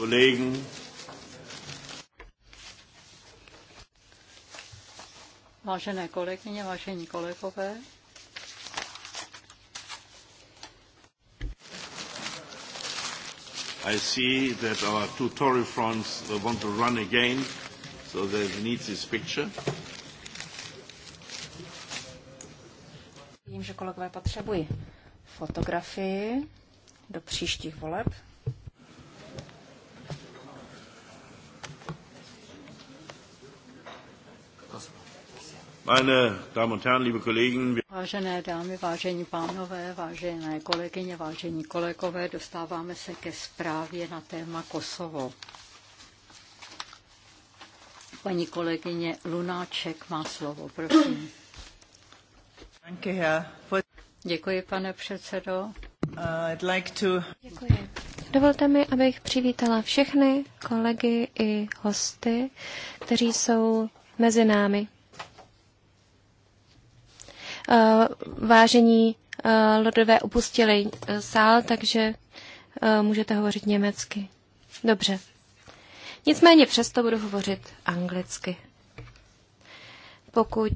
Kollegen. Vážené kolegyně, vážení kolegové. I see that our two Tory fronts want to run again, so they need this picture. Vím, že kolegové potřebují fotografii do příštích voleb. Meine Damen und Herren, liebe Kollegen, Vážené dámy, vážení pánové, vážené kolegyně, vážení kolegové, dostáváme se ke zprávě na téma Kosovo. Paní kolegyně Lunáček má slovo, prosím. Děkuji, pane předsedo. Děkuji. Dovolte mi, abych přivítala všechny kolegy i hosty, kteří jsou mezi námi. Eh, vážení eh, lordové opustili eh, sál, takže můžete hovořit německy. Dobře. Nicméně přesto budu hovořit anglicky. Pokud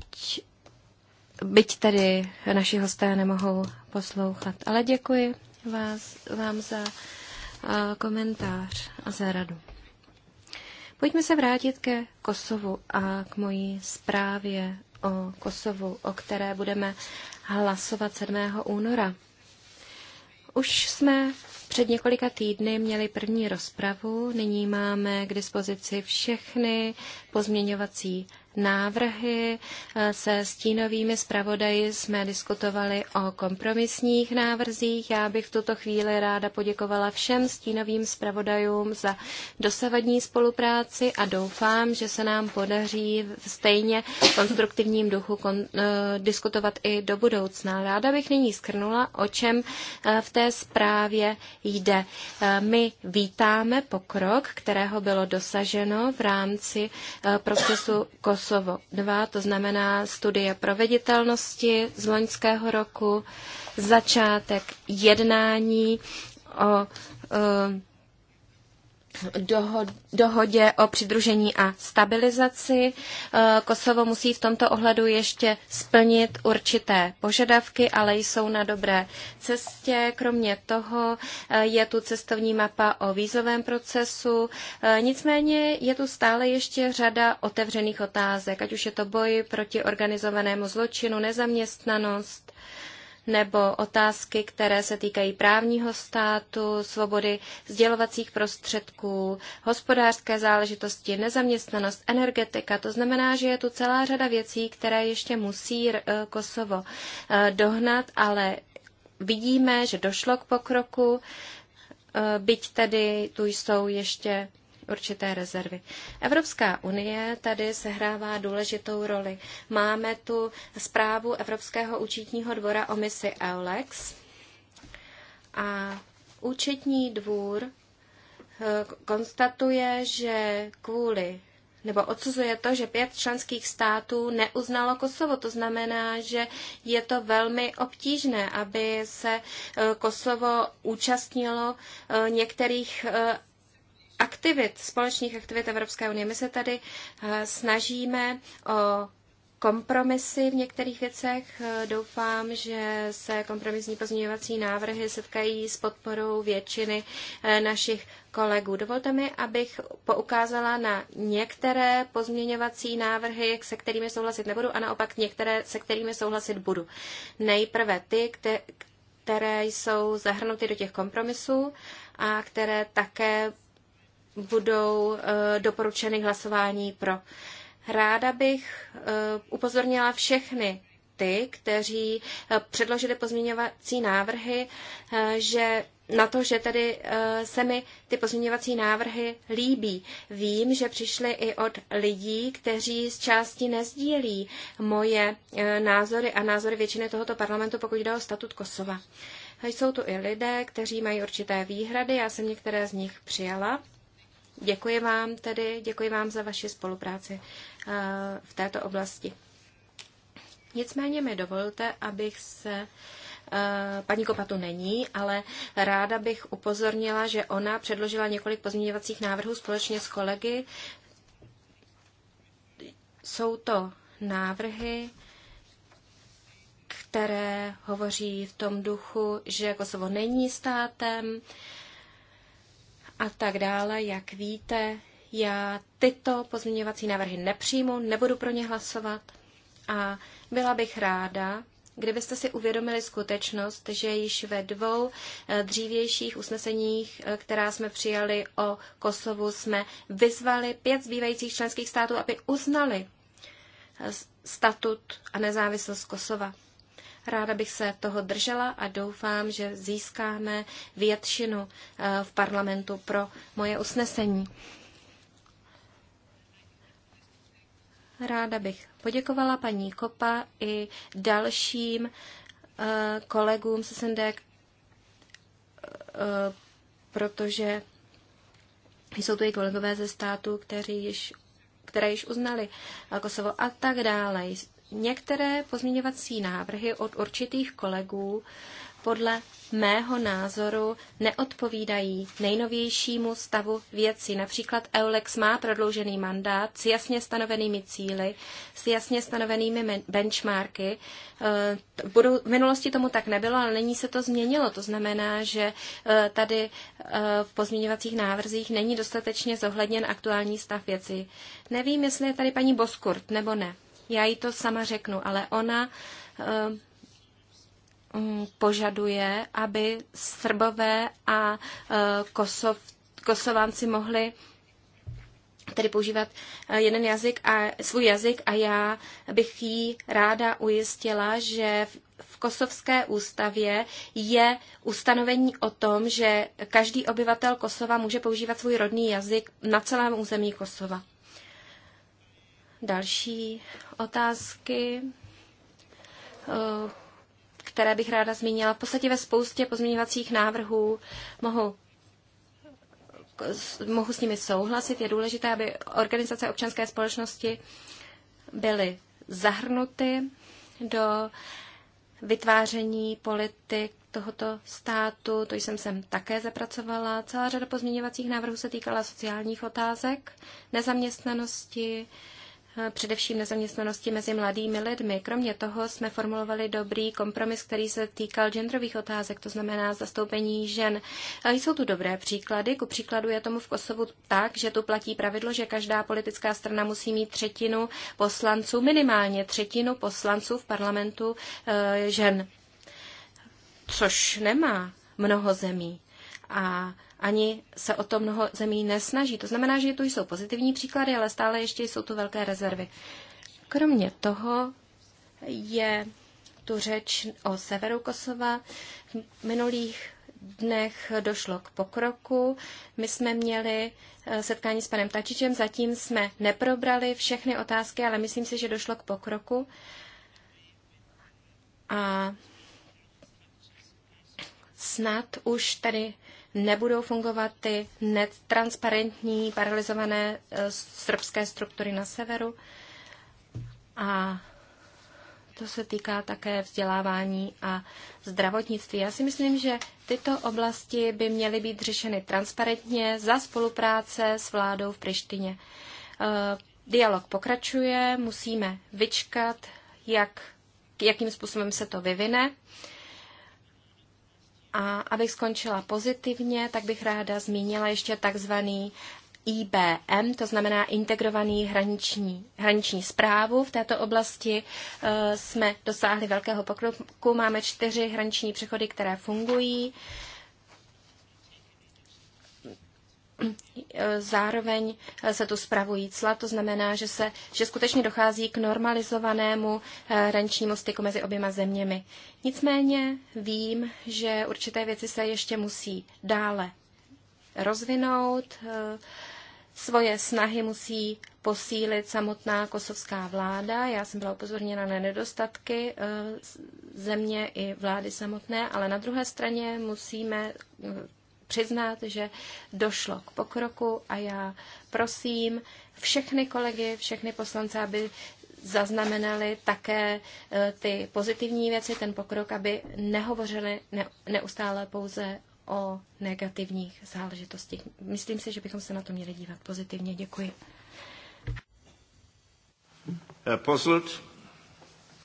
byť tady naši hosté nemohou poslouchat. Ale děkuji vás, vám za komentář a za radu. Pojďme se vrátit ke Kosovu a k mojí zprávě o Kosovu, o které budeme hlasovat 7. února. Už jsme před několika týdny měli první rozpravu, nyní máme k dispozici všechny pozměňovací návrhy. Eh, se stínovými zpravodaji jsme diskutovali o kompromisních návrzích. Já bych v tuto chvíli ráda poděkovala všem stínovým zpravodajům za dosavadní spolupráci a doufám, že se nám podaří v stejně konstruktivním duchu kon- eh, diskutovat i do budoucna. Ráda bych nyní skrnula, o čem eh, v té zprávě jde. My vítáme pokrok, kterého bylo dosaženo v rámci procesu KOS Kosovo 2, to znamená studie proveditelnosti z loňského roku, začátek jednání o, o eh, dohodě o přidružení a stabilizaci. E, Kosovo musí v tomto ohledu ještě splnit určité požadavky, ale jsou na dobré cestě. Kromě toho e, je tu cestovní mapa o vízovém procesu. E, nicméně je tu stále ještě řada otevřených otázek, ať už je to boj proti organizovanému zločinu, nezaměstnanost, nebo otázky, které se týkají právního státu, svobody sdělovacích prostředků, hospodářské záležitosti, nezaměstnanost, energetika. To znamená, že je tu celá řada věcí, které ještě musí eh, Kosovo eh, dohnat, ale vidíme, že došlo k pokroku, eh, byť tedy tu jsou ještě určité rezervy. Evropská unie tady sehrává důležitou roli. Máme tu zprávu Evropského účetního dvora o misi EULEX a účetní dvůr eh, konstatuje, že kvůli nebo odsuzuje to, že pět členských států neuznalo Kosovo. To znamená, že je to velmi obtížné, aby se eh, Kosovo účastnilo eh, některých aktivit, společných aktivit Evropské unie. My se tady eh, snažíme o kompromisy v některých věcech. Eh, doufám, že se kompromisní pozměňovací návrhy setkají s podporou většiny eh, našich kolegů. Dovolte mi, abych poukázala na některé pozměňovací návrhy, se kterými souhlasit nebudu, a naopak některé, se kterými souhlasit budu. Nejprve ty, které jsou zahrnuty do těch kompromisů a které také budou eh, doporučeny k hlasování pro. Ráda bych eh, upozornila všechny ty, kteří eh, předložili pozměňovací návrhy, že na to, že tedy se mi ty pozměňovací návrhy líbí. Vím, že přišly i od lidí, kteří z části nezdílí moje názory a názory většiny tohoto parlamentu, pokud jde o statut Kosova. Jsou tu i lidé, kteří mají určité výhrady, já jsem některé z nich přijala Děkuji vám tedy, děkuji vám za vaši spolupráci eh, v této oblasti. Nicméně mi dovolte, abych se eh, paní Kopatu není, ale ráda bych upozornila, že ona předložila několik pozměňovacích návrhů společně s kolegy. Jsou to návrhy, které hovoří v tom duchu, že Kosovo není státem, a tak dále. Jak víte, já tyto pozměňovací návrhy nepřijmu, nebudu pro ně hlasovat a byla bych ráda, kdybyste si uvědomili skutečnost, že již ve dvou eh, dřívějších usneseních, eh, která jsme přijali o Kosovu, jsme vyzvali pět zbývajících členských států, aby uznali eh, statut a nezávislost Kosova. Ráda bych se toho držela a doufám, že získáme většinu eh, v parlamentu pro moje usnesení. Ráda bych poděkovala paní Kopa i dalším eh, kolegům z SND, eh, protože jsou tu i kolegové ze státu, kteří již, které již uznali Kosovo a tak dále některé pozměňovací návrhy od určitých kolegů podle mého názoru neodpovídají nejnovějšímu stavu věci. Například Eulex má prodloužený mandát s jasně stanovenými cíly, s jasně stanovenými benchmarky. E, v minulosti tomu tak nebylo, ale nyní se to změnilo. To znamená, že e, tady e, v pozměňovacích návrzích není dostatečně zohledněn aktuální stav věci. Nevím, jestli je tady paní Boskurt nebo ne já jí to sama řeknu, ale ona eh, mm, požaduje, aby Srbové a eh, Kosov, Kosovánci mohli tedy používat eh, jeden jazyk a svůj jazyk a já bych jí ráda ujistila, že v kosovské ústavě je ustanovení o tom, že každý obyvatel Kosova může používat svůj rodný jazyk na celém území Kosova další otázky, eh, které bych ráda zmínila. V podstatě ve spoustě pozměňovacích návrhů mohu mohu s nimi souhlasit. Je důležité, aby organizace občanské společnosti byly zahrnuty do vytváření politik tohoto státu. To jsem sem také zapracovala. Celá řada pozměňovacích návrhů se týkala sociálních otázek, nezaměstnanosti, Eh, především nezaměstnanosti mezi mladými lidmi. Kromě toho jsme formulovali dobrý kompromis, který se týkal genderových otázek, to znamená zastoupení žen. A Jsou tu dobré příklady. Ku příkladu je tomu v Kosovu tak, že tu platí pravidlo, že každá politická strana musí mít třetinu poslanců, minimálně třetinu poslanců v parlamentu eh, žen. Což nemá mnoho zemí a ani se o to mnoho zemí nesnaží. To znamená, že tu jsou pozitivní příklady, ale stále ještě jsou tu velké rezervy. Kromě toho je tu řeč o severu Kosova. V minulých dnech došlo k pokroku. My jsme měli eh, setkání s panem Tačičem, zatím jsme neprobrali všechny otázky, ale myslím si, že došlo k pokroku. A snad už tady nebudou fungovat ty netransparentní, paralizované eh, srbské struktury na severu. A to se týká také vzdělávání a zdravotnictví. Já si myslím, že tyto oblasti by měly být řešeny transparentně za spolupráce s vládou v Prištině. Eh, dialog pokračuje, musíme vyčkat, jak, jakým způsobem se to vyvine. A abych skončila pozitivně, tak bych ráda zmínila ještě takzvaný IBM, to znamená integrovaný hraniční, hraniční zprávu. V této oblasti e, jsme dosáhli velkého pokroku. Máme čtyři hraniční přechody, které fungují. E, zároveň se tu spravují cla, to znamená, že, se, že skutečně dochází k normalizovanému hraničnímu eh, styku mezi oběma zeměmi. Nicméně vím, že určité věci se ještě musí dále rozvinout, eh, svoje snahy musí posílit samotná kosovská vláda. Já jsem byla upozorněna na nedostatky eh, země i vlády samotné, ale na druhé straně musíme přiznat, že došlo k pokroku a já prosím všechny kolegy, všechny poslance, aby zaznamenali také e, ty pozitivní věci, ten pokrok, aby nehovořili neustále pouze o negativních záležitostech. Myslím si, že bychom se na to měli dívat pozitivně. Děkuji. Poslut.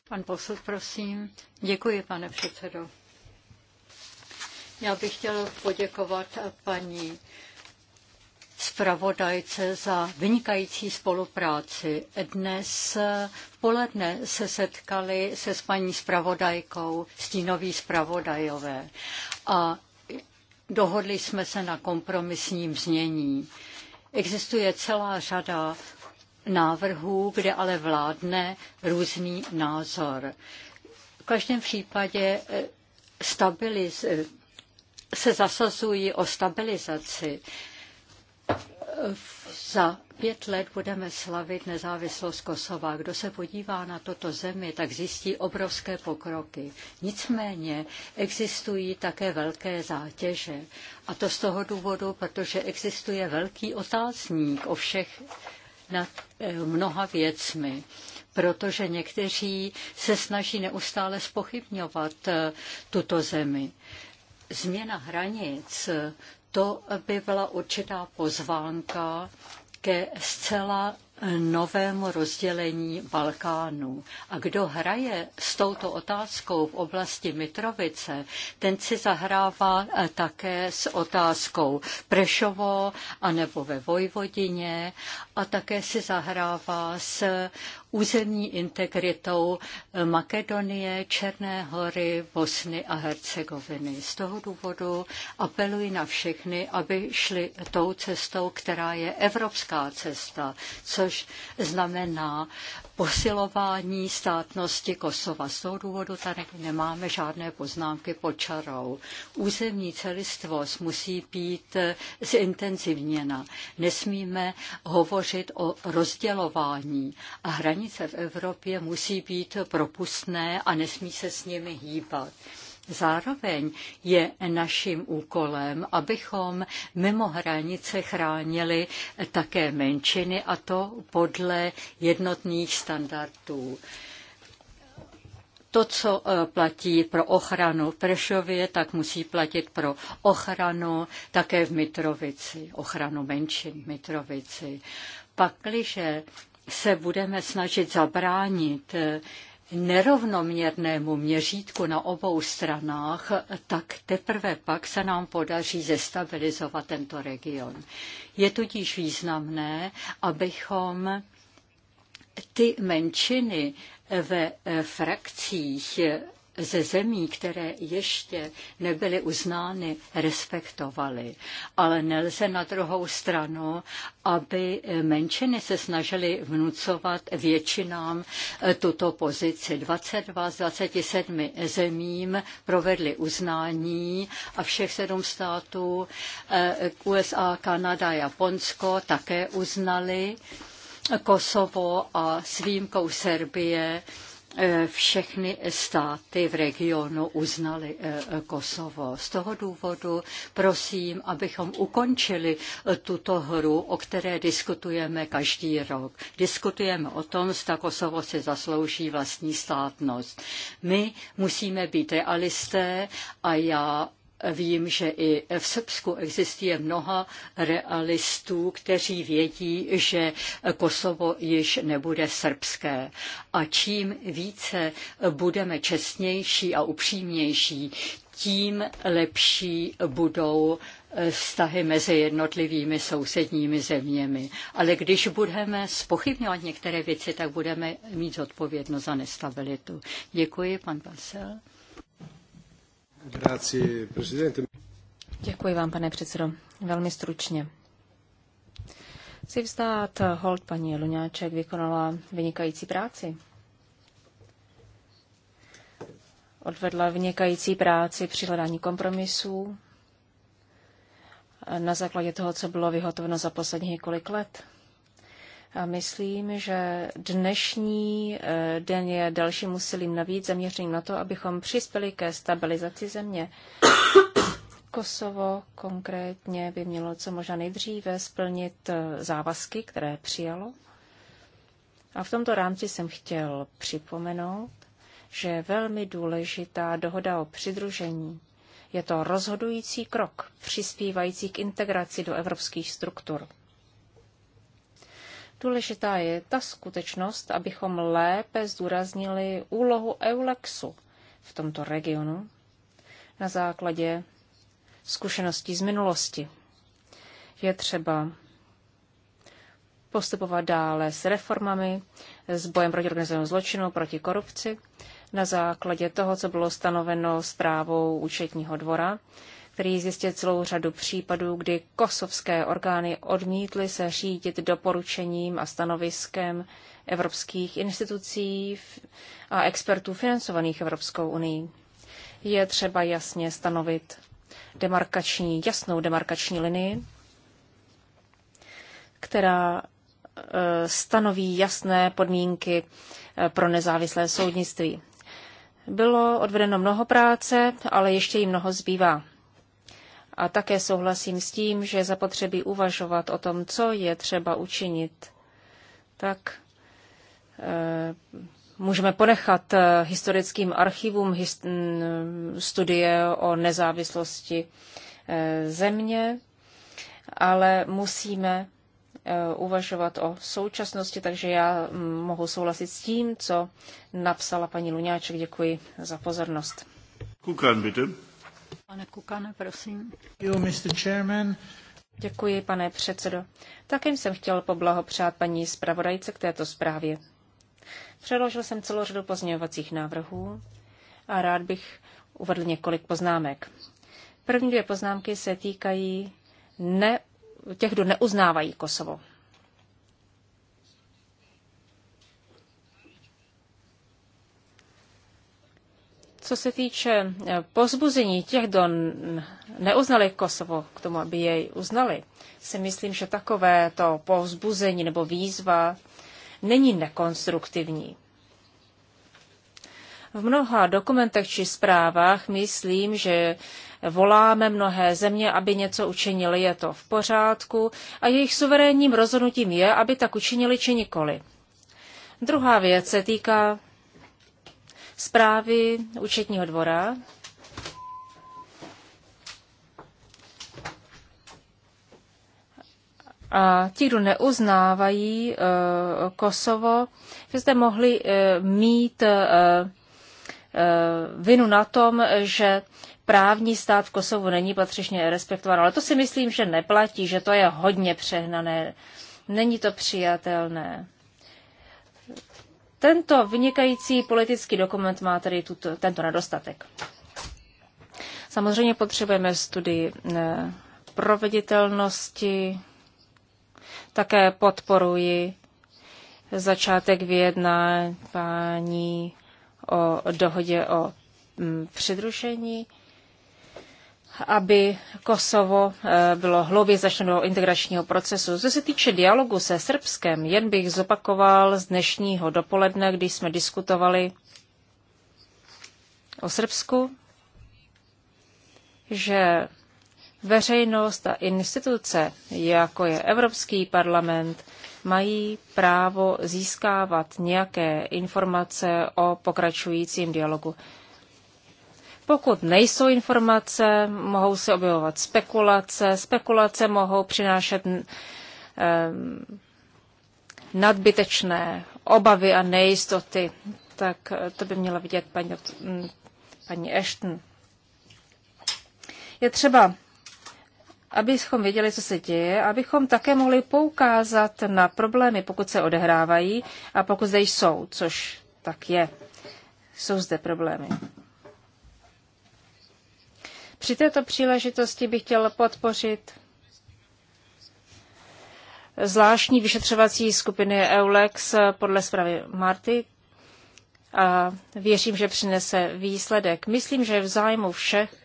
Pan posud, prosím. Děkuji, pane předsedo. Já bych chtěl poděkovat paní zpravodajce za vynikající spolupráci. Dnes v poledne se setkali se s paní zpravodajkou Stínoví zpravodajové a dohodli jsme se na kompromisním znění. Existuje celá řada návrhů, kde ale vládne různý názor. V každém případě eh, stabiliz, se zasazují o stabilizaci. Za pět let budeme slavit nezávislost Kosova. Kdo se podívá na toto zemi, tak zjistí obrovské pokroky. Nicméně existují také velké zátěže. A to z toho důvodu, protože existuje velký otázník o všech nad eh, mnoha věcmi protože někteří se snaží neustále spochybňovat eh, tuto zemi změna hranic, to by byla určitá pozvánka ke zcela novému rozdělení Balkánu. A kdo hraje s touto otázkou v oblasti Mitrovice, ten si zahrává eh, také s otázkou Prešovo anebo ve Vojvodině a také si zahrává s územní integritou Makedonie, Černé hory, Bosny a Hercegoviny. Z toho důvodu apeluji na všechny, aby šli tou cestou, která je evropská cesta, což znamená posilování státnosti Kosova. Z toho důvodu tady nemáme žádné poznámky pod čarou. Územní celistvost musí být eh, zintenzivněna. Nesmíme hovořit o rozdělování a hranice v Evropě musí být propustné a nesmí se s nimi hýbat. Zároveň je naším úkolem, abychom mimo hranice chránili také menšiny a to podle jednotných standardů to, co e, platí pro ochranu v Prešově, tak musí platit pro ochranu také v Mitrovici, ochranu menšin v Mitrovici. Pakliže se budeme snažit zabránit e, nerovnoměrnému měřítku na obou stranách, tak teprve pak se nám podaří zestabilizovat tento region. Je tudíž významné, abychom ty menšiny ve frakcích ze zemí, které ještě nebyly uznány, respektovaly. Ale nelze na druhou stranu, aby menšiny se snažily vnucovat většinám eh, tuto pozici. 22 z 27 zemím provedly uznání a všech sedm států eh, USA, Kanada, Japonsko také uznali Kosovo a s výjimkou Serbie Eh, všechny státy v regionu uznali eh, Kosovo. Z toho důvodu prosím, abychom ukončili eh, tuto hru, o které diskutujeme každý rok. Diskutujeme o tom, zda Kosovo si zaslouží vlastní státnost. My musíme být realisté a já Vím, že i v Srbsku existuje mnoha realistů, kteří vědí, že Kosovo již nebude srbské. A čím více budeme čestnější a upřímnější, tím lepší budou vztahy mezi jednotlivými sousedními zeměmi. Ale když budeme spochybňovat některé věci, tak budeme mít zodpovědnost za nestabilitu. Děkuji, pan Pasel. Děkuji vám, pane předsedo. Velmi stručně. Chci vzdát hold paní Luňáček, vykonala vynikající práci. Odvedla vynikající práci při hledání kompromisů na základě toho, co bylo vyhotoveno za posledních několik let. A myslím, že dnešní eh, den je dalším úsilím navíc zaměřeným na to, abychom přispěli ke stabilizaci země. Kosovo konkrétně by mělo co možná nejdříve splnit eh, závazky, které přijalo. A v tomto rámci jsem chtěl připomenout, že je velmi důležitá dohoda o přidružení. Je to rozhodující krok přispívající k integraci do evropských struktur. Důležitá je ta skutečnost, abychom lépe zdůraznili úlohu Eulexu v tomto regionu na základě zkušeností z minulosti. Je třeba postupovat dále s reformami, s bojem proti organizovanému zločinu, proti korupci, na základě toho, co bylo stanoveno zprávou účetního dvora který zjistil celou řadu případů, kdy kosovské orgány odmítly se řídit doporučením a stanoviskem evropských institucí a expertů financovaných Evropskou unii. Je třeba jasně stanovit demarkační, jasnou demarkační linii, která e, stanoví jasné podmínky e, pro nezávislé soudnictví. Bylo odvedeno mnoho práce, ale ještě jí mnoho zbývá. A také souhlasím s tím, že zapotřebí uvažovat o tom, co je třeba učinit. Tak e, můžeme ponechat eh, historickým archivům hist, studie o nezávislosti eh, země, ale musíme uvažovat o současnosti, takže já mm, mohu souhlasit s tím, co napsala paní Luňáček. Děkuji za pozornost. Kukán bitte. Pane Kukane, prosím. You, Mr. Chairman. Děkuji, pane předsedo. Také jsem chtěl poblahopřát paní zpravodajce k této zprávě. Předložil jsem celou řadu pozměňovacích návrhů a rád bych uvedl několik poznámek. První dvě poznámky se týkají ne, těch, kdo neuznávají Kosovo. Co se týče eh, pozbuzení těch, kdo neuznali Kosovo k tomu, aby jej uznali, si myslím, že takové to povzbuzení nebo výzva není nekonstruktivní. V mnoha dokumentech či zprávách myslím, že voláme mnohé země, aby něco učinili, je to v pořádku a jejich suverénním rozhodnutím je, aby tak učinili či nikoli. Druhá věc se týká zprávy účetního dvora. A ti, kdo neuznávají eh, Kosovo, že jste mohli eh, mít eh, vinu na tom, že právní stát v Kosovu není patřičně respektován. Ale to si myslím, že neplatí, že to je hodně přehnané. Není to přijatelné. Tento vynikající politický dokument má tedy tuto, tento nedostatek. Samozřejmě potřebujeme studii eh, proveditelnosti, také podporuji začátek vyjednávání o dohodě o mm, přidružení aby Kosovo eh, bylo hloubě začleno do integračního procesu. Co se týče dialogu se Srbskem, jen bych zopakoval z dnešního dopoledne, kdy jsme diskutovali o Srbsku, že veřejnost a instituce, jako je Evropský parlament, mají právo získávat nějaké informace o pokračujícím dialogu. Pokud nejsou informace, mohou se objevovat spekulace. Spekulace mohou přinášet eh, nadbytečné obavy a nejistoty. Tak eh, to by měla vidět paní, paní Ashton. Je třeba, abychom věděli, co se děje, abychom také mohli poukázat na problémy, pokud se odehrávají a pokud zde jsou, což tak je. Jsou zde problémy. Při této příležitosti bych chtěl podpořit zvláštní vyšetřovací skupiny EULEX podle zprávy Marty a věřím, že přinese výsledek. Myslím, že v zájmu všech,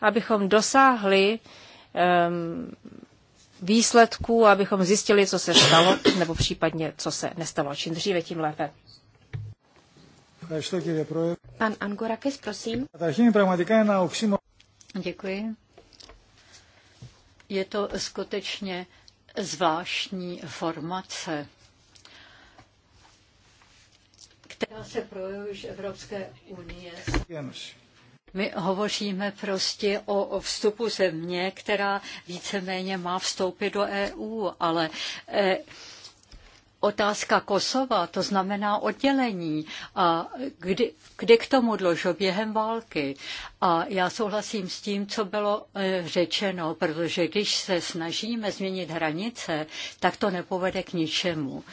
abychom dosáhli um, výsledků, abychom zjistili, co se stalo, nebo případně, co se nestalo. Čím dříve, tím lépe. Pan Angorakis, prosím. Děkuji. Je to skutečně zvláštní formace, která se projevuje už Evropské unie. My hovoříme prostě o, o vstupu země, která víceméně má vstoupit do EU, ale eh, otázka Kosova, to znamená oddělení, a kdy, kdy k tomu dložo během války. A já souhlasím s tím, co bylo e, řečeno, protože když se snažíme změnit hranice, tak to nepovede k ničemu.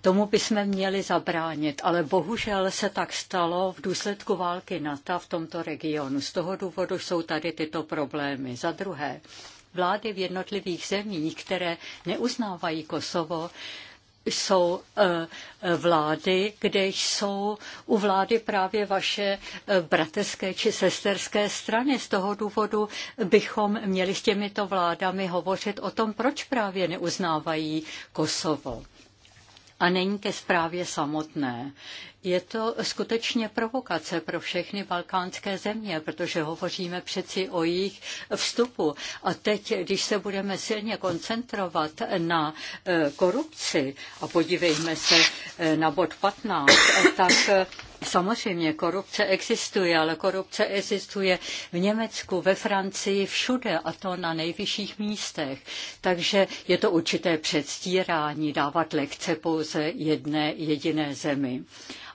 Tomu bychom měli zabránit, ale bohužel se tak stalo v důsledku války NATO v tomto regionu. Z toho důvodu jsou tady tyto problémy. Za druhé, vlády v jednotlivých zemích, které neuznávají Kosovo, jsou eh, vlády, kde jsou u vlády právě vaše eh, bratrské či sesterské strany. Z toho důvodu bychom měli s těmito vládami hovořit o tom, proč právě neuznávají Kosovo. A není ke zprávě samotné. Je to skutečně provokace pro všechny balkánské země, protože hovoříme přeci o jejich vstupu. A teď, když se budeme silně koncentrovat na e, korupci, a podívejme se e, na bod 15, e, tak Samozřejmě, korupce existuje, ale korupce existuje v Německu, ve Francii, všude a to na nejvyšších místech. Takže je to určité předstírání dávat lekce pouze jedné jediné zemi.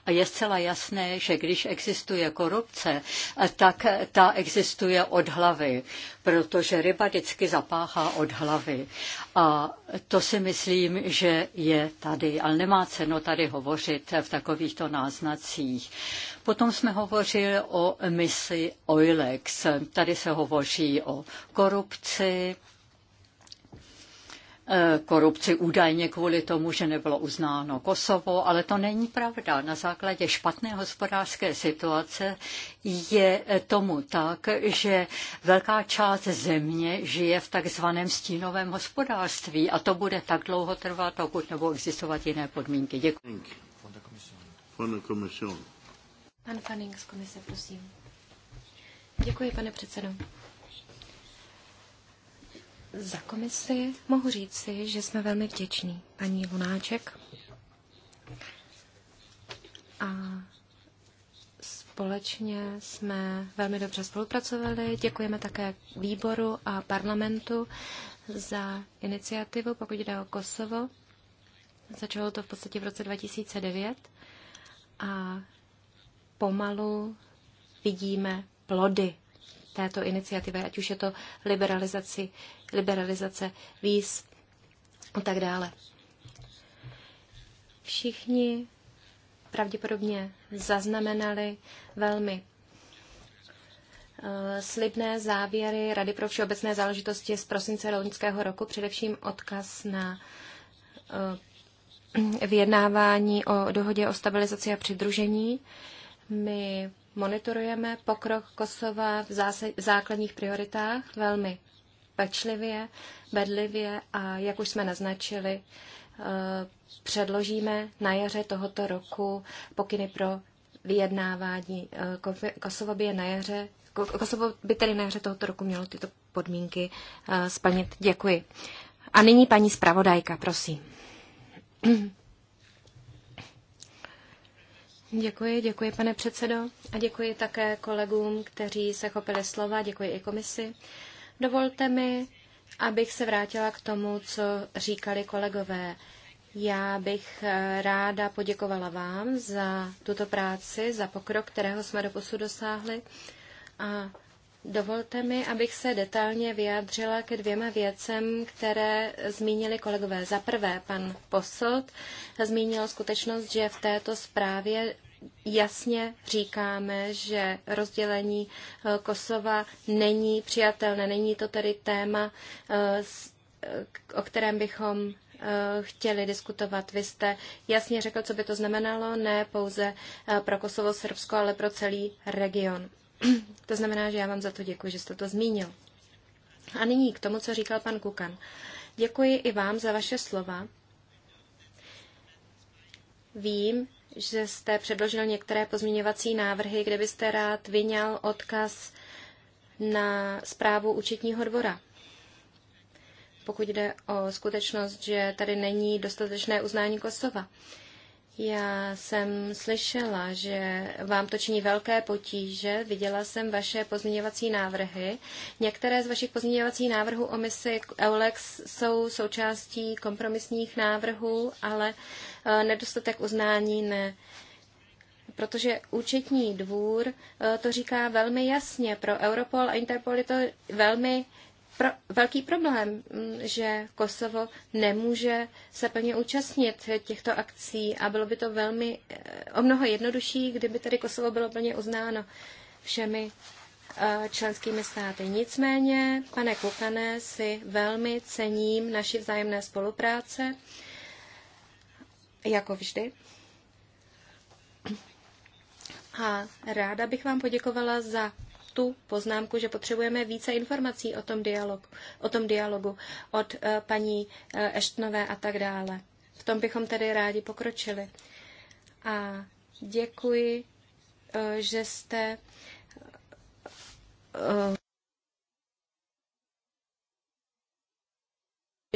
A je zcela jasné, že když existuje korupce, tak ta existuje od hlavy, protože ryba vždycky zapáchá od hlavy. A to si myslím, že je tady, ale nemá cenu tady hovořit v takovýchto náznacích. Potom jsme hovořili o misi Oilex. Tady se hovoří o korupci, Eh, korupci údajně kvůli tomu, že nebylo uznáno Kosovo, ale to není pravda. Na základě špatné hospodářské situace je tomu tak, že velká část země žije v takzvaném stínovém hospodářství a to bude tak dlouho trvat, pokud nebo existovat jiné podmínky. Děkuji. Pane Pan Fanning z komise, prosím. Děkuji, pane předsedo. Za komisi mohu říci, že jsme velmi vděční paní Lunáček a společně jsme velmi dobře spolupracovali. Děkujeme také výboru a parlamentu za iniciativu, pokud jde o Kosovo. Začalo to v podstatě v roce 2009 a pomalu vidíme plody této iniciativy, ať už je to liberalizaci liberalizace víz a tak dále. Všichni pravděpodobně zaznamenali velmi eh, slibné závěry Rady pro všeobecné záležitosti z prosince loňského roku, především odkaz na eh, vyjednávání o dohodě o stabilizaci a přidružení. My monitorujeme pokrok Kosova v, v základních prioritách velmi pečlivě, bedlivě a jak už jsme naznačili, eh, předložíme na jaře tohoto roku pokyny pro vyjednávání. Eh, Kosovo by, je na jaře, Kosovo by tedy na jaře tohoto roku mělo tyto podmínky eh, splnit. Děkuji. A nyní paní zpravodajka, prosím. Děkuji, děkuji pane předsedo a děkuji také kolegům, kteří se chopili slova, děkuji i komisi. Dovolte mi, abych se vrátila k tomu, co říkali kolegové. Já bych eh, ráda poděkovala vám za tuto práci, za pokrok, kterého jsme do posud dosáhli. A dovolte mi, abych se detailně vyjádřila ke dvěma věcem, které zmínili kolegové. Za prvé, pan Poslt zmínil skutečnost, že v této zprávě jasně říkáme, že rozdělení eh, Kosova není přijatelné. Není to tedy téma, eh, eh, o kterém bychom chtěli diskutovat. Vy jste jasně řekl, co by to znamenalo, ne pouze pro Kosovo, Srbsko, ale pro celý region. To znamená, že já vám za to děkuji, že jste to zmínil. A nyní k tomu, co říkal pan Kukan. Děkuji i vám za vaše slova. Vím, že jste předložil některé pozměňovací návrhy, kde byste rád vyňal odkaz na zprávu účetního dvora. Pokud jde o skutečnost, že tady není dostatečné uznání Kosova. Já jsem slyšela, že vám to činí velké potíže. Viděla jsem vaše pozměňovací návrhy. Některé z vašich pozměňovacích návrhů o misi EULEX jsou součástí kompromisních návrhů, ale eh, nedostatek uznání ne protože účetní dvůr eh, to říká velmi jasně. Pro Europol a Interpol je to velmi pro, velký problém, mm, že Kosovo nemůže se plně účastnit těchto akcí a bylo by to velmi eh, o mnoho jednodušší, kdyby tady Kosovo bylo plně uznáno všemi eh, členskými státy. Nicméně, pane Kukané, si velmi cením naši vzájemné spolupráce, jako vždy. A ráda bych vám poděkovala za tu poznámku, že potřebujeme více informací o tom dialogu, o tom dialogu od eh, paní eh, Eštnové a tak dále. V tom bychom tedy rádi pokročili. A děkuji, eh, že jste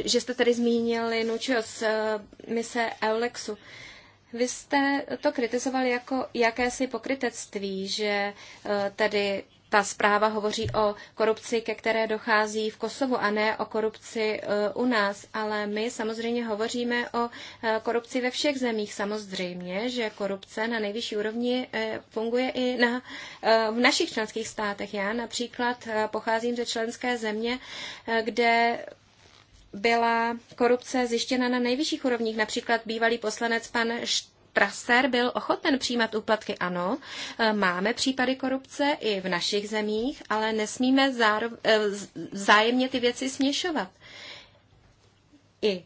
že jste tady zmínili Nučio z mise Eulexu. Vy jste to kritizovali jako jakési pokrytectví, že tady ta zpráva hovoří o korupci, ke které dochází v Kosovu a ne o korupci e, u nás, ale my samozřejmě hovoříme o e, korupci ve všech zemích. Samozřejmě, že korupce na nejvyšší úrovni e, funguje i na, v našich členských státech. Já například pocházím ze členské země, kde byla korupce zjištěna na nejvyšších úrovních. Například bývalý poslanec pan Št Praser byl ochoten přijímat úplatky, ano. E, máme případy korupce i v našich zemích, ale nesmíme zároveň, e, vzájemně ty věci směšovat. I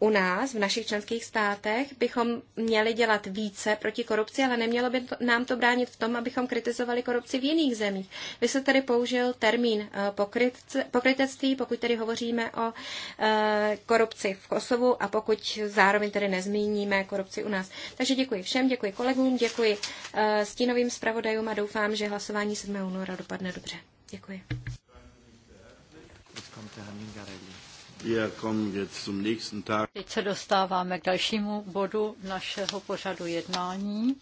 u nás, v našich členských státech, bychom měli dělat více proti korupci, ale nemělo by nám to bránit v tom, abychom kritizovali korupci v jiných zemích. Vy jste tady použil termín eh, pokrytce, pokrytectví, pokud tady hovoříme o eh, korupci v Kosovu a pokud zároveň tady nezmíníme korupci u nás. Takže děkuji všem, děkuji kolegům, děkuji eh, stínovým zpravodajům a doufám, že hlasování 7. února dopadne dobře. Děkuji. Teď se dostáváme k dalšímu bodu našeho pořadu jednání.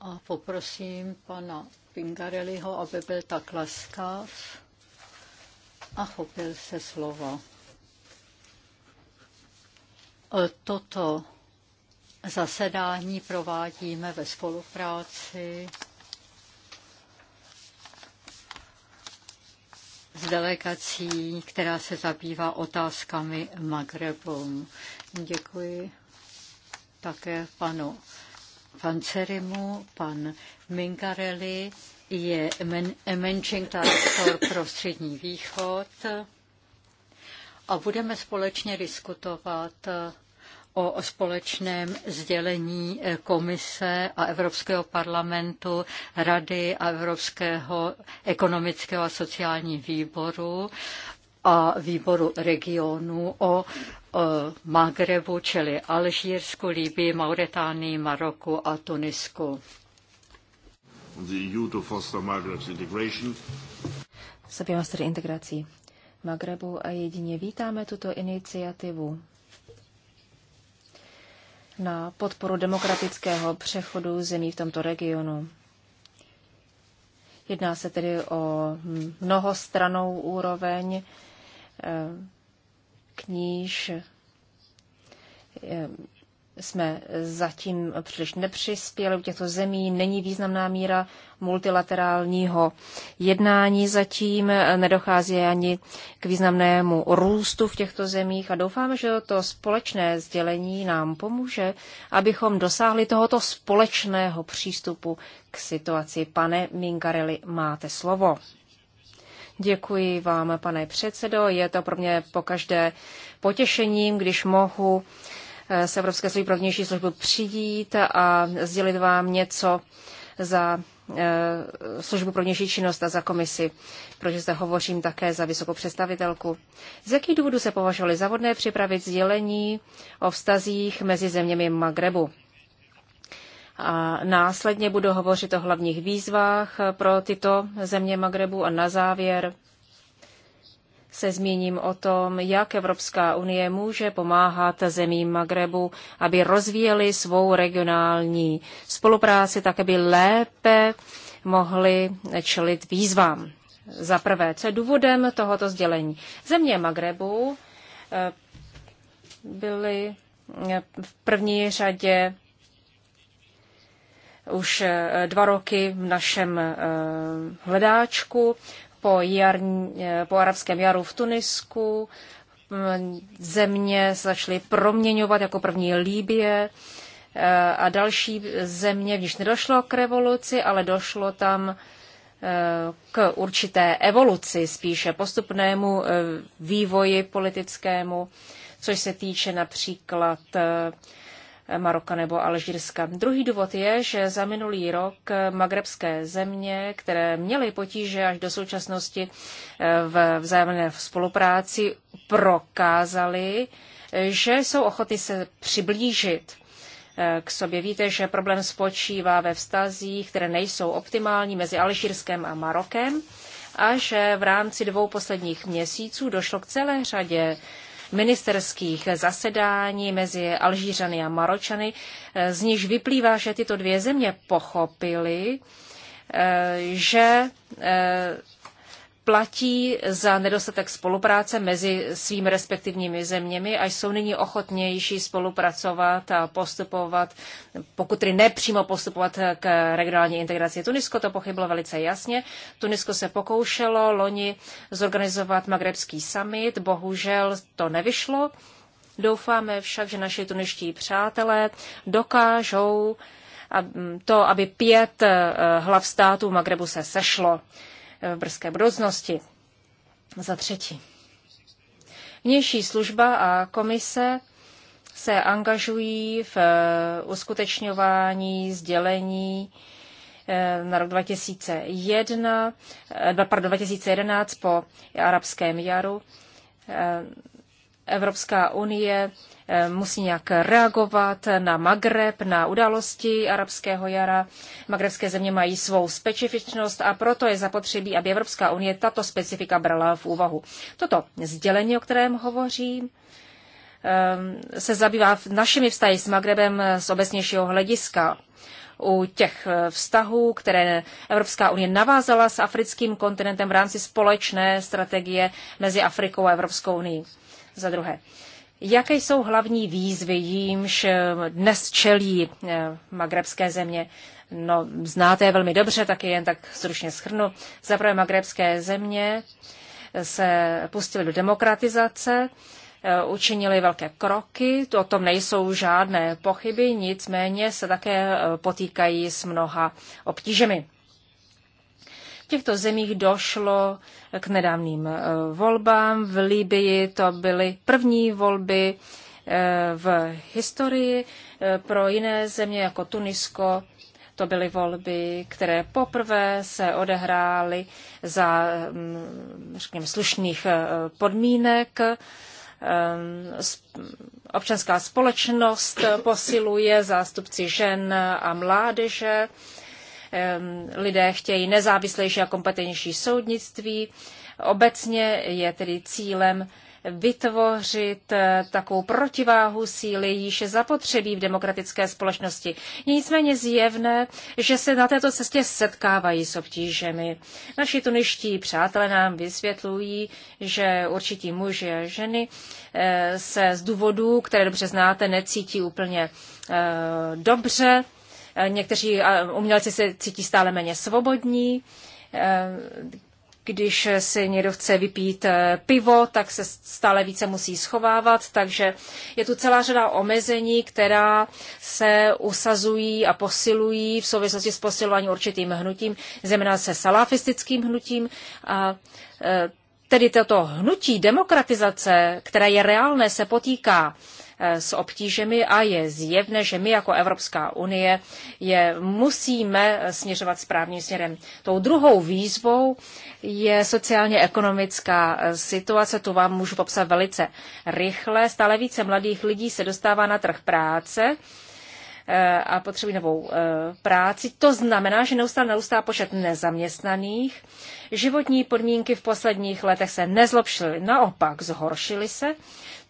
A poprosím pana Pingareliho, aby byl tak laskav a chopil se slova. E, toto zasedání provádíme ve spolupráci s delegací, která se zabývá otázkami Magrebu. Děkuji také panu Pancerimu, pan Mingarelli je Managing Director pro Střední východ a budeme společně diskutovat o společném sdělení eh, Komise a Evropského parlamentu, Rady a Evropského ekonomického a sociálního výboru a výboru regionu o Magrebu, čili Alžírsku, Líbii, Mauretánii, Maroku a Tunisku. Zabývám se tedy integrací Magrebu a jedině vítáme tuto iniciativu na podporu demokratického přechodu zemí v tomto regionu. Jedná se tedy o mnohostranou úroveň, eh, kníž eh, jsme zatím příliš nepřispěli u těchto zemí, není významná míra multilaterálního jednání zatím, nedochází ani k významnému růstu v těchto zemích a doufáme, že to společné sdělení nám pomůže, abychom dosáhli tohoto společného přístupu k situaci. Pane Minkareli, máte slovo. Děkuji vám, pane předsedo. Je to pro mě pokaždé potěšením, když mohu z Evropské služby pro vnější službu přijít a sdělit vám něco za eh, službu pro vnější činnost a za komisi, protože zde hovořím také za vysokou představitelku. Z jakých důvodů se považovali za vodné připravit sdělení o vztazích mezi zeměmi Magrebu? A následně budu hovořit o hlavních výzvách pro tyto země Magrebu a na závěr se zmíním o tom, jak Evropská unie může pomáhat zemím Magrebu, aby rozvíjeli svou regionální spolupráci, tak aby lépe mohli čelit výzvám. Za prvé, co je důvodem tohoto sdělení? Země Magrebu eh, byly eh, v první řadě už eh, dva roky v našem hledáčku po, jar, eh, po arabském jaru v Tunisku. Mm, země se začaly proměňovat jako první Líbie eh, a další země, v níž nedošlo k revoluci, ale došlo tam eh, k určité evoluci, spíše postupnému vývoji politickému, což se týče například Maroka nebo Alžírska. Druhý důvod je, že za minulý rok magrebské země, které měly potíže až do současnosti eh, v vzájemné spolupráci, prokázaly, že jsou ochotny se přiblížit eh, k sobě. Víte, že problém spočívá ve vztazích, které nejsou optimální mezi Alžírskem a Marokem a že v rámci dvou posledních měsíců došlo k celé řadě ministerských zasedání mezi Alžířany a Maročany, eh, z níž vyplývá, že tyto dvě země pochopily, eh, že eh, platí za nedostatek spolupráce mezi svými respektivními zeměmi a jsou nyní ochotnější spolupracovat a postupovat, pokud tedy nepřímo postupovat k regionální integraci. Tunisko to pochybilo velice jasně. Tunisko se pokoušelo loni zorganizovat magrebský summit, bohužel to nevyšlo. Doufáme však, že naši tuniští přátelé dokážou to, aby pět eh, hlav států Magrebu se sešlo v brzké budoucnosti. Za třetí. Vnější služba a komise se angažují v eh, uskutečňování sdělení eh, na rok 2001, eh, pardon, 2011 po arabském jaru Evropská unie eh, musí nějak reagovat na Magreb, na události arabského jara. Magrebské země mají svou specifičnost a proto je zapotřebí, aby Evropská unie tato specifika brala v úvahu. Toto sdělení, o kterém hovořím, ehm, se zabývá našimi vztahy s Magrebem z obecnějšího hlediska. U těch eh, vztahů, které Evropská unie navázala s africkým kontinentem v rámci společné strategie mezi Afrikou a Evropskou unii. Za druhé, jaké jsou hlavní výzvy, jímž eh, dnes čelí eh, magrebské země? No, znáte je velmi dobře, tak je jen tak stručně schrnu. Za prvé magrebské země eh, se pustily do demokratizace, učinili velké kroky, o tom nejsou žádné pochyby, nicméně se také potýkají s mnoha obtížemi těchto zemích došlo k nedávným eh, volbám. V Libii to byly první volby eh, v historii. Eh, pro jiné země jako Tunisko to byly volby, které poprvé se odehrály za, mm, řekněme, slušných podmínek. Ehm, občanská společnost posiluje zástupci žen a mládeže lidé chtějí nezávislejší a kompetentnější soudnictví. Obecně je tedy cílem vytvořit eh, takovou protiváhu síly, již zapotřebí v demokratické společnosti. Je nicméně zjevné, že se na této cestě setkávají s obtížemi. Naši tuniští přátelé nám vysvětlují, že určití muži a ženy eh, se z důvodů, které dobře znáte, necítí úplně eh, dobře Někteří umělci se cítí stále méně svobodní. E, když si někdo chce vypít e, pivo, tak se stále více musí schovávat, takže je tu celá řada omezení, která se usazují a posilují v souvislosti s posilováním určitým hnutím, zejména se salafistickým hnutím. A e, tedy toto hnutí demokratizace, které je reálné, se potýká Eh, s obtížemi a je zjevné, že my jako Evropská unie je musíme eh, směřovat správným směrem. Tou druhou výzvou je sociálně-ekonomická eh, situace, tu vám můžu popsat velice rychle. Stále více mladých lidí se dostává na trh práce a potřebují novou práci. To znamená, že neustále narůstá počet nezaměstnaných. Životní podmínky v posledních letech se nezlepšily, naopak zhoršily se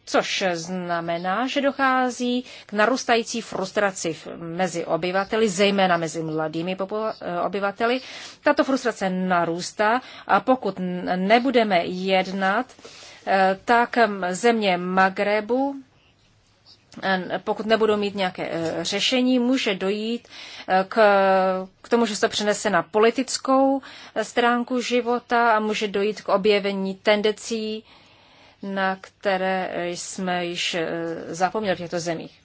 což znamená, že dochází k narůstající frustraci mezi obyvateli, zejména mezi mladými eh, obyvateli. Tato frustrace narůstá a pokud nebudeme jednat, eh, tak země Magrebu, pokud nebudou mít nějaké eh, řešení, může dojít k, k tomu, že se to přenese na politickou stránku života a může dojít k objevení tendencí na které jsme již eh, zapomněli v těchto zemích.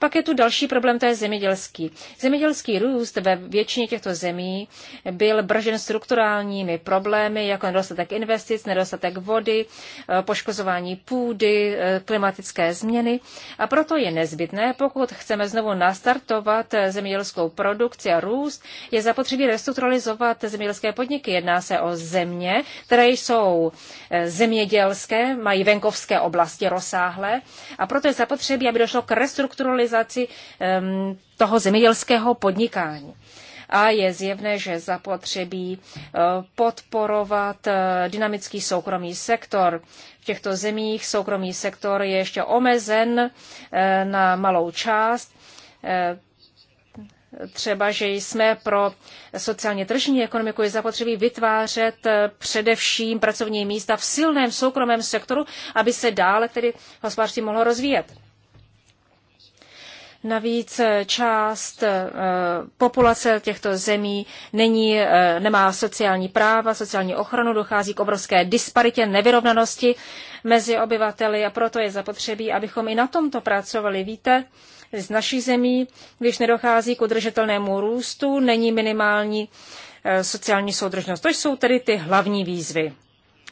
Pak je tu další problém, to je zemědělský. Zemědělský růst ve většině těchto zemí byl bržen strukturálními problémy, jako nedostatek investic, nedostatek vody, eh, poškozování půdy, eh, klimatické změny. A proto je nezbytné, pokud chceme znovu nastartovat eh, zemědělskou produkci a růst, je zapotřebí restrukturalizovat zemědělské podniky. Jedná se o země, které jsou zemědělské, mají venkovské oblasti rozsáhlé a proto je zapotřebí, aby došlo k restrukturalizaci modernizaci toho zemědělského podnikání a je zjevné, že zapotřebí eh, podporovat eh, dynamický soukromý sektor. V těchto zemích soukromý sektor je ještě omezen eh, na malou část. Třeba, že jsme pro sociálně tržní ekonomiku je zapotřebí vytvářet především pracovní místa v silném soukromém sektoru, aby se dále tedy hospodářství mohlo rozvíjet. Navíc eh, část eh, populace těchto zemí není, eh, nemá sociální práva, sociální ochranu, dochází k obrovské disparitě, nevyrovnanosti mezi obyvateli a proto je zapotřebí, abychom i na tomto pracovali. Víte, z naší zemí, když nedochází k udržitelnému růstu, není minimální sociální soudržnost. To jsou tedy ty hlavní výzvy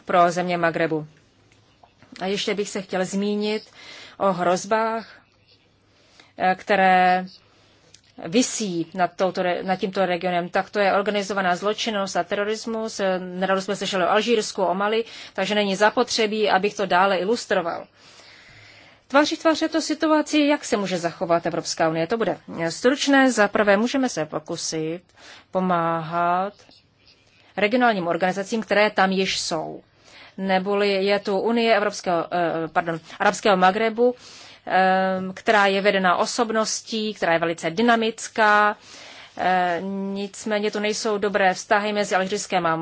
pro země Magrebu. A ještě bych se chtěl zmínit o hrozbách, Eh, které visí nad, touto, nad tímto regionem, tak to je organizovaná zločinnost a terorismus. Eh, nedávno jsme slyšeli o Alžírsku, o Mali, takže není zapotřebí, abych to dále ilustroval. Tváří tvář to situaci, jak se může zachovat Evropská unie? To bude stručné. Za prvé můžeme se pokusit pomáhat regionálním organizacím, které tam již jsou. Neboli je tu Unie Evropského, eh, pardon, Arabského Magrebu, Ehm, která je vedená osobností, která je velice dynamická. Ehm, nicméně to nejsou dobré vztahy mezi Alžírskem a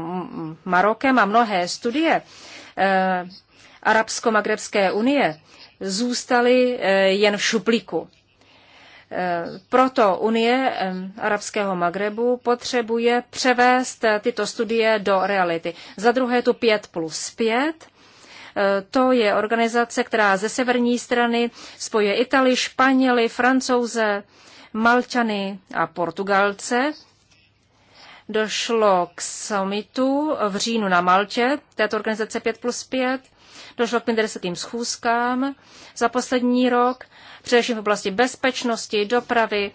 Marokem a mnohé studie ehm, Arabsko-Magrebské unie zůstaly jen v šuplíku. Proto Unie Arabského Magrebu potřebuje převést eh, tyto studie do reality. Za druhé tu 5 plus 5 to je organizace, která ze severní strany spojuje Itali, Španěly, Francouze, Malčany a Portugalce. Došlo k summitu v říjnu na Maltě, této organizace 5 plus 5. Došlo k 50. schůzkám za poslední rok, především v oblasti bezpečnosti, dopravy.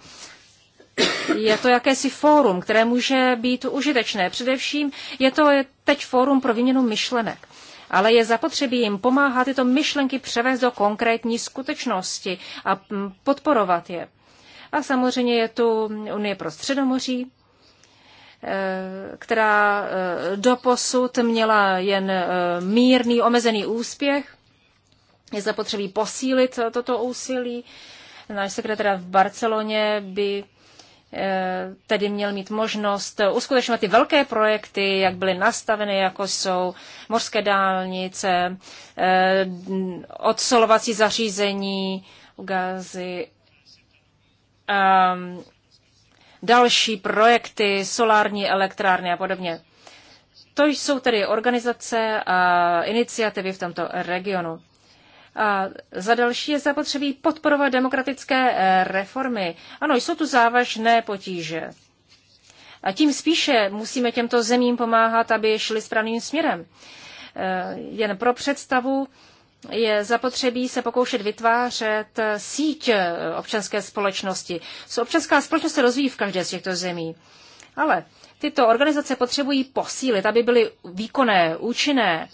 Je to jakési fórum, které může být užitečné. Především je to teď fórum pro výměnu myšlenek ale je zapotřebí jim pomáhat tyto myšlenky převést do konkrétní skutečnosti a mm, podporovat je. A samozřejmě je tu Unie pro středomoří, e, která e, doposud měla jen e, mírný, omezený úspěch. Je zapotřebí posílit toto úsilí. Náš sekretář v Barceloně by Eh, tedy měl mít možnost uskutečňovat ty velké projekty, jak byly nastaveny, jako jsou mořské dálnice, eh, odsolovací zařízení, gazy, ehm, další projekty, solární elektrárny a podobně. To jsou tedy organizace a iniciativy v tomto regionu. A za další je zapotřebí podporovat demokratické eh, reformy. Ano, jsou tu závažné potíže. A tím spíše musíme těmto zemím pomáhat, aby šli správným směrem. Eh, jen pro představu je zapotřebí se pokoušet vytvářet eh, síť občanské společnosti. Občanská společnost se rozvíjí v každé z těchto zemí. Ale tyto organizace potřebují posílit, aby byly výkonné, účinné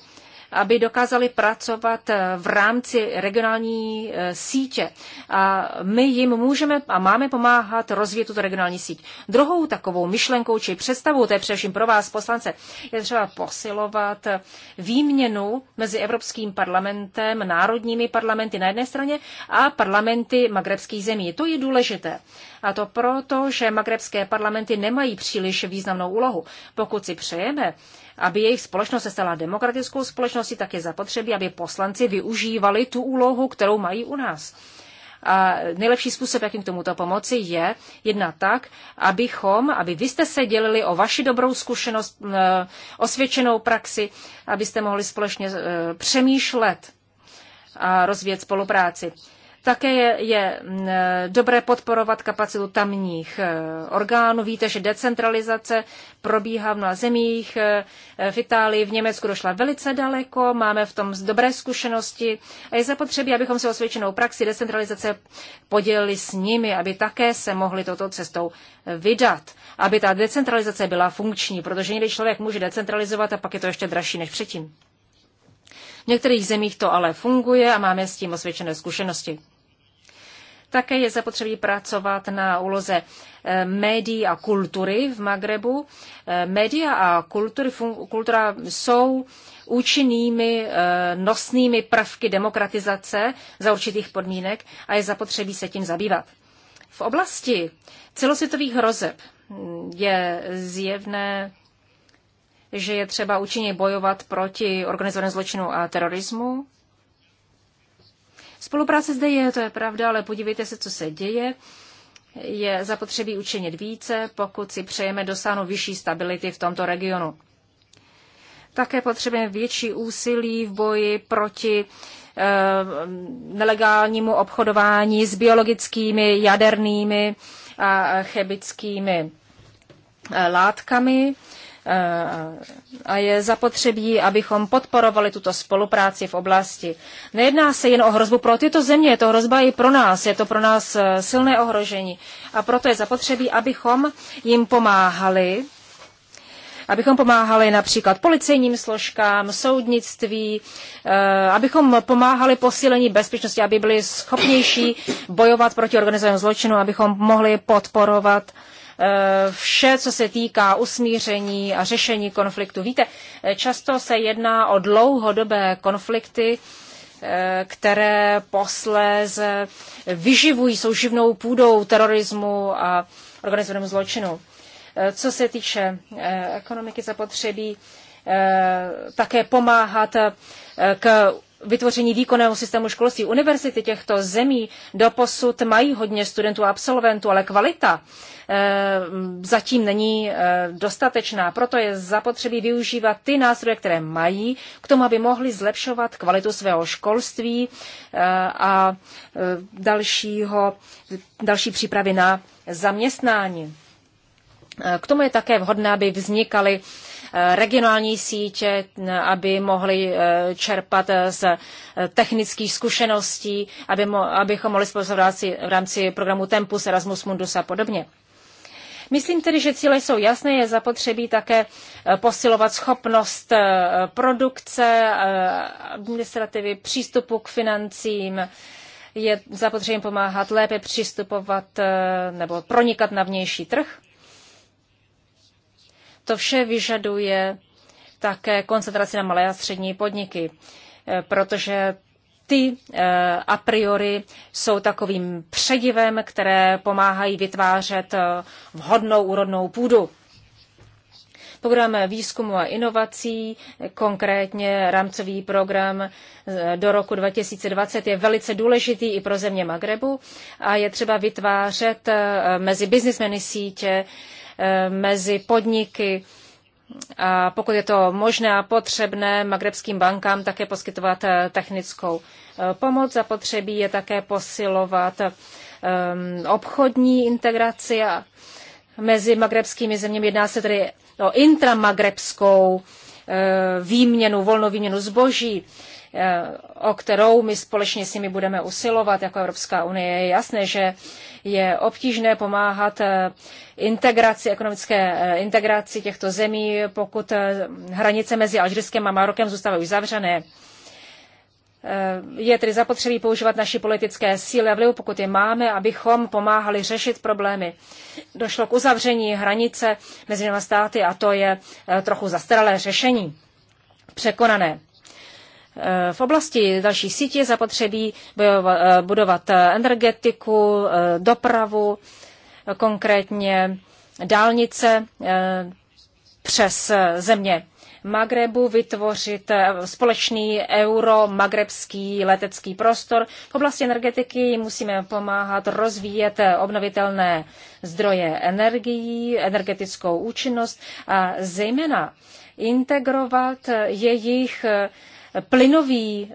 aby dokázali pracovat eh, v rámci regionální eh, sítě. A my jim můžeme a máme pomáhat rozvíjet tuto regionální síť. Druhou takovou myšlenkou či představou, to je především pro vás, poslance, je třeba posilovat výměnu mezi Evropským parlamentem, národními parlamenty na jedné straně a parlamenty magrebských zemí. To je důležité. A to proto, že magrebské parlamenty nemají příliš významnou úlohu. Pokud si přejeme, aby jejich společnost se stala demokratickou společností, tak je zapotřebí, aby poslanci využívali tu úlohu, kterou mají u nás. A nejlepší způsob, jakým tomuto pomoci, je jedna tak, abychom, aby vy jste se dělili o vaši dobrou zkušenost, e, osvědčenou praxi, abyste mohli společně e, přemýšlet a rozvíjet spolupráci. Také je, je dobré podporovat kapacitu tamních e, orgánů. Víte, že decentralizace probíhá v mnoha zemích. E, v Itálii, v Německu došla velice daleko, máme v tom dobré zkušenosti a je zapotřebí, abychom se osvědčenou praxi decentralizace podělili s nimi, aby také se mohli toto cestou vydat. Aby ta decentralizace byla funkční, protože někdy člověk může decentralizovat a pak je to ještě dražší než předtím. V některých zemích to ale funguje a máme s tím osvědčené zkušenosti. Také je zapotřebí pracovat na úloze eh, médií a kultury v Magrebu. Eh, média a kultury, kultura jsou účinnými eh, nosnými prvky demokratizace za určitých podmínek a je zapotřebí se tím zabývat. V oblasti celosvětových hrozeb hm, je zjevné, že je třeba účinně bojovat proti organizovanému zločinu a terorismu. Spolupráce zde je, to je pravda, ale podívejte se, co se děje. Je zapotřebí učinit více, pokud si přejeme dosáhnout vyšší stability v tomto regionu. Také potřebujeme větší úsilí v boji proti eh, nelegálnímu obchodování s biologickými, jadernými a chemickými eh, látkami a je zapotřebí, abychom podporovali tuto spolupráci v oblasti. Nejedná se jen o hrozbu pro tyto země, je to hrozba i pro nás, je to pro nás eh, silné ohrožení. A proto je zapotřebí, abychom jim pomáhali, abychom pomáhali například policejním složkám, soudnictví, eh, abychom pomáhali posílení bezpečnosti, aby byli schopnější bojovat proti organizovanému zločinu, abychom mohli podporovat uh, Eh, vše, co se týká usmíření a řešení konfliktu. Víte, eh, často se jedná o dlouhodobé konflikty, eh, které posléze vyživují souživnou půdou terorismu a organizovanému zločinu. Co se týče ekonomiky zapotřebí, také pomáhat k vytvoření výkonného systému školství. Univerzity těchto zemí doposud mají hodně studentů a absolventů, ale kvalita eh, zatím není eh, dostatečná. Proto je zapotřebí využívat ty nástroje, které mají, k tomu, aby mohli zlepšovat kvalitu svého školství eh, a dalšího, další přípravy na zaměstnání. K tomu je také vhodné, aby vznikaly Eh, regionální sítě, aby mohli eh, čerpat eh, z technických zkušeností, aby mo- abychom mohli spolupracovat v rámci programu Tempus, Erasmus Mundus a podobně. Myslím tedy, že cíle jsou jasné, je zapotřebí také posilovat schopnost produkce, administrativy, přístupu k financím, je zapotřebí pomáhat lépe přistupovat nebo pronikat na vnější trh. To vše vyžaduje také koncentraci na malé a střední podniky, eh, protože ty eh, a priori jsou takovým předivem, které pomáhají vytvářet eh, vhodnou úrodnou půdu. Program výzkumu a inovací, konkrétně rámcový program do roku 2020 je velice důležitý i pro země Magrebu a je třeba vytvářet mezi biznismeny sítě Eh, mezi podniky, a pokud je to možné a potřebné magrebským bankám také poskytovat eh, technickou eh, pomoc. Zapotřebí je také posilovat obchodní integraci a mezi magrebskými zeměmi. Jedná se tedy o intramagrebskou výměnu, volnou výměnu zboží o kterou my společně s nimi budeme usilovat jako Evropská unie. Je jasné, že je obtížné pomáhat eh, integraci, ekonomické eh, integraci těchto zemí, pokud eh, hranice mezi Alžírskem a Marokem zůstávají uzavřené. Je tedy zapotřebí používat naši politické síly a vlivu, pokud je máme, abychom pomáhali řešit problémy. Došlo k uzavření hranice mezi dvěma státy a to je trochu zastaralé řešení, překonané. Eh, v oblasti další sítě zapotřebí eh, budovat eh, energetiku, dopravu, konkrétně dálnice přes země Magrebu, vytvořit společný euro-magrebský letecký prostor. V oblasti energetiky musíme pomáhat rozvíjet obnovitelné zdroje energií, energetickou účinnost a zejména integrovat jejich plynový eh,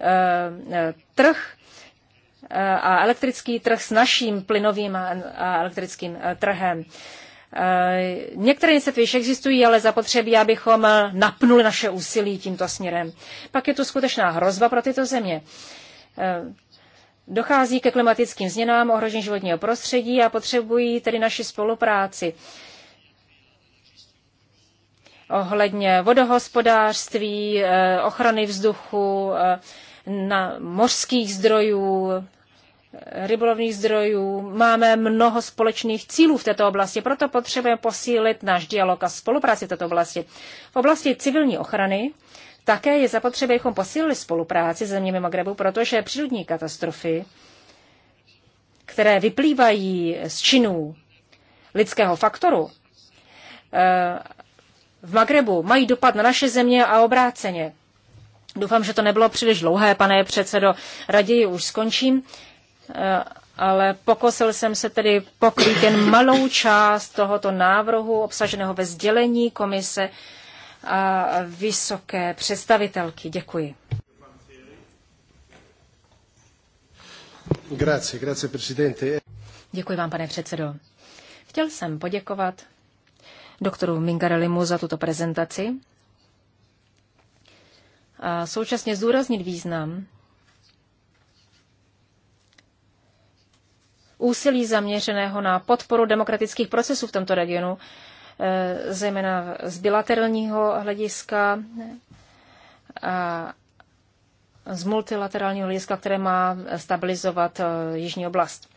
eh, trh eh, a elektrický trh s naším plynovým a elektrickým trhem. Některé iniciativy již existují, ale zapotřebí, abychom napnuli naše úsilí tímto směrem. Pak je tu skutečná hrozba pro tyto země. Dochází ke klimatickým změnám, ohrožení životního prostředí a potřebují tedy naši spolupráci ohledně vodohospodářství, eh, ochrany vzduchu, eh, na mořských zdrojů, eh, rybolovných zdrojů. Máme mnoho společných cílů v této oblasti, proto potřebujeme posílit náš dialog a spolupráci v této oblasti. V oblasti civilní ochrany také je zapotřebí, abychom posílili spolupráci s zeměmi Magrebu, protože přírodní katastrofy, které vyplývají z činů lidského faktoru, v Magrebu mají dopad na naše země a obráceně. Doufám, že to nebylo příliš dlouhé, pane předsedo. Raději už skončím, eh, ale pokosil jsem se tedy pokrýt jen malou část tohoto návrhu obsaženého ve sdělení komise a vysoké představitelky. Děkuji. Grazie, grazie, presidente. Děkuji vám, pane předsedo. Chtěl jsem poděkovat doktoru Mingarelimu za tuto prezentaci a současně zdůraznit význam úsilí zaměřeného na podporu demokratických procesů v tomto regionu, e, zejména z bilaterálního hlediska a z multilaterálního hlediska, které má stabilizovat e, jižní oblast.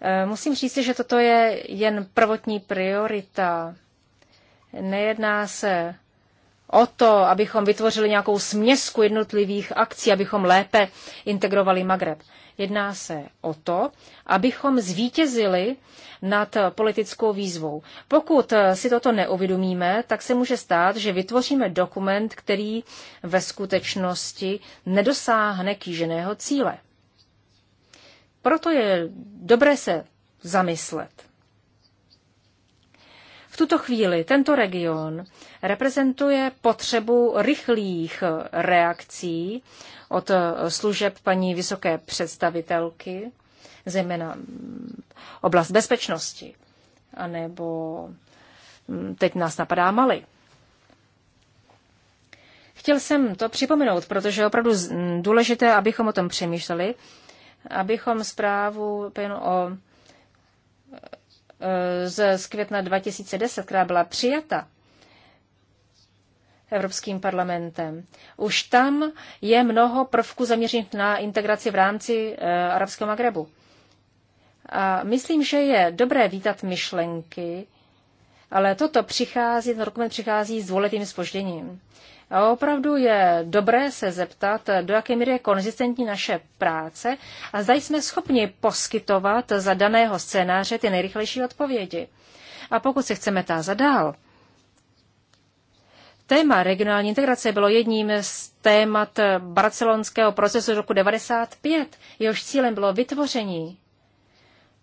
Eh, musím říct, že toto je jen prvotní priorita. Nejedná se o to, abychom vytvořili nějakou směsku jednotlivých akcí, abychom lépe integrovali Magreb. Jedná se o to, abychom zvítězili nad politickou výzvou. Pokud si toto neuvědomíme, tak se může stát, že vytvoříme dokument, který ve skutečnosti nedosáhne kýženého cíle. Proto je dobré se zamyslet. V tuto chvíli tento region reprezentuje potřebu rychlých reakcí od služeb paní vysoké představitelky, zejména oblast bezpečnosti, anebo hm, teď nás napadá Mali. Chtěl jsem to připomenout, protože je opravdu důležité, abychom o tom přemýšleli, abychom zprávu o e, z května 2010, která byla přijata Evropským parlamentem. Už tam je mnoho prvků zaměřených na integraci v rámci e, arabského Magrebu. A myslím, že je dobré vítat myšlenky, ale toto přichází, ten dokument přichází s dvouletým spožděním. A opravdu je dobré se zeptat, do jaké míry je konzistentní naše práce a zda jsme schopni poskytovat za daného scénáře ty nejrychlejší odpovědi. A pokud se chceme tázat dál, Téma regionální integrace bylo jedním z témat barcelonského procesu roku 1995. Jehož cílem bylo vytvoření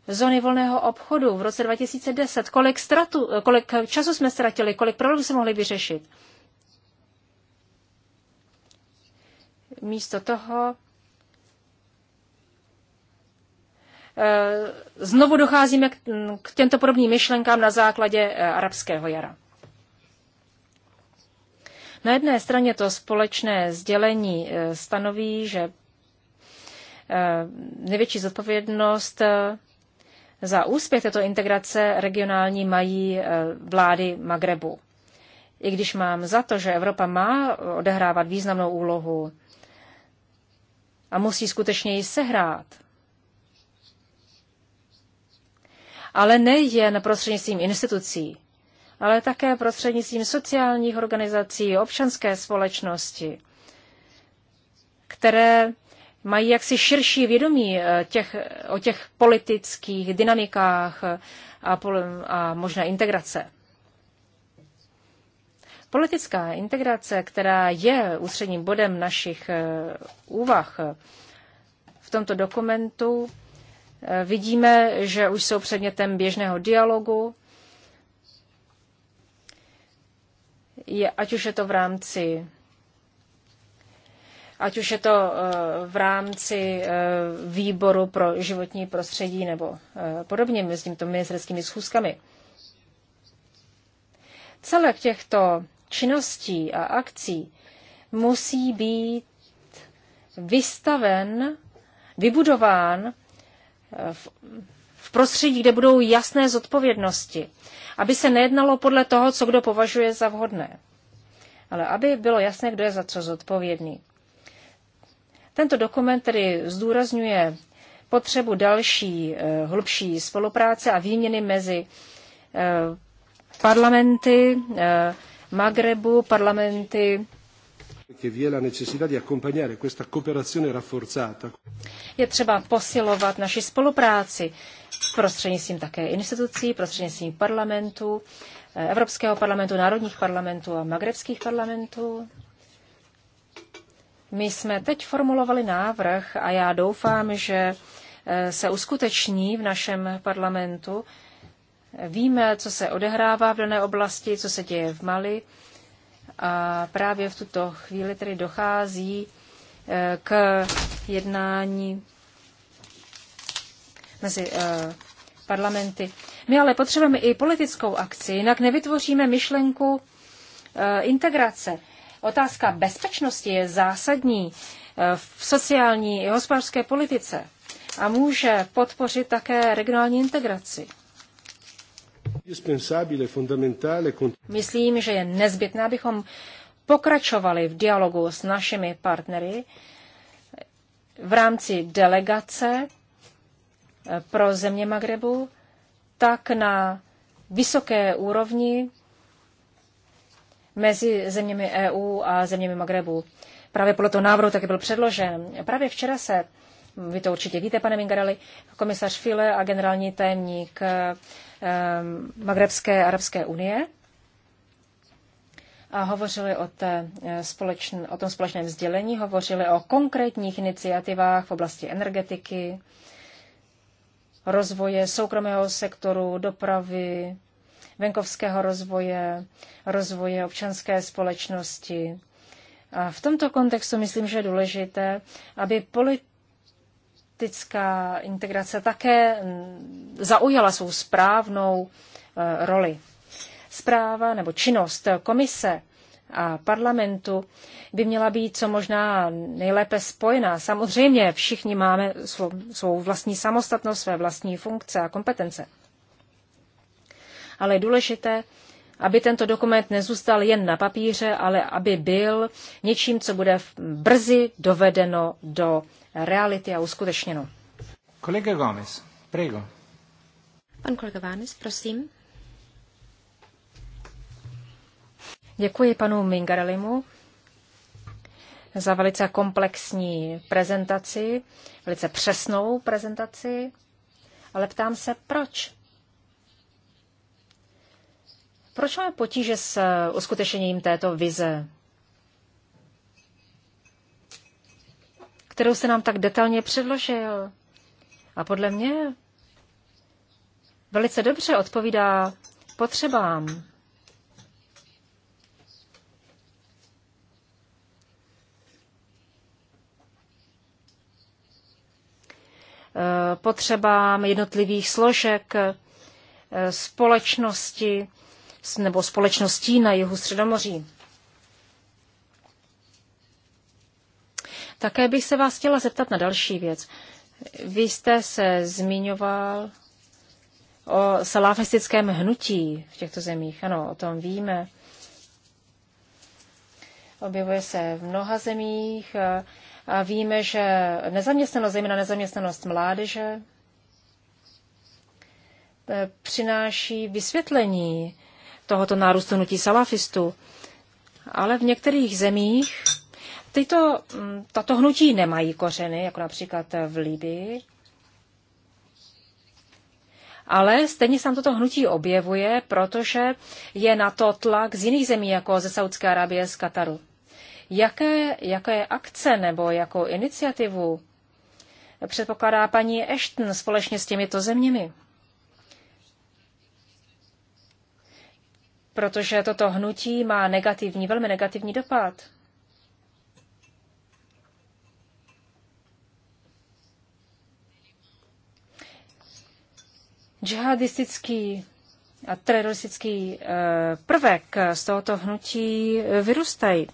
zóny volného obchodu v roce 2010. Kolik, stratu, kolik času jsme ztratili, kolik problémů se mohli vyřešit. místo toho eh, znovu docházíme k těmto podobným myšlenkám na základě eh, arabského jara. Na jedné straně to společné sdělení eh, stanoví, že největší zodpovědnost za úspěch této integrace regionální mají vlády Magrebu. I když mám za to, že Evropa má odehrávat významnou úlohu a musí skutečně ji sehrát. Ale nejen prostřednictvím institucí, ale také prostřednictvím sociálních organizací, občanské společnosti, které mají jaksi širší vědomí eh, těch, o těch politických dynamikách eh, a, a možné integrace. Politická integrace, která je ústředním bodem našich eh, úvah eh, v tomto dokumentu, eh, vidíme, že už jsou předmětem běžného dialogu, je, ať už je to v rámci ať už je to v rámci výboru pro životní prostředí nebo podobně mezi těmito ministerskými schůzkami. Celé těchto činností a akcí musí být vystaven, vybudován eh, v, v prostředí, kde budou jasné zodpovědnosti, aby se nejednalo podle toho, co kdo považuje za vhodné, ale aby bylo jasné, kdo je za co zodpovědný. Tento dokument tedy zdůrazňuje potřebu další eh, hlubší spolupráce a výměny mezi eh, parlamenty, Magrebu, parlamenty je třeba posilovat naši spolupráci prostřednictvím také institucí, prostřednictvím parlamentu, eh, Evropského parlamentu, národních parlamentů a magrebských parlamentů. My jsme teď formulovali návrh a já doufám, že eh, se uskuteční v našem parlamentu Víme, co se odehrává v dané oblasti, co se děje v Mali a právě v tuto chvíli tedy dochází eh, k jednání mezi eh, parlamenty. My ale potřebujeme i politickou akci, jinak nevytvoříme myšlenku eh, integrace. Otázka bezpečnosti je zásadní v sociální i hospodářské politice a může podpořit také regionální integraci. Myslím, že je nezbytné, abychom pokračovali v dialogu s našimi partnery v rámci delegace eh, pro země Magrebu, tak na vysoké úrovni mezi zeměmi EU a zeměmi Magrebu. Právě podle toho návrhu taky byl předložen. Právě včera se, vy to určitě víte, pane Mingarelli, komisař File a generální tajemník eh, Ehm, Magrebské arabské unie a hovořili o, té eh, společn, o tom společném sdělení, hovořili o konkrétních iniciativách v oblasti energetiky, rozvoje soukromého sektoru, dopravy, venkovského rozvoje, rozvoje občanské společnosti. A v tomto kontextu myslím, že je důležité, aby politi- politická integrace také mm, zaujala svou správnou eh, roli. Zpráva nebo činnost komise a parlamentu by měla být co možná nejlépe spojená. Samozřejmě všichni máme svou, svou vlastní samostatnost, své vlastní funkce a kompetence. Ale je důležité, aby tento dokument nezůstal jen na papíře, ale aby byl něčím, co bude brzy dovedeno do reality a uskutečněno. Kolega Gomes, prego. Pan kolega Vánes, prosím. Děkuji panu Mingarelimu za velice komplexní prezentaci, velice přesnou prezentaci, ale ptám se, proč? Proč máme potíže s uskutečením této vize? kterou se nám tak detailně předložil. A podle mě velice dobře odpovídá potřebám. Eh, potřebám jednotlivých složek eh, společnosti nebo společností na jihu Středomoří. Také bych se vás chtěla zeptat na další věc. Vy jste se zmiňoval o salafistickém hnutí v těchto zemích. Ano, o tom víme. Objevuje se v mnoha zemích a víme, že nezaměstnanost, zejména nezaměstnanost mládeže, e, přináší vysvětlení tohoto nárůstu hnutí salafistů. Ale v některých zemích Tyto, mm, tato hnutí nemají kořeny, jako například v Libii, ale stejně se tam toto hnutí objevuje, protože je na to tlak z jiných zemí, jako ze Saudské Arábie, z Kataru. Jaké, jaké akce nebo jakou iniciativu předpokládá paní Ashton společně s těmito zeměmi? Protože toto hnutí má negativní, velmi negativní dopad Džihadistický a teroristický eh, prvek z tohoto hnutí eh, vyrůstají.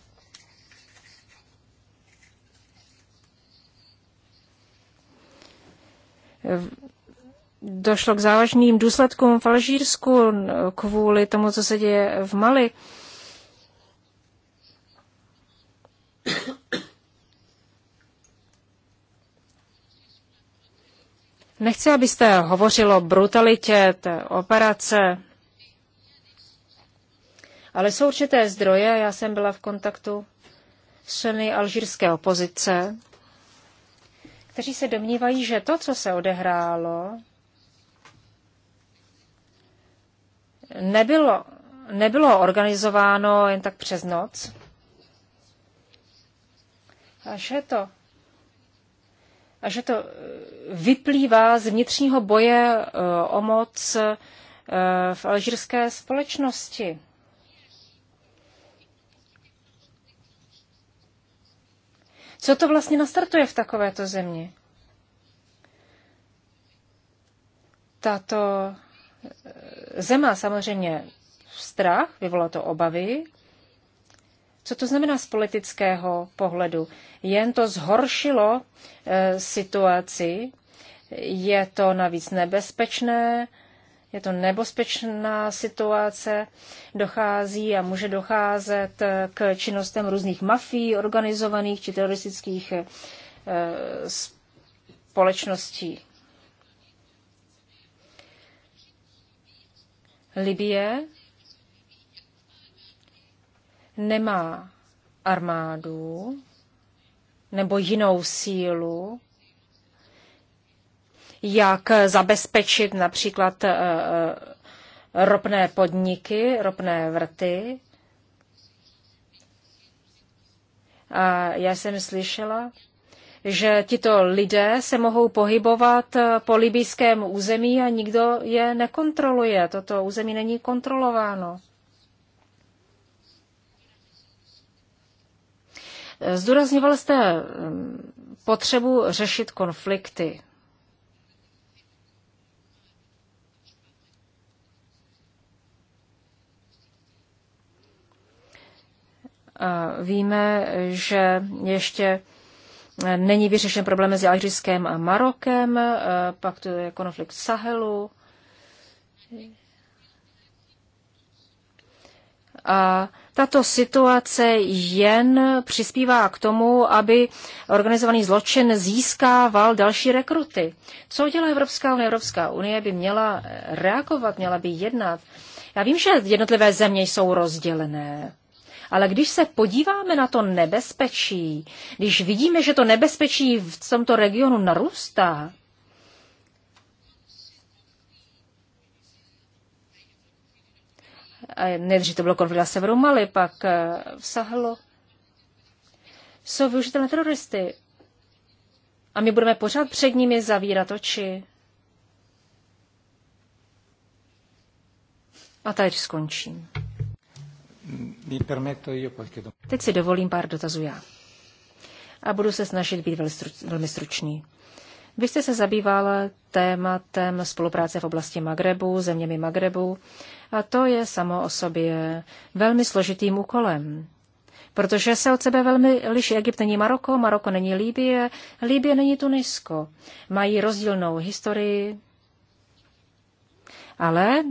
Došlo k závažným důsledkům v Alžírsku eh, kvůli tomu, co se děje v Mali. Nechci, abyste hovořilo o brutalitě té operace, ale jsou určité zdroje. Já jsem byla v kontaktu s členy alžírské opozice, kteří se domnívají, že to, co se odehrálo, nebylo, nebylo organizováno jen tak přes noc. A že to a že to eh, vyplývá z vnitřního boje eh, o moc eh, v alžírské společnosti. Co to vlastně nastartuje v takovéto zemi? Tato zema samozřejmě strach, vyvolá to obavy, co to znamená z politického pohledu? Jen to zhoršilo e, situaci, je to navíc nebezpečné, je to nebezpečná situace, dochází a může docházet eh, k činnostem různých mafií, organizovaných či teroristických e, společností. Libie nemá armádu nebo jinou sílu, jak zabezpečit například eh, eh, ropné podniky, ropné vrty. A já jsem slyšela, že tito lidé se mohou pohybovat eh, po libijském území a nikdo je nekontroluje. Toto území není kontrolováno. Zdůrazňoval jste mm, potřebu řešit konflikty. Víme, že ještě není vyřešen problém mezi Alžírskem a Marokem, pak tu je konflikt Sahelu. A tato situace jen přispívá k tomu, aby organizovaný zločin získával další rekruty. Co dělá Evropská unie? Evropská unie by měla reagovat, měla by jednat. Já vím, že jednotlivé země jsou rozdělené. Ale když se podíváme na to nebezpečí, když vidíme, že to nebezpečí v tomto regionu narůstá, Nejdřív to bylo konflikt na severu Mali, pak eh, v Sahelu. Jsou využitelné teroristy. A my budeme pořád před nimi zavírat oči. A teď skončím. Teď si dovolím pár dotazů já. A budu se snažit být velmi stručný. Vy jste se zabýval tématem spolupráce v oblasti Magrebu, zeměmi Magrebu. A to je samo o sobě velmi složitým úkolem. Protože se od sebe velmi liší. Egypt není Maroko, Maroko není Líbie, Líbie není Tunisko. Mají rozdílnou historii. Ale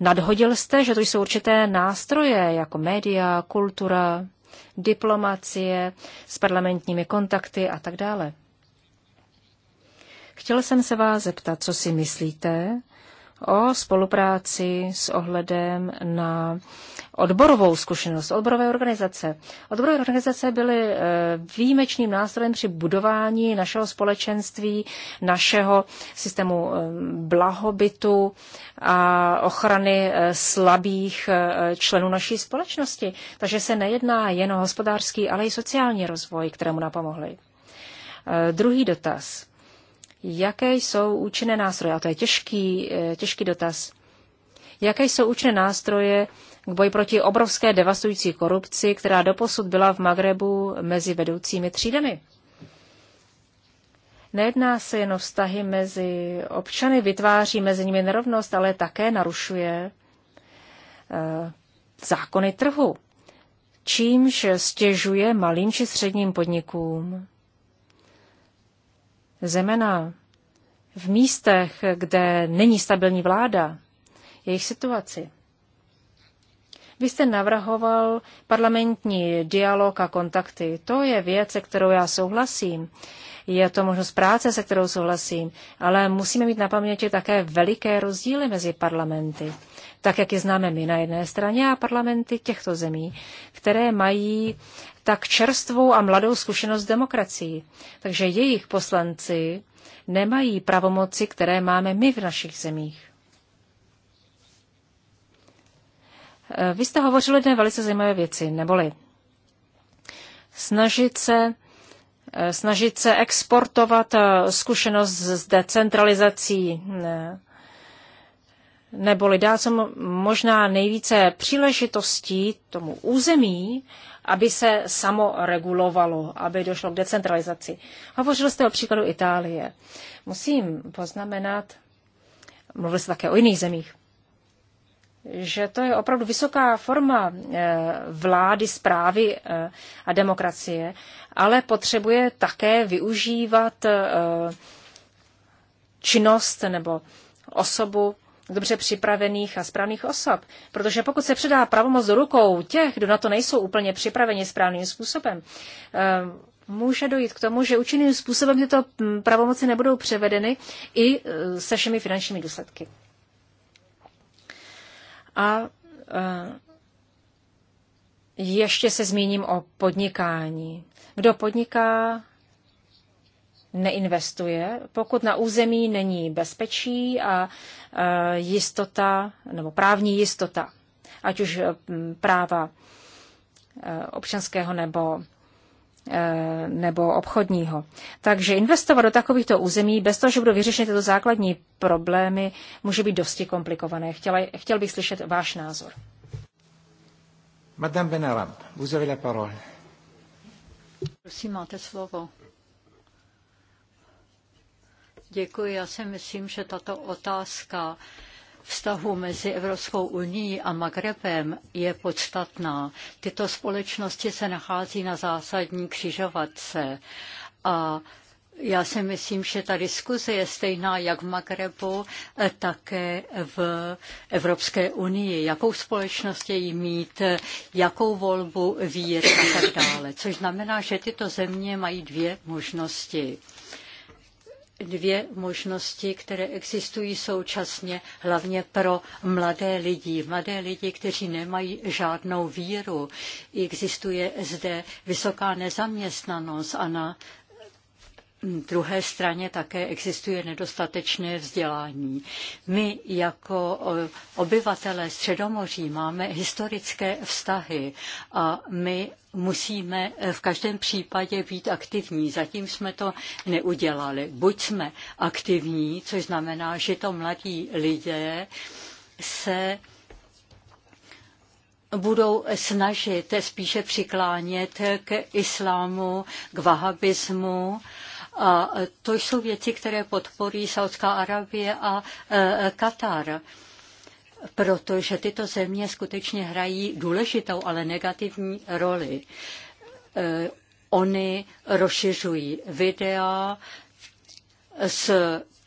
nadhodil jste, že to jsou určité nástroje, jako média, kultura, diplomacie s parlamentními kontakty a tak dále. Chtěl jsem se vás zeptat, co si myslíte o spolupráci s ohledem na odborovou zkušenost, odborové organizace. Odborové organizace byly eh, výjimečným nástrojem při budování našeho společenství, našeho systému eh, blahobytu a ochrany eh, slabých členů naší společnosti. Takže se nejedná jen o hospodářský, ale i sociální rozvoj, kterému napomohli. Druhý dotaz Jaké jsou účinné nástroje? A to je těžký, eh, těžký dotaz. Jaké jsou účinné nástroje k boji proti obrovské devastující korupci, která doposud byla v Magrebu mezi vedoucími třídami? Nejedná se jen o vztahy mezi občany, vytváří mezi nimi nerovnost, ale také narušuje eh, zákony trhu, čímž stěžuje malým či středním podnikům Zemena v místech, kde není stabilní vláda, jejich situaci. Vy jste navrhoval parlamentní dialog a kontakty. To je věc, se kterou já souhlasím. Je to možnost práce, se kterou souhlasím, ale musíme mít na paměti také veliké rozdíly mezi parlamenty, tak jak je známe my na jedné straně a parlamenty těchto zemí, které mají tak čerstvou a mladou zkušenost demokracií. Takže jejich poslanci nemají pravomoci, které máme my v našich zemích. Eh, vy jste hovořili jedné velice zajímavé věci, neboli snažit se eh, snažit se exportovat eh, zkušenost s decentralizací neboli dát možná nejvíce příležitostí tomu území, aby se samoregulovalo, aby došlo k decentralizaci. Hovořil jste o příkladu Itálie. Musím poznamenat, mluvil jste také o jiných zemích, že to je opravdu vysoká forma eh, vlády, zprávy eh, a demokracie, ale potřebuje také využívat eh, činnost nebo osobu dobře připravených a správných osob. Protože pokud se předá pravomoc do rukou těch, kdo na to nejsou úplně připraveni správným způsobem, ehm, může dojít k tomu, že účinným způsobem tyto hm, pravomoci nebudou převedeny i e, se všemi finančními důsledky. A e, ještě se zmíním o podnikání. Kdo podniká, neinvestuje, pokud na území není bezpečí a jistota nebo právní jistota, ať už e, práva e, občanského nebo e, nebo obchodního. Takže investovat do takovýchto území bez toho, že budou vyřešeny tyto základní problémy, může být dosti komplikované. Chtěla, chtěl bych slyšet váš názor. Madame Benaram, vous avez la parole. Prosím, máte slovo. Děkuji. Já si myslím, že tato otázka vztahu mezi Evropskou unii a Magrebem je podstatná. Tyto společnosti se nachází na zásadní křižovatce a já si myslím, že ta diskuze je stejná jak v Magrebu, také v Evropské unii. Jakou společnost její mít, jakou volbu vír a tak dále. Což znamená, že tyto země mají dvě možnosti dvě možnosti, které existují současně, hlavně pro mladé lidi. Mladé lidi, kteří nemají žádnou víru. Existuje zde vysoká nezaměstnanost a na druhé straně také existuje nedostatečné vzdělání. My jako obyvatelé Středomoří máme historické vztahy a my musíme eh, v každém případě být aktivní. Zatím jsme to neudělali. Buď jsme aktivní, což znamená, že to mladí lidé se budou snažit spíše přiklánět k islámu, k vahabismu, a to jsou věci, které podporují Saudská Arabie a e, Katar protože tyto země skutečně hrají důležitou, ale negativní roli. E, oni rozšiřují videa s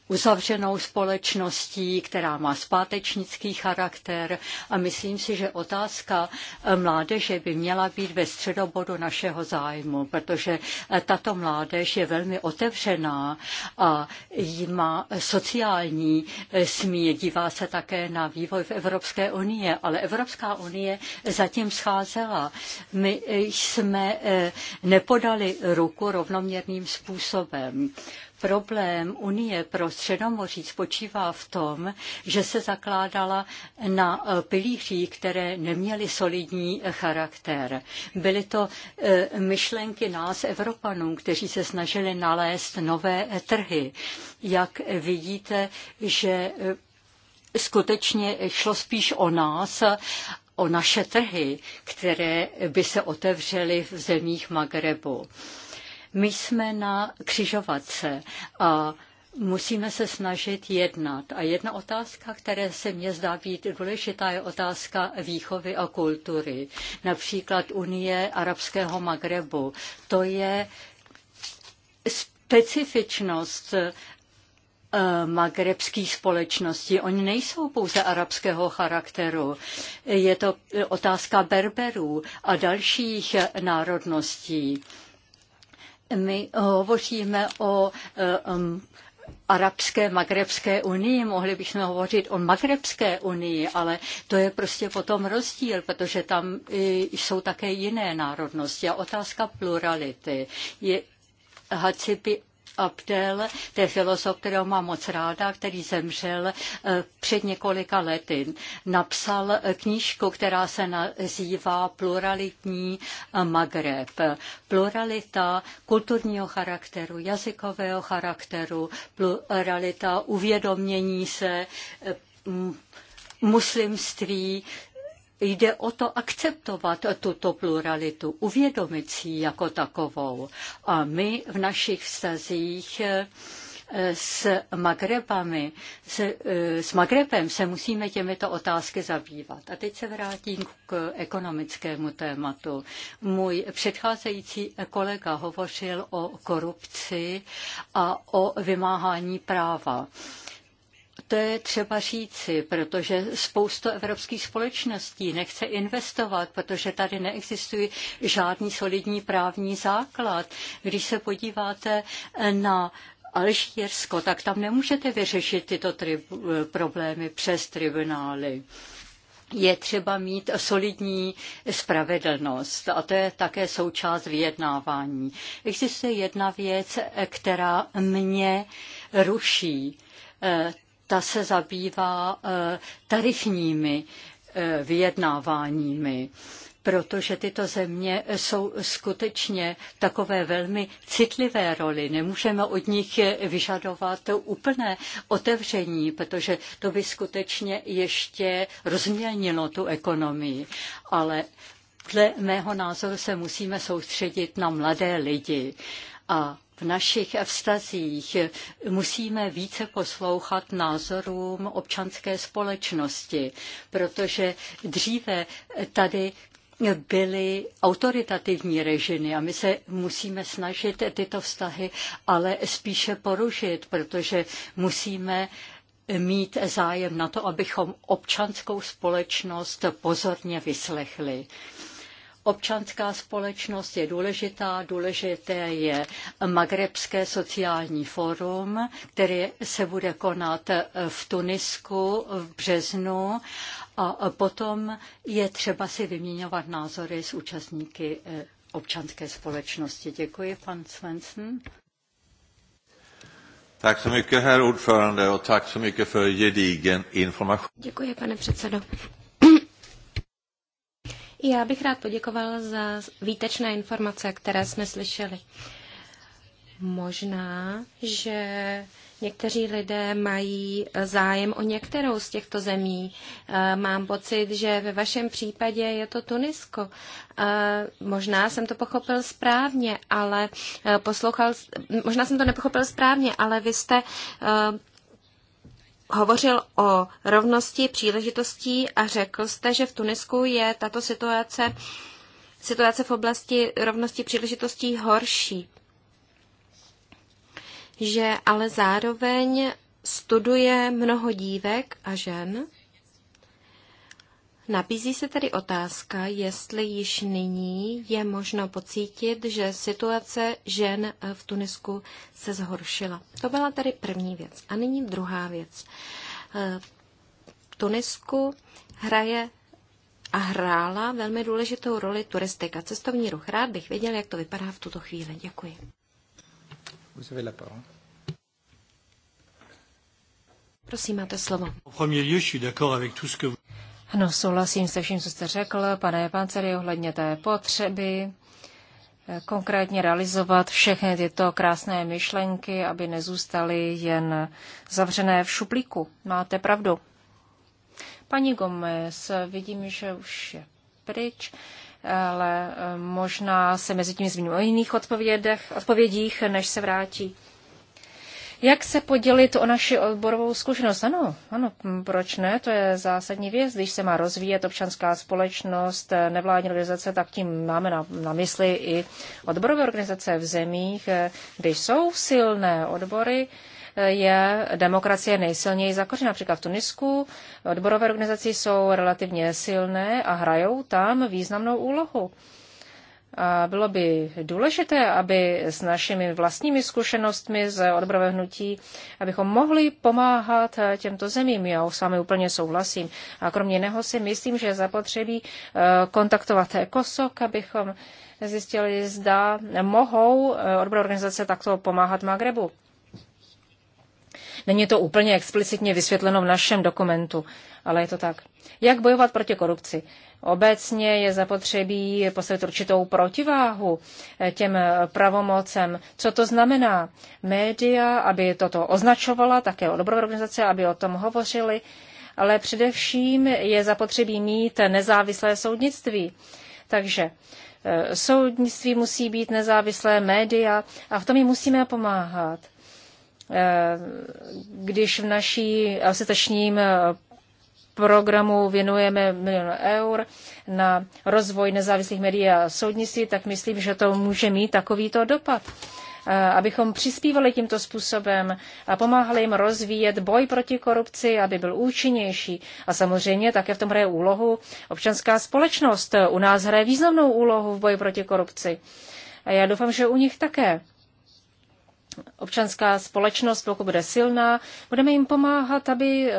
uzavřenou společností, která má zpátečnický charakter a myslím si, že otázka eh, mládeže by měla být ve středobodu našeho zájmu, protože eh, tato mládež je velmi otevřená a má sociální eh, smír, dívá se také na vývoj v Evropské unie, ale Evropská unie zatím scházela. My jsme nepodali ruku rovnoměrným způsobem. Problém Unie pro Středomoří spočívá v tom, že se zakládala na eh, pilíří, které neměly solidní eh, charakter. Byly to eh, myšlenky nás, Evropanů, kteří se snažili nalézt nové trhy. Jak vidíte, že skutečně šlo spíš o nás o naše trhy, které by se otevřely v zemích Magrebu. My jsme na křižovatce a Musíme se snažit jednat. A jedna otázka, která se mně zdá být důležitá, je otázka výchovy a kultury. Například Unie arabského Magrebu. To je specifičnost eh, magrebských společností. Oni nejsou pouze arabského charakteru. Je to otázka berberů a dalších eh, národností. My hovoříme o eh, um, Arabské Magrebské unii, mohli bychom hovořit o Magrebské unii, ale to je prostě potom rozdíl, protože tam eh, jsou také jiné národnosti a otázka plurality. Je, Hacipi Abdel, to je filozof, kterého mám moc ráda, který zemřel eh, před několika lety. Napsal eh, knížku, která se nazývá Pluralitní eh, Magreb. Pluralita kulturního charakteru, jazykového charakteru, pluralita uvědomění se muslimství, Jde o to akceptovat tuto pluralitu, uvědomit si ji jako takovou. A my v našich vztazích eh, s Magrebami, s, eh, s Magrebem se musíme těmito otázky zabývat. A teď se vrátím k ekonomickému tématu. Můj předcházející kolega hovořil o korupci a o vymáhání práva. To je třeba říci, protože spousta evropských společností nechce investovat, protože tady neexistuje žádný solidní právní základ. Když se podíváte na Alžírsko, tak tam nemůžete vyřešit tyto tri- problémy přes tribunály je třeba mít solidní spravedlnost a to je také součást vyjednávání. Existuje jedna věc, která mě ruší. Eh, ta se zabývá eh, tarifními eh, vyjednáváními protože tyto země jsou skutečně takové velmi citlivé roli. Nemůžeme od nich eh, vyžadovat úplné otevření, protože to by skutečně ještě rozmělnilo tu ekonomii. Ale dle mého názoru se musíme soustředit na mladé lidi. A našich vztazích musíme více poslouchat názorům občanské společnosti, protože dříve tady byly autoritativní režimy a my se musíme snažit tyto vztahy ale spíše porušit, protože musíme mít zájem na to, abychom občanskou společnost pozorně vyslechli. Občanská společnost je důležitá, důležité je Magrebské sociální fórum, které se bude konat v Tunisku v březnu a potom je třeba si vyměňovat názory s účastníky eh, občanské společnosti. Děkuji, pan Svensson. Tak se mi herr ordförande, gedigen Děkuji, pane předsedo. Já bych rád poděkoval za výtečné informace, které jsme slyšeli. Možná, že Někteří lidé mají zájem o některou z těchto zemí. Eh, mám pocit, že ve vašem případě je to Tunisko. Eh, možná jsem to pochopil správně, ale eh, poslouchal, možná jsem to nepochopil správně, ale vy jste hovořil o rovnosti příležitostí a řekl jste, že v Tunisku je tato situace, situace v oblasti rovnosti příležitostí horší. Že ale zároveň studuje mnoho dívek a žen, Nabízí se tedy otázka, jestli již nyní je možno pocítit, že situace žen v Tunisku se zhoršila. To byla tedy první věc. A nyní druhá věc. Eh, v Tunisku hraje a hrála velmi důležitou roli turistika, cestovní ruch. Rád bych věděl, jak to vypadá v tuto chvíli. Děkuji. Prosím, máte slovo. Ano, souhlasím se vším, co jste řekl, pane Pancery, ohledně té potřeby eh, konkrétně realizovat všechny tyto krásné myšlenky, aby nezůstaly jen zavřené v šuplíku. Máte pravdu. Paní Gomez, vidím, že už je pryč, ale eh, možná se mezi tím zmíním o jiných odpovědech, odpovědích, než se vrátí. Jak se podělit o naši odborovou zkušenost? Ano, ano, proč ne? To je zásadní věc. Když se má rozvíjet občanská společnost, eh, nevládní organizace, tak tím máme na, na mysli i odborové organizace v zemích, eh, kde jsou silné odbory, eh, je demokracie nejsilněji zakořena. Například v Tunisku odborové organizace jsou relativně silné a hrajou tam významnou úlohu. A bylo by důležité, aby s našimi vlastními zkušenostmi z odborového hnutí, abychom mohli pomáhat těmto zemím. Já s vámi úplně souhlasím. A kromě jiného si myslím, že zapotřebí eh, kontaktovat KOSOK, abychom zjistili, zda mohou eh, odborové organizace takto pomáhat Magrebu. Není to úplně explicitně vysvětleno v našem dokumentu, ale je to tak. Jak bojovat proti korupci? Obecně je zapotřebí postavit určitou protiváhu eh, těm eh, pravomocem. Co to znamená? Média, aby toto označovala, také odborové organizace, aby o tom hovořili, ale především je zapotřebí mít nezávislé soudnictví. Takže eh, soudnictví musí být nezávislé, média a v tom jim musíme pomáhat když v naší asistačním programu věnujeme milion eur na rozvoj nezávislých médií a soudnictví, tak myslím, že to může mít takovýto dopad abychom přispívali tímto způsobem a pomáhali jim rozvíjet boj proti korupci, aby byl účinnější. A samozřejmě také v tom hraje úlohu občanská společnost. U nás hraje významnou úlohu v boji proti korupci. A já doufám, že u nich také. Občanská společnost, pokud bude silná, budeme jim pomáhat, aby eh,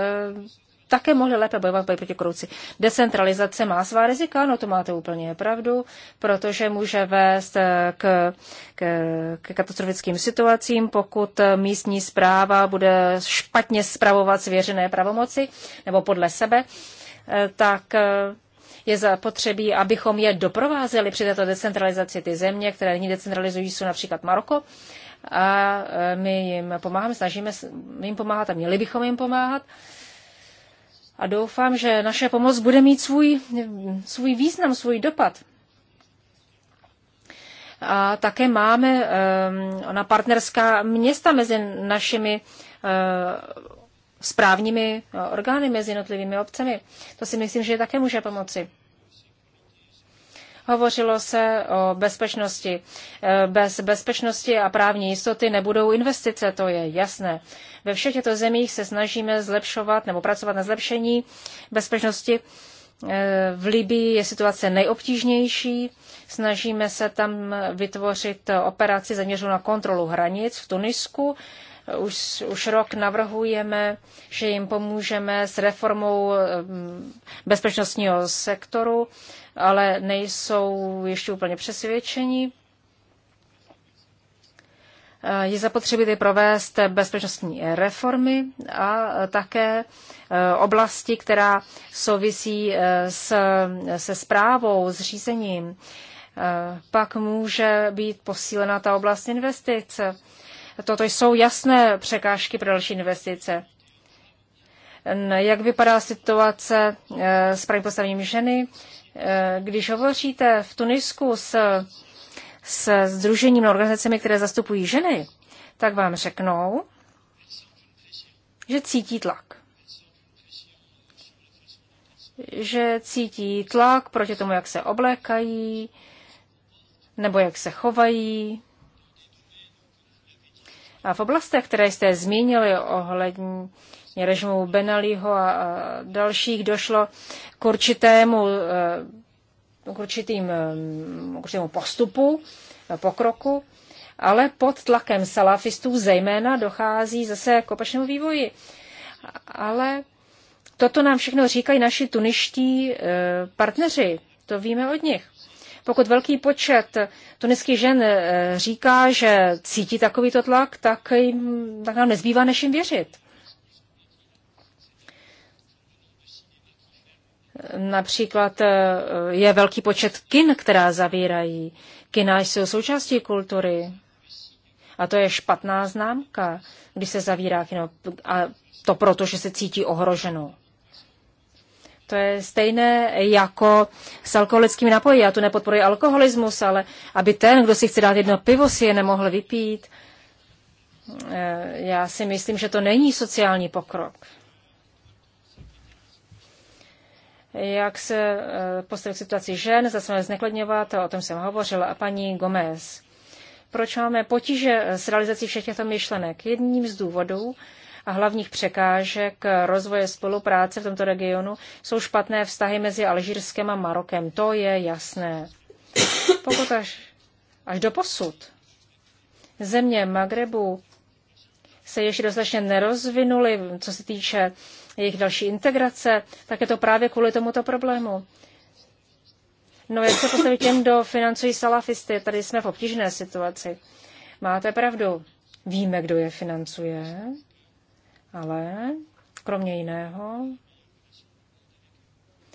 také mohli lépe bojovat proti korupci. Decentralizace má svá rizika, no to máte úplně pravdu, protože může vést eh, k, k, k katastrofickým situacím, pokud eh, místní zpráva bude špatně zpravovat svěřené pravomoci nebo podle sebe, eh, tak je zapotřebí, abychom je doprovázeli při této decentralizaci. Ty země, které nyní decentralizují, jsou například Maroko, a my jim pomáháme, snažíme jim pomáhat a měli bychom jim pomáhat. A doufám, že naše pomoc bude mít svůj, svůj význam, svůj dopad. A také máme ehm, na partnerská města mezi našimi ehm, správními no, orgány, mezi jednotlivými obcemi. To si myslím, že také může pomoci. Hovořilo se o bezpečnosti. Eh, bez bezpečnosti a právní jistoty nebudou investice, to je jasné. Ve všech těchto zemích se snažíme zlepšovat nebo pracovat na zlepšení bezpečnosti. Eh, v Libii je situace nejobtížnější. Snažíme se tam vytvořit operaci zaměřenou na kontrolu hranic v Tunisku. Už, už rok navrhujeme, že jim pomůžeme s reformou eh, bezpečnostního sektoru ale nejsou ještě úplně přesvědčení. Eh, je zapotřebí provést bezpečnostní reformy a také eh, oblasti, která souvisí eh, s, se zprávou, s řízením. Pak může být posílena ta oblast investice. Toto jsou jasné překážky pro další investice. Jak vypadá situace s pravým postavením ženy? Eh, když hovoříte v Tunisku s, s združením organizacemi, které zastupují ženy, tak vám řeknou, že cítí tlak. Že cítí tlak proti tomu, jak se oblékají, nebo jak se chovají. A v oblastech, které jste zmínili ohledně Vlastně režimu Benaliho a dalších došlo k určitému, e, k určitým, e, k určitému postupu, e, pokroku, ale pod tlakem salafistů zejména dochází zase k opačnému vývoji. Ale toto nám všechno říkají naši tuniští partneři, to víme od nich. Pokud velký počet tuniských žen říká, že cítí takovýto tlak, tak, jim, tak nám nezbývá, než jim věřit. Například eh, je velký počet kin, která zavírají. Kina jsou součástí kultury. A to je špatná známka, když se zavírá kino. A to proto, že se cítí ohroženo. To je stejné jako s alkoholickými napoji. Já tu nepodporuji alkoholismus, ale aby ten, kdo si chce dát jedno pivo, si je nemohl vypít. Eh, já si myslím, že to není sociální pokrok. jak se eh, postavit k situaci žen, zase máme zneklidňovat, o tom jsem hovořila, a paní Gomez. Proč máme potíže s realizací všech těchto myšlenek? Jedním z důvodů a hlavních překážek rozvoje spolupráce v tomto regionu jsou špatné vztahy mezi Alžírskem a Marokem. To je jasné. Pokud až, až do posud země Magrebu se ještě dostatečně nerozvinuly, co se týče uh, jejich další integrace, tak je to právě kvůli tomuto problému. No jak se postavit těm, kdo financují salafisty? Tady jsme v obtížné situaci. Máte pravdu. Víme, kdo je financuje, ale kromě jiného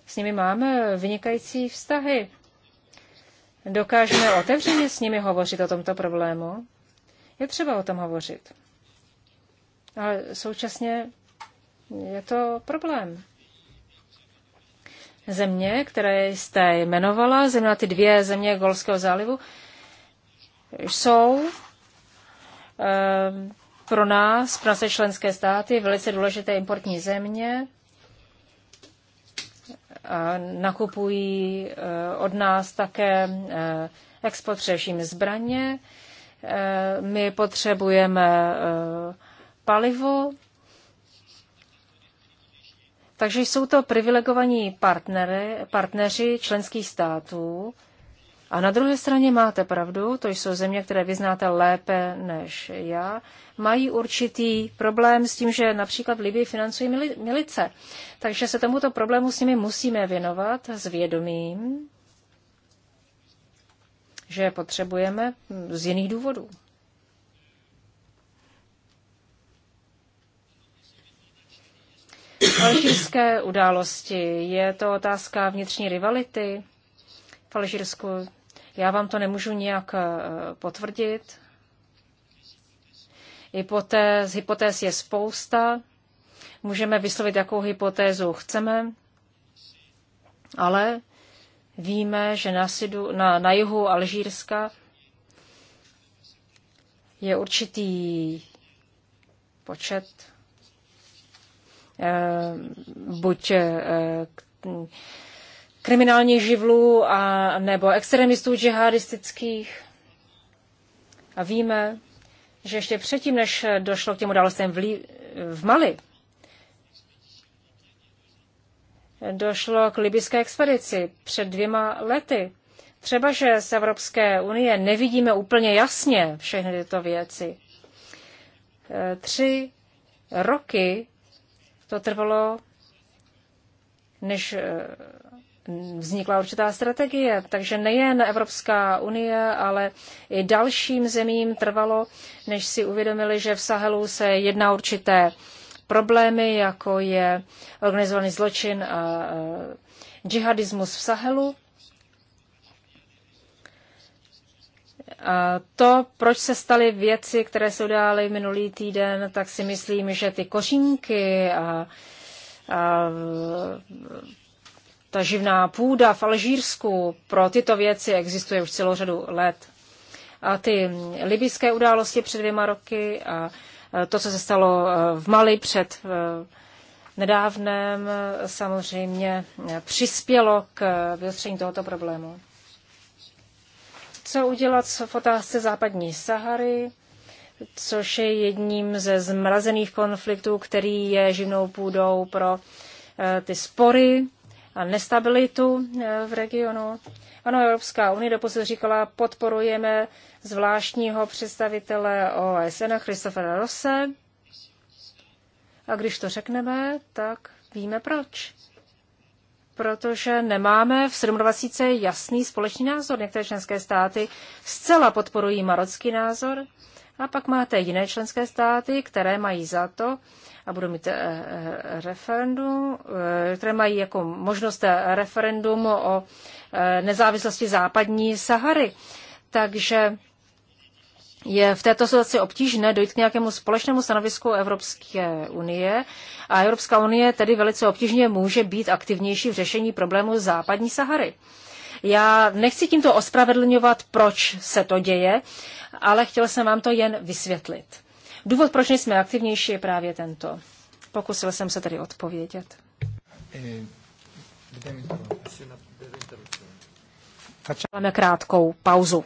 s nimi máme vynikající vztahy. Dokážeme otevřeně s nimi hovořit o tomto problému. Je třeba o tom hovořit. Ale současně je to problém. Země, které jste jmenovala, země ty dvě země Golského zálivu, jsou ehm, pro nás, pro naše členské státy, velice důležité importní země. Nakupují eh, od nás také eh, export především zbraně. Eh, my potřebujeme palivo, takže jsou to privilegovaní partnery, partneři členských států. A na druhé straně máte pravdu, to jsou země, které vyznáte lépe než já, mají určitý problém s tím, že například Libii financují milice. Takže se tomuto problému s nimi musíme věnovat s vědomím, že je potřebujeme z jiných důvodů. alžírské události? Je to otázka vnitřní rivality v Alžírsku? Já vám to nemůžu nijak eh, potvrdit. Hypotéz, hypotéz je spousta. Můžeme vyslovit, jakou hypotézu chceme, ale víme, že na, sidu, na, na jihu Alžírska je určitý počet Eh, buď eh, kriminálních živlů a, nebo extremistů džihadistických. A víme, že ještě předtím, než došlo k těm událostem v, Lí- v Mali, došlo k libyské expedici před dvěma lety. Třeba, že z Evropské unie nevidíme úplně jasně všechny tyto věci. Eh, tři roky to trvalo, než eh, vznikla určitá strategie. Takže nejen Evropská unie, ale i dalším zemím trvalo, než si uvědomili, že v Sahelu se jedná určité problémy, jako je organizovaný zločin a eh, džihadismus v Sahelu. to, proč se staly věci, které se udály minulý týden, tak si myslím, že ty kořínky a, a ta živná půda v Alžírsku pro tyto věci existuje už celou řadu let. A ty libyské události před dvěma roky a to, co se stalo e, v Mali před e, nedávném, samozřejmě e, přispělo k vyostření tohoto problému co udělat v otázce západní Sahary, což je jedním ze zmrazených konfliktů, který je živnou půdou pro eh, ty spory a nestabilitu eh, v regionu. Ano, Evropská unie doposud říkala, podporujeme zvláštního představitele OSN Christophera Rose. A když to řekneme, tak víme proč protože nemáme v 27. jasný společný názor. Některé členské státy zcela podporují marocký názor a pak máte jiné členské státy, které mají za to, a budou mít eh, eh, referendum, eh, které mají jako možnost referendum o nezávislosti západní Sahary. Takže je v této situaci obtížné dojít k nějakému společnému stanovisku Evropské unie a Evropská unie tedy velice obtížně může být aktivnější v řešení problému západní Sahary. Já nechci tímto ospravedlňovat, proč se to děje, ale chtěl jsem vám to jen vysvětlit. Důvod, proč nejsme aktivnější, je právě tento. Pokusil jsem se tedy odpovědět. Eh, Máme krátkou pauzu.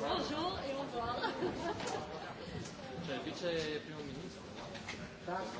Bonjour et au revoir. C'è il vice primo ministro, no? Drops.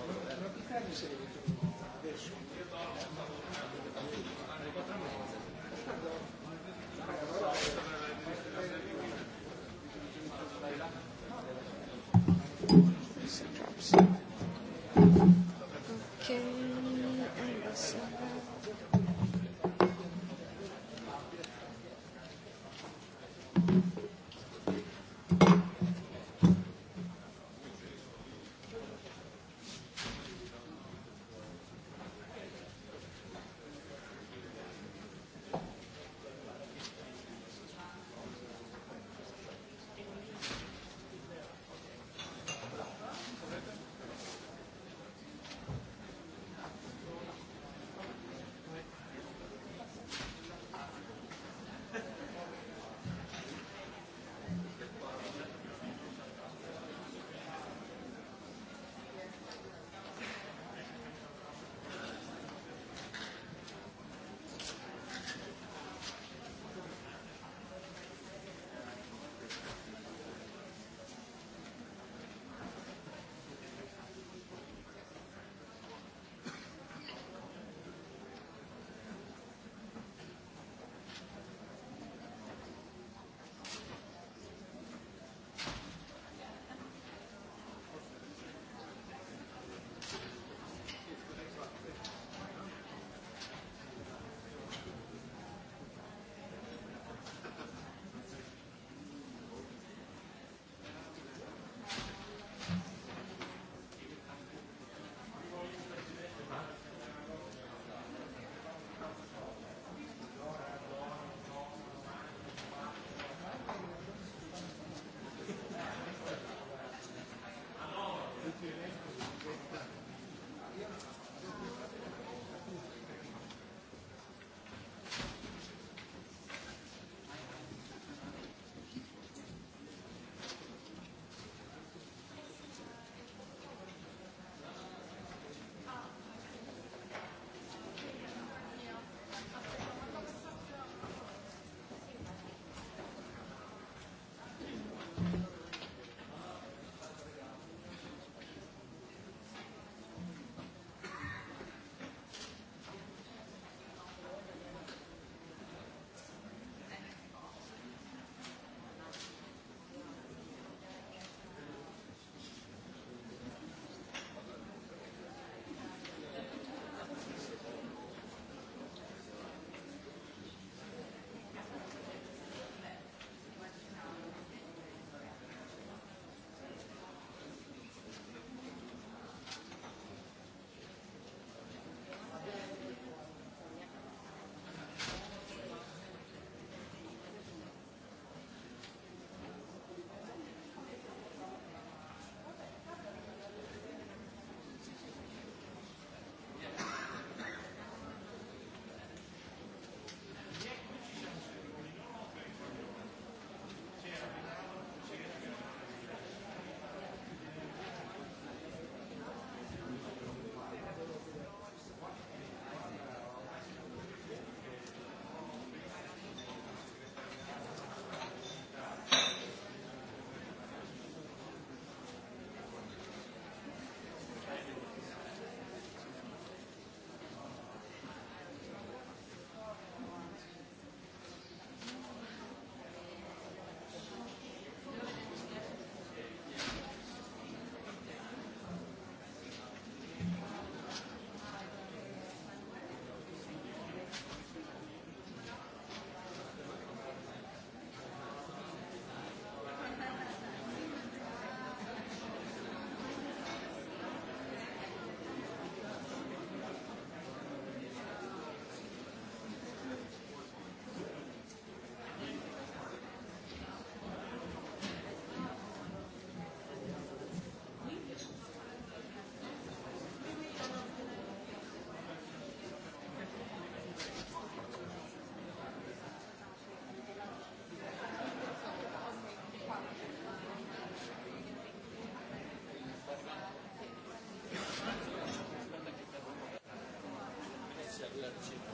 radši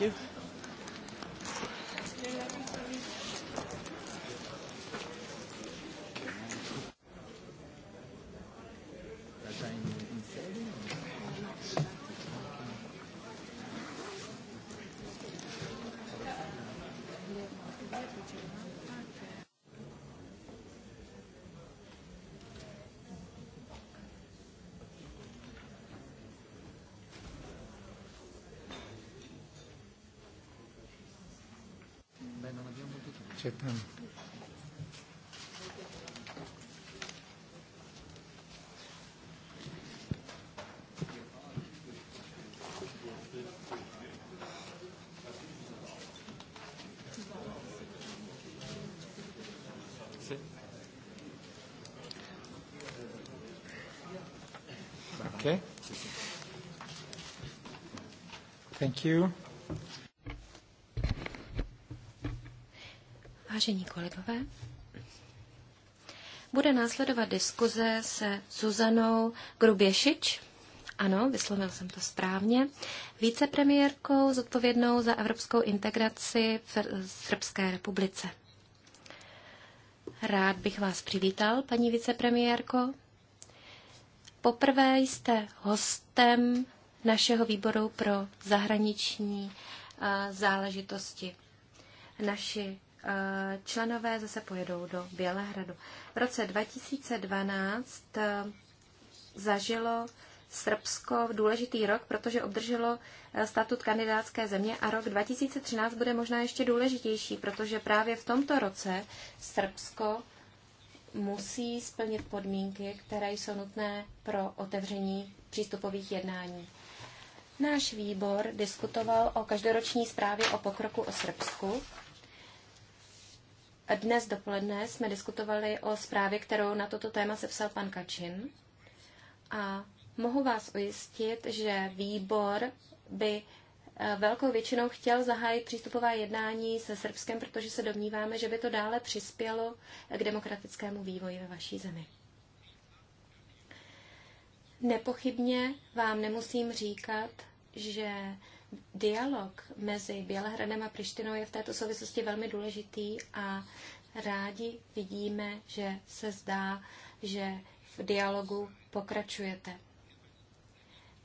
you. že tam Thank you. Vážení kolegové, bude následovat diskuze se Zuzanou Gruběšič, ano, vyslovil jsem to správně, vicepremiérkou zodpovědnou za evropskou integraci v Srbské republice. Rád bych vás přivítal, paní vicepremiérko. Poprvé jste hostem našeho výboru pro zahraniční záležitosti. Naši Eh, členové zase pojedou do Bělehradu. V roce 2012 eh, zažilo Srbsko důležitý rok, protože obdrželo eh, statut kandidátské země a rok 2013 bude možná ještě důležitější, protože právě v tomto roce Srbsko musí splnit podmínky, které jsou nutné pro otevření přístupových jednání. Náš výbor diskutoval o každoroční zprávě o pokroku o Srbsku dnes dopoledne jsme diskutovali o zprávě, kterou na toto téma sepsal pan Kačin. A mohu vás ujistit, že výbor by eh, velkou většinou chtěl zahájit přístupová jednání se Srbskem, protože se domníváme, že by to dále přispělo k demokratickému vývoji ve vaší zemi. Nepochybně vám nemusím říkat, že Dialog mezi Bělehradem a Prištinou je v této souvislosti velmi důležitý a rádi vidíme, že se zdá, že v dialogu pokračujete.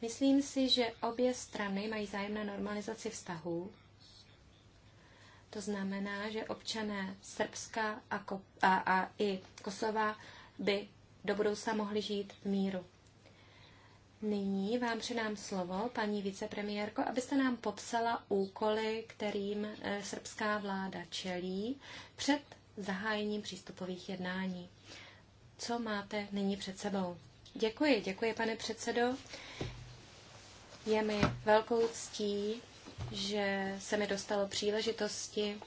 Myslím si, že obě strany mají zájem na normalizaci vztahů. To znamená, že občané Srbska a, a, a i Kosova by do budoucna mohli žít v míru nyní vám předám slovo, paní vicepremiérko, abyste nám popsala úkoly, kterým eh, srbská vláda čelí před zahájením přístupových jednání. Co máte nyní před sebou? Děkuji, děkuji, pane předsedo. Je mi velkou ctí, že se mi dostalo příležitosti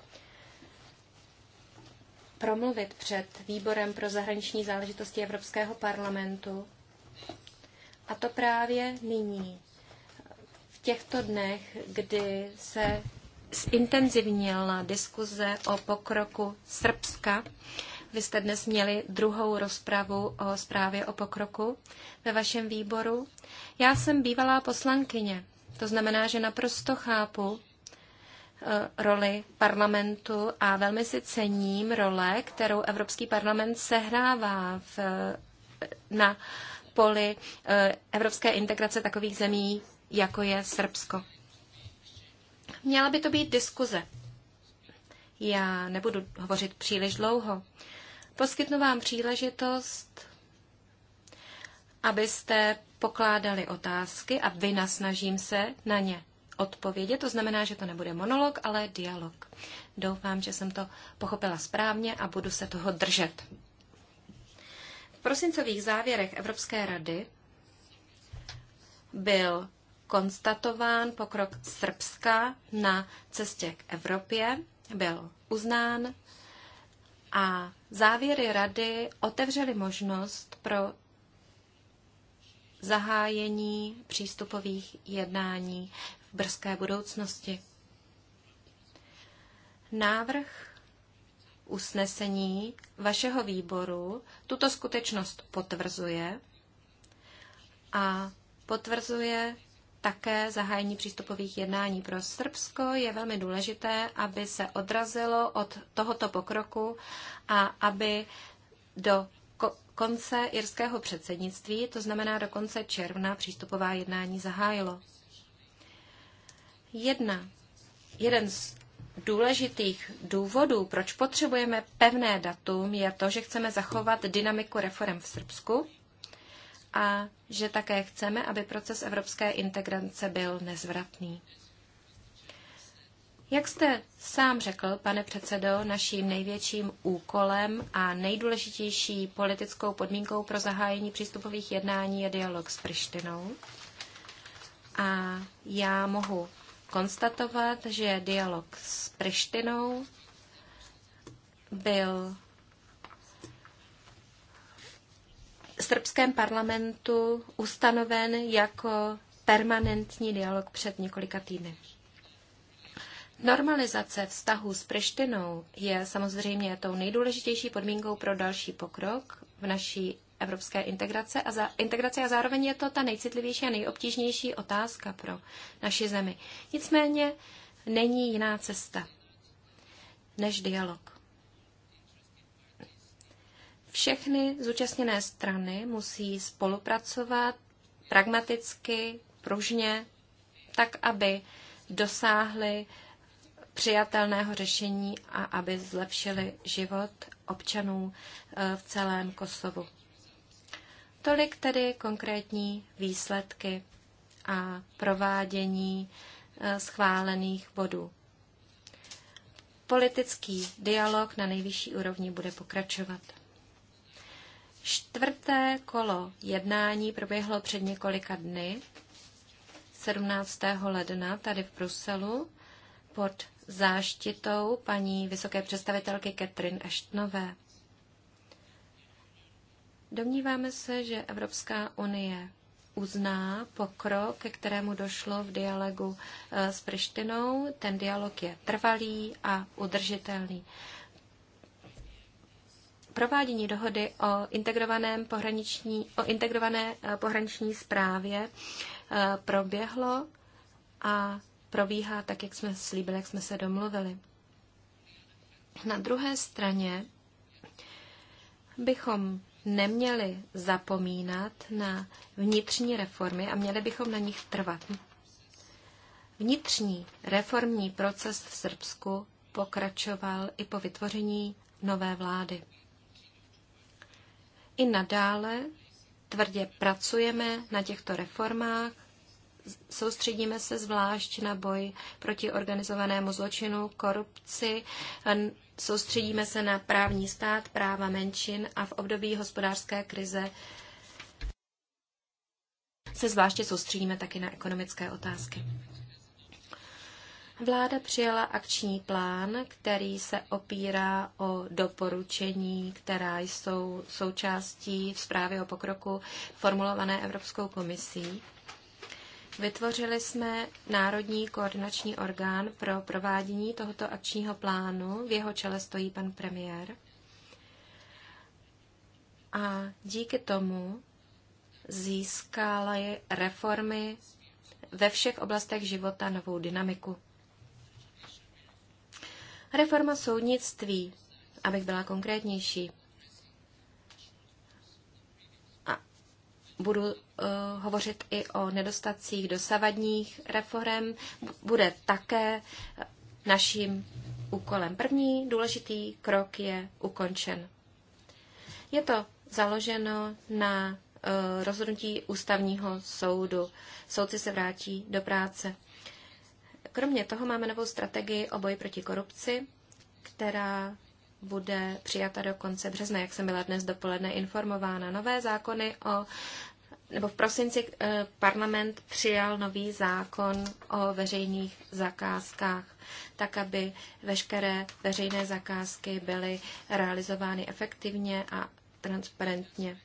promluvit před výborem pro zahraniční záležitosti Evropského parlamentu a to právě nyní, v těchto dnech, kdy se zintenzivnila diskuze o pokroku Srbska. Vy jste dnes měli druhou rozpravu o zprávě o pokroku ve vašem výboru. Já jsem bývalá poslankyně, to znamená, že naprosto chápu eh, roli parlamentu a velmi si cením role, kterou Evropský parlament sehrává v, na poli eh, evropské integrace takových zemí, jako je Srbsko. Měla by to být diskuze. Já nebudu hovořit příliš dlouho. Poskytnu vám příležitost, abyste pokládali otázky a vynasnažím se na ně odpovědět. To znamená, že to nebude monolog, ale dialog. Doufám, že jsem to pochopila správně a budu se toho držet prosincových závěrech Evropské rady byl konstatován pokrok Srbska na cestě k Evropě, byl uznán a závěry rady otevřely možnost pro zahájení přístupových jednání v brzké budoucnosti. Návrh usnesení vašeho výboru tuto skutečnost potvrzuje a potvrzuje také zahájení přístupových jednání pro Srbsko je velmi důležité, aby se odrazilo od tohoto pokroku a aby do konce irského předsednictví, to znamená do konce června, přístupová jednání zahájilo. Jedna, jeden z důležitých důvodů, proč potřebujeme pevné datum, je to, že chceme zachovat dynamiku reform v Srbsku a že také chceme, aby proces evropské integrace byl nezvratný. Jak jste sám řekl, pane předsedo, naším největším úkolem a nejdůležitější politickou podmínkou pro zahájení přístupových jednání je dialog s Prištinou. A já mohu konstatovat, že dialog s Prištinou byl v srbském parlamentu ustanoven jako permanentní dialog před několika týdny. Normalizace vztahu s Prištinou je samozřejmě tou nejdůležitější podmínkou pro další pokrok v naší evropské integrace a, za, integrace a zároveň je to ta nejcitlivější a nejobtížnější otázka pro naši zemi. Nicméně není jiná cesta než dialog. Všechny zúčastněné strany musí spolupracovat pragmaticky, pružně, tak, aby dosáhly přijatelného řešení a aby zlepšili život občanů eh, v celém Kosovu. Tolik tedy konkrétní výsledky a provádění eh, schválených bodů. Politický dialog na nejvyšší úrovni bude pokračovat. Čtvrté kolo jednání proběhlo před několika dny, 17. ledna tady v Bruselu, pod záštitou paní vysoké představitelky Catherine Ashtonové. Domníváme se, že Evropská unie uzná pokrok, ke kterému došlo v dialogu eh, s Prištinou. Ten dialog je trvalý a udržitelný. Provádění dohody o, integrovaném pohraniční, o integrované eh, pohraniční zprávě eh, proběhlo a probíhá tak, jak jsme slíbili, jak jsme se domluvili. Na druhé straně bychom neměli zapomínat na vnitřní reformy a měli bychom na nich trvat. Vnitřní reformní proces v Srbsku pokračoval i po vytvoření nové vlády. I nadále tvrdě pracujeme na těchto reformách, soustředíme se zvlášť na boj proti organizovanému zločinu, korupci, soustředíme se na právní stát, práva menšin a v období hospodářské krize se zvláště soustředíme taky na ekonomické otázky. Vláda přijala akční plán, který se opírá o doporučení, která jsou součástí zprávy o pokroku formulované Evropskou komisí. Vytvořili jsme Národní koordinační orgán pro provádění tohoto akčního plánu. V jeho čele stojí pan premiér. A díky tomu získala je reformy ve všech oblastech života novou dynamiku. Reforma soudnictví, abych byla konkrétnější, Budu uh, hovořit i o nedostacích dosavadních reform. Bude také naším úkolem. První důležitý krok je ukončen. Je to založeno na uh, rozhodnutí ústavního soudu. Soudci se vrátí do práce. Kromě toho máme novou strategii o boji proti korupci, která bude přijata do konce března, jak jsem byla dnes dopoledne informována. Nové zákony o nebo v prosinci eh, parlament přijal nový zákon o veřejných zakázkách, tak aby veškeré veřejné zakázky byly realizovány efektivně a transparentně.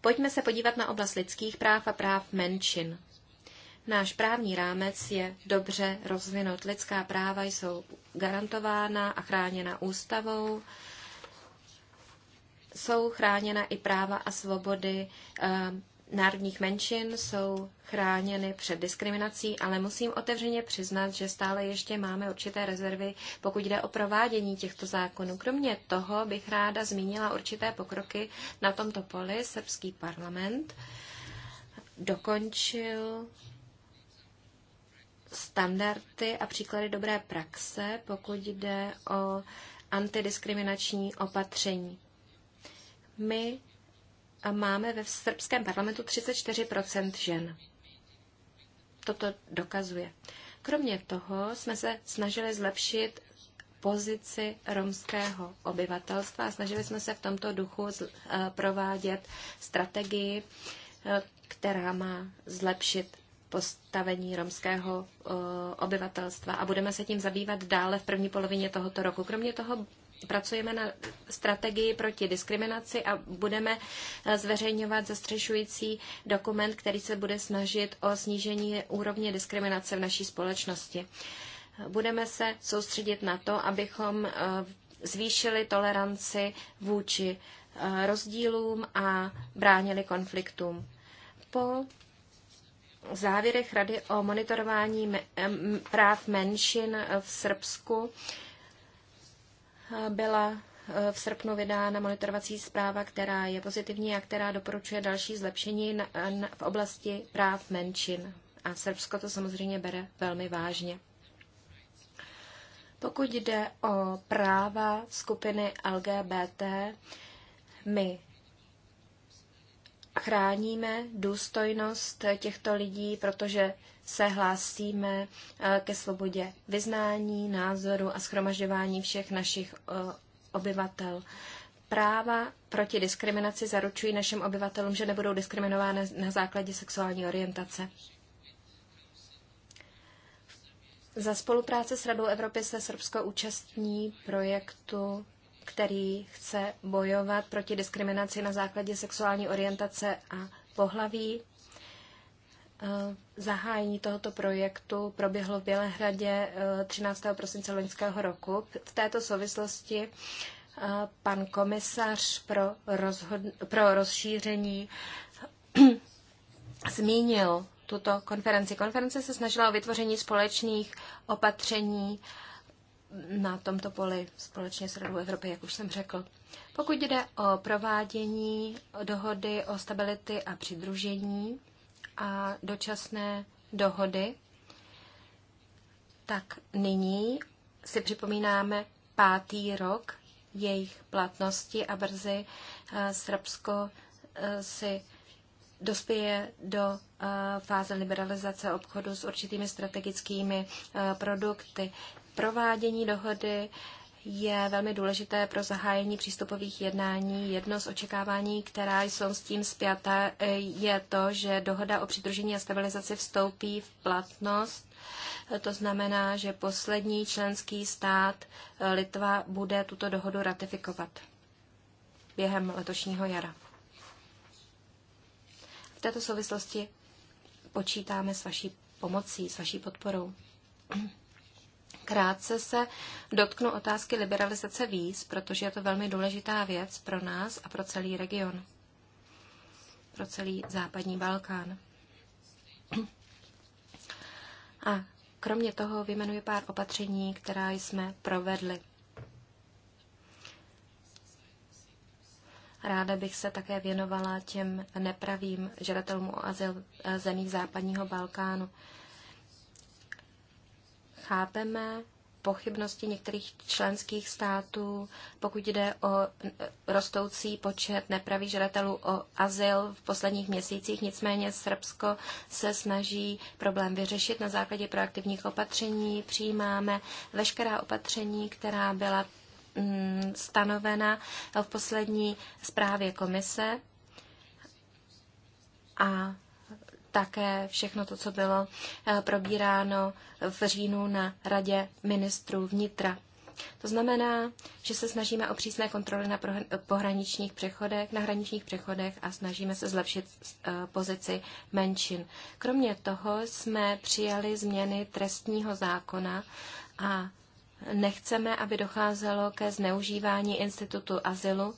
Pojďme se podívat na oblast lidských práv a práv menšin. Náš právní rámec je dobře rozvinut. Lidská práva jsou garantována a chráněna ústavou. Jsou chráněna i práva a svobody eh, národních menšin jsou chráněny před diskriminací, ale musím otevřeně přiznat, že stále ještě máme určité rezervy, pokud jde o provádění těchto zákonů. Kromě toho bych ráda zmínila určité pokroky na tomto poli. Srbský parlament dokončil standardy a příklady dobré praxe, pokud jde o antidiskriminační opatření. My máme ve srbském parlamentu 34 žen. Toto dokazuje. Kromě toho jsme se snažili zlepšit pozici romského obyvatelstva a snažili jsme se v tomto duchu eh, provádět strategii, eh, která má zlepšit postavení romského eh, obyvatelstva a budeme se tím zabývat dále v první polovině tohoto roku. Kromě toho pracujeme na strategii proti diskriminaci a budeme eh, zveřejňovat zastřešující dokument, který se bude snažit o snížení úrovně diskriminace v naší společnosti. Budeme se soustředit na to, abychom eh, zvýšili toleranci vůči rozdílům a bránili konfliktům. Po závěrech Rady o monitorování práv menšin v Srbsku eh, byla eh, v srpnu vydána monitorovací zpráva, která je pozitivní a která doporučuje další zlepšení v oblasti práv menšin. A Srbsko to samozřejmě bere velmi vážně. Pokud jde o práva skupiny LGBT, my chráníme důstojnost těchto lidí, protože se hlásíme eh, ke svobodě vyznání, názoru a schromažďování všech našich eh, obyvatel. Práva proti diskriminaci zaručují našim obyvatelům, že nebudou diskriminovány na základě sexuální orientace. Za spolupráce s Radou Evropy se Srbsko účastní projektu který chce bojovat proti diskriminaci na základě sexuální orientace a pohlaví. E, zahájení tohoto projektu proběhlo v Bělehradě 13. E, prosince loňského roku. V této souvislosti e, pan komisař pro, rozhod- pro rozšíření zmínil tuto konferenci. Konference se snažila o vytvoření společných opatření na tomto poli společně s Radou Evropy, jak už jsem řekl. Pokud jde o provádění dohody o stability a přidružení a dočasné dohody, tak nyní si připomínáme pátý rok jejich platnosti a brzy eh, Srbsko eh, si dospěje do eh, fáze liberalizace obchodu s určitými strategickými produkty. Provádění dohody je velmi důležité pro zahájení přístupových jednání. Jedno z očekávání, která jsou s tím zpěta, eh, je to, že dohoda o přidružení a stabilizaci vstoupí v platnost. To znamená, že poslední členský stát eh, Litva bude tuto dohodu ratifikovat během letošního jara. V této souvislosti počítáme s vaší pomocí, s vaší podporou. Krátce se dotknu otázky liberalizace víz, protože je to velmi důležitá věc pro nás a pro celý region, pro celý západní Balkán. A kromě toho vymenuji pár opatření, která jsme provedli. Ráda bych se také věnovala těm nepravým žadatelům o azyl eh, zemí západního Balkánu. Chápeme pochybnosti některých členských států, pokud jde o rostoucí počet nepravých žadatelů o azyl v posledních měsících. Nicméně Srbsko se snaží problém vyřešit na základě proaktivních opatření. Přijímáme veškerá opatření, která byla mm, stanovena v poslední zprávě komise. A také všechno to, co bylo eh, probíráno v říjnu na Radě ministrů vnitra. To znamená, že se snažíme o přísné kontroly na pohraničních přechodech, na hraničních přechodech a snažíme se zlepšit eh, pozici menšin. Kromě toho jsme přijali změny trestního zákona a nechceme, aby docházelo ke zneužívání institutu azylu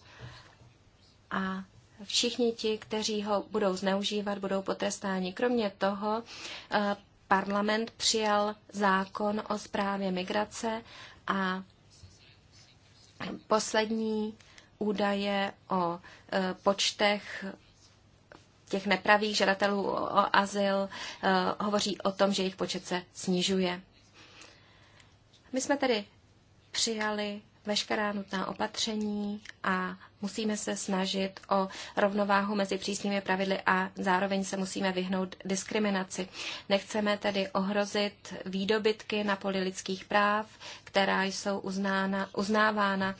a všichni ti, kteří ho budou zneužívat, budou potrestáni. Kromě toho eh, parlament přijal zákon o zprávě migrace a poslední údaje o eh, počtech těch nepravých žadatelů o azyl eh, hovoří o tom, že jejich počet se snižuje. My jsme tedy přijali veškerá nutná opatření a Musíme se snažit o rovnováhu mezi přísnými pravidly a zároveň se musíme vyhnout diskriminaci. Nechceme tedy ohrozit výdobytky na poli lidských práv, která jsou uznána, uznávána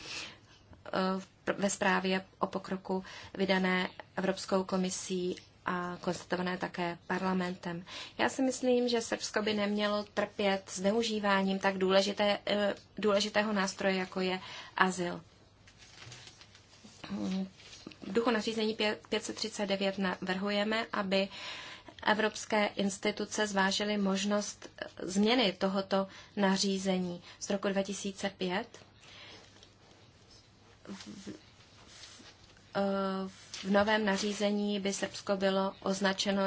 eh, ve zprávě o pokroku vydané Evropskou komisí a konstatované také parlamentem. Já si myslím, že Srbsko by nemělo trpět zneužíváním tak důležité, eh, důležitého nástroje, jako je azyl v duchu nařízení 539 navrhujeme, aby evropské instituce zvážily možnost změny tohoto nařízení z roku 2005 v, eh, v novém nařízení by Srbsko bylo označeno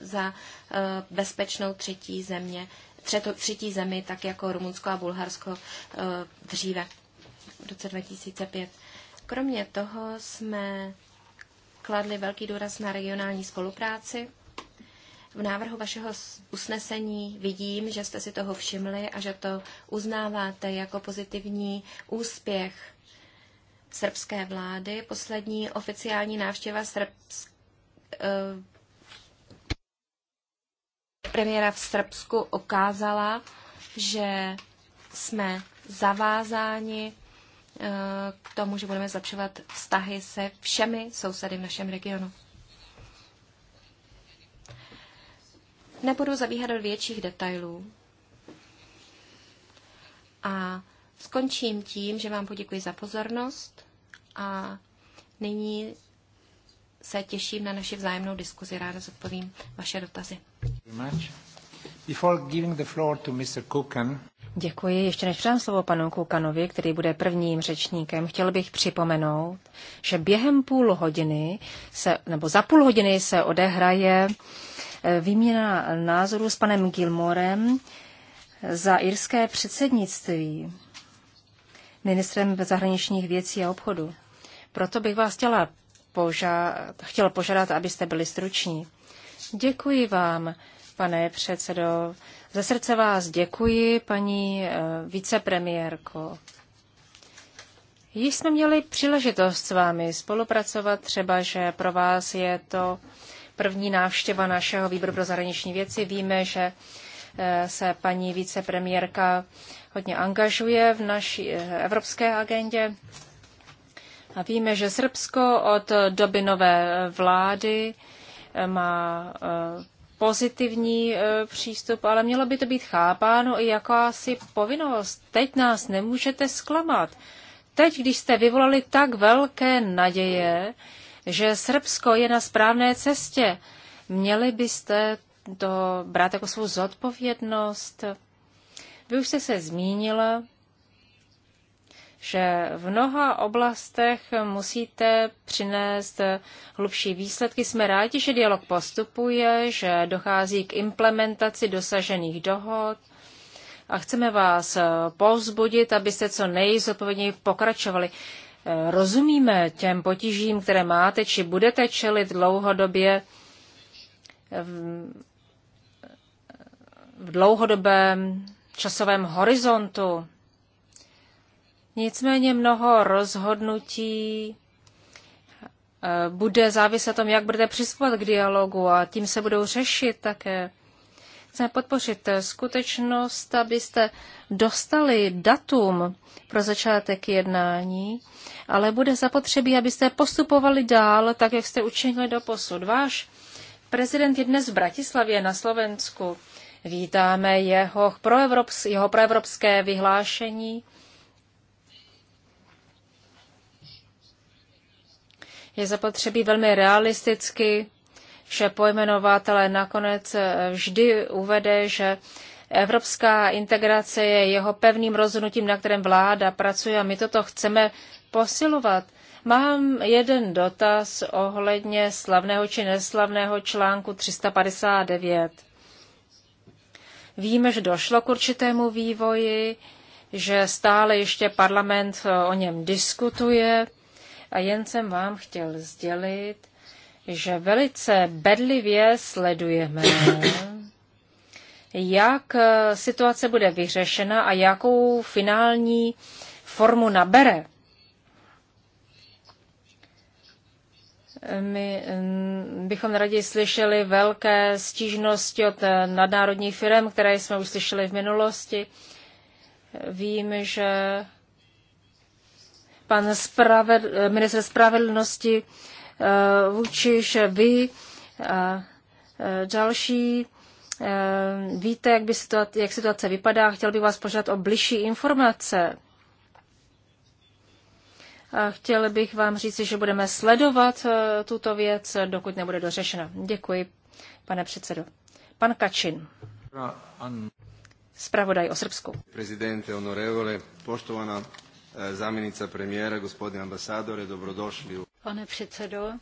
za eh, bezpečnou třetí země, třetí zemi, tak jako Rumunsko a Bulharsko eh, dříve v roce 2005. Kromě toho jsme kladli velký důraz na regionální spolupráci. V návrhu vašeho usnesení vidím, že jste si toho všimli a že to uznáváte jako pozitivní úspěch srbské vlády. Poslední oficiální návštěva Srbsk, eh, premiéra v Srbsku ukázala, že jsme zavázáni k tomu, že budeme zlepšovat vztahy se všemi sousedy v našem regionu. Nebudu zabíhat do větších detailů a skončím tím, že vám poděkuji za pozornost a nyní se těším na naši vzájemnou diskuzi. Ráda zodpovím vaše dotazy. Before giving the floor to Mr. Kukan, Děkuji. Ještě než předám slovo panu Kukanovi, který bude prvním řečníkem, chtěl bych připomenout, že během půl hodiny se, nebo za půl hodiny se odehraje eh, výměna názorů s panem Gilmorem za irské předsednictví ministrem zahraničních věcí a obchodu. Proto bych vás chtěla požádat, chtěl požádat, abyste byli struční. Děkuji vám, pane předsedo ze srdce vás děkuji, paní eh, vicepremiérko. Již jsme měli příležitost s vámi spolupracovat, třeba že pro vás je to první návštěva našeho výboru pro zahraniční věci. Víme, že eh, se paní vicepremiérka hodně angažuje v naší eh, evropské agendě. A víme, že Srbsko od doby nové vlády má pozitivní e, přístup, ale mělo by to být chápáno i jako asi povinnost. Teď nás nemůžete zklamat. Teď, když jste vyvolali tak velké naděje, že Srbsko je na správné cestě, měli byste to brát jako svou zodpovědnost. Vy už jste se zmínila že v mnoha oblastech musíte přinést hlubší výsledky. Jsme rádi, že dialog postupuje, že dochází k implementaci dosažených dohod a chceme vás povzbudit, abyste co nejzodpovědněji pokračovali. Rozumíme těm potížím, které máte, či budete čelit dlouhodobě v dlouhodobém časovém horizontu. Nicméně mnoho rozhodnutí eh, bude záviset tom, jak budete přistupovat k dialogu a tím se budou řešit také. Chceme podpořit skutečnost, abyste dostali datum pro začátek jednání, ale bude zapotřebí, abyste postupovali dál, tak jak jste učinili do posud. Váš prezident je dnes v Bratislavě na Slovensku. Vítáme jeho, proevrops, jeho proevropské vyhlášení je zapotřebí velmi realisticky že ale nakonec eh, vždy uvede, že evropská integrace je jeho pevným rozhodnutím, na kterém vláda pracuje a my toto chceme posilovat. Mám jeden dotaz ohledně slavného či neslavného článku 359. Víme, že došlo k určitému vývoji, že stále ještě parlament eh, o něm diskutuje a jen jsem vám chtěl sdělit, že velice bedlivě sledujeme, jak eh, situace bude vyřešena a jakou finální formu nabere. My mm, bychom raději slyšeli velké stížnosti od eh, nadnárodních firm, které jsme už slyšeli v minulosti. Vím, že pan spraved, minister spravedlnosti eh, Vučiš, vy a eh, eh, další. Víte, jak, by situace, jak situace vypadá? Chtěl bych vás požádat o bližší informace. A chtěl bych vám říct, že budeme sledovat tuto věc, dokud nebude dořešena. Děkuji, pane předsedo. Pan Kačin. Spravodaj o Srbsku. Prezidente, honorevole, poštovaná Eh, zamjenica premijera, gospodin ambasadore, dobrodošli. U... Pane předsedo,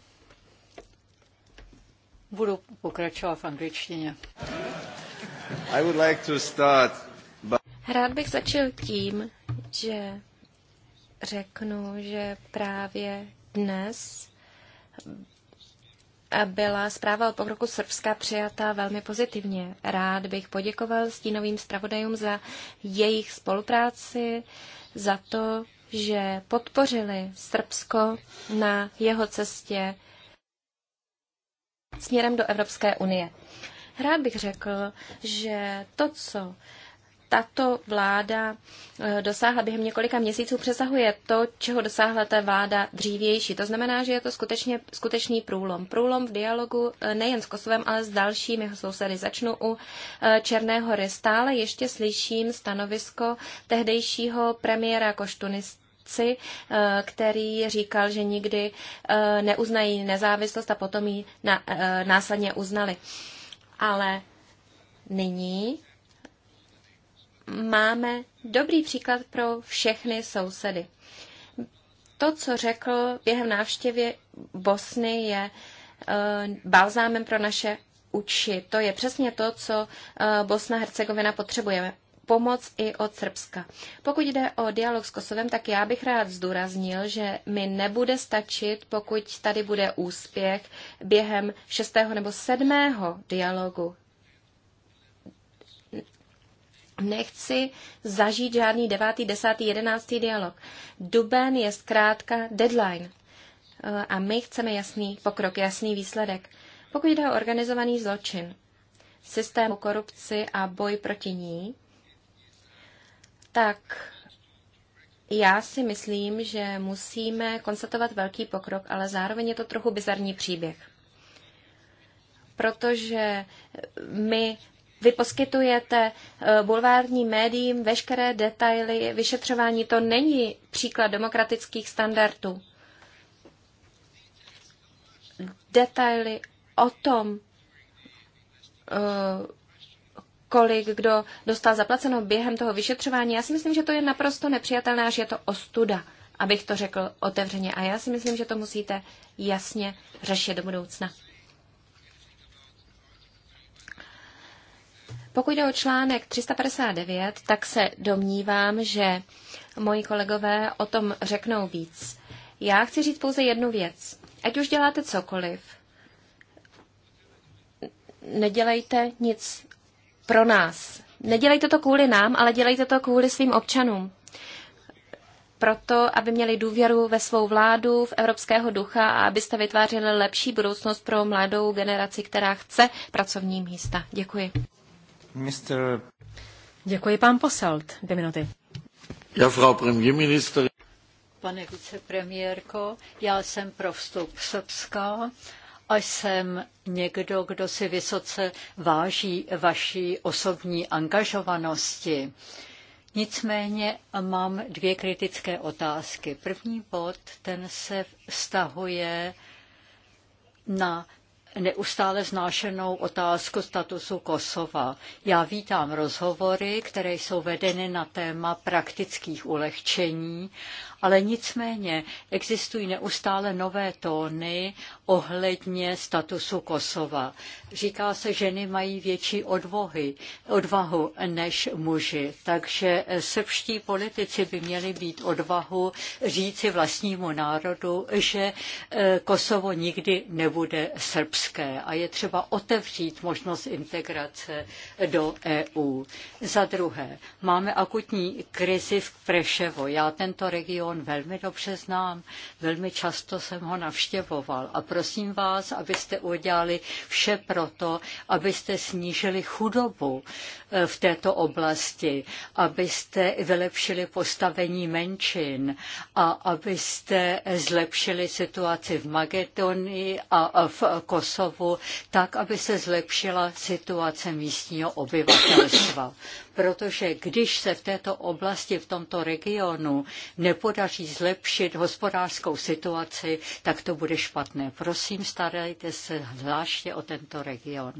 budu pokračovat v angličtině. I would like to start by... Rád bych začal tím, že řeknu, že právě dnes eh, byla zpráva o pokroku Srbska přijata velmi pozitivně. Rád bych poděkoval stínovým zpravodajům za jejich spolupráci, za to, že podpořili Srbsko na jeho cestě směrem do Evropské unie. Rád bych řekl, že to, co tato vláda eh, dosáhla během několika měsíců, přesahuje to, čeho dosáhla ta vláda dřívější. To znamená, že je to skutečně, skutečný průlom. Průlom v dialogu eh, nejen s Kosovem, ale s dalšími sousedy. Začnu u eh, Černé hory. Stále ještě slyším stanovisko tehdejšího premiéra Koštunis, který říkal, že nikdy neuznají nezávislost a potom ji následně uznali. Ale nyní máme dobrý příklad pro všechny sousedy. To, co řekl během návštěvy Bosny, je eh, balzámem pro naše uči. To je přesně to, co eh, Bosna Hercegovina potřebuje. Pomoc i od Srbska. Pokud jde o dialog s Kosovem, tak já bych rád zdůraznil, že mi nebude stačit, pokud tady bude úspěch během šestého nebo sedmého dialogu nechci zažít žádný devátý, desátý, jedenáctý dialog. Duben je zkrátka deadline. Eh, a my chceme jasný pokrok, jasný výsledek. Pokud jde o organizovaný zločin, systému korupci a boj proti ní, tak já si myslím, že musíme konstatovat velký pokrok, ale zároveň je to trochu bizarní příběh. Protože my vy poskytujete eh, bulvárním médiím veškeré detaily vyšetřování. To není příklad demokratických standardů. Detaily o tom, eh, kolik kdo dostal zaplaceno během toho vyšetřování. Já si myslím, že to je naprosto nepřijatelné, až je to ostuda, abych to řekl otevřeně. A já si myslím, že to musíte jasně řešit do budoucna. Pokud jde o článek 359, tak se domnívám, že moji kolegové o tom řeknou víc. Já chci říct pouze jednu věc. Ať už děláte cokoliv, nedělejte nic pro nás. Nedělejte to kvůli nám, ale dělejte to kvůli svým občanům. Proto, aby měli důvěru ve svou vládu, v evropského ducha a abyste vytvářeli lepší budoucnost pro mladou generaci, která chce pracovní místa. Děkuji. Mr. Děkuji, pán Posalt. Dvě minuty. Já, Frau Premierminister. Pane vicepremiérko, já jsem pro vstup Srbska a jsem někdo, kdo si vysoce váží vaší osobní angažovanosti. Nicméně mám dvě kritické otázky. První bod, ten se vztahuje na neustále znášenou otázku statusu Kosova. Já vítám rozhovory, které jsou vedeny na téma praktických ulehčení ale nicméně existují neustále nové tóny ohledně statusu Kosova. Říká se, že ženy mají větší odvohy, odvahu než muži, takže srbští politici by měli být odvahu říci vlastnímu národu, že eh, Kosovo nikdy nebude srbské a je třeba otevřít možnost integrace do EU. Za druhé, máme akutní krizi v Preševo. Já tento region on velmi dobře znám, velmi často jsem ho navštěvoval a prosím vás, abyste udělali vše proto, abyste snížili chudobu eh, v této oblasti, abyste vylepšili postavení menšin a abyste zlepšili situaci v Magetonii a v Kosovu tak, aby se zlepšila situace místního obyvatelstva protože když se v této oblasti, v tomto regionu nepodaří zlepšit hospodářskou situaci, tak to bude špatné. Prosím, starajte se zvláště o tento region.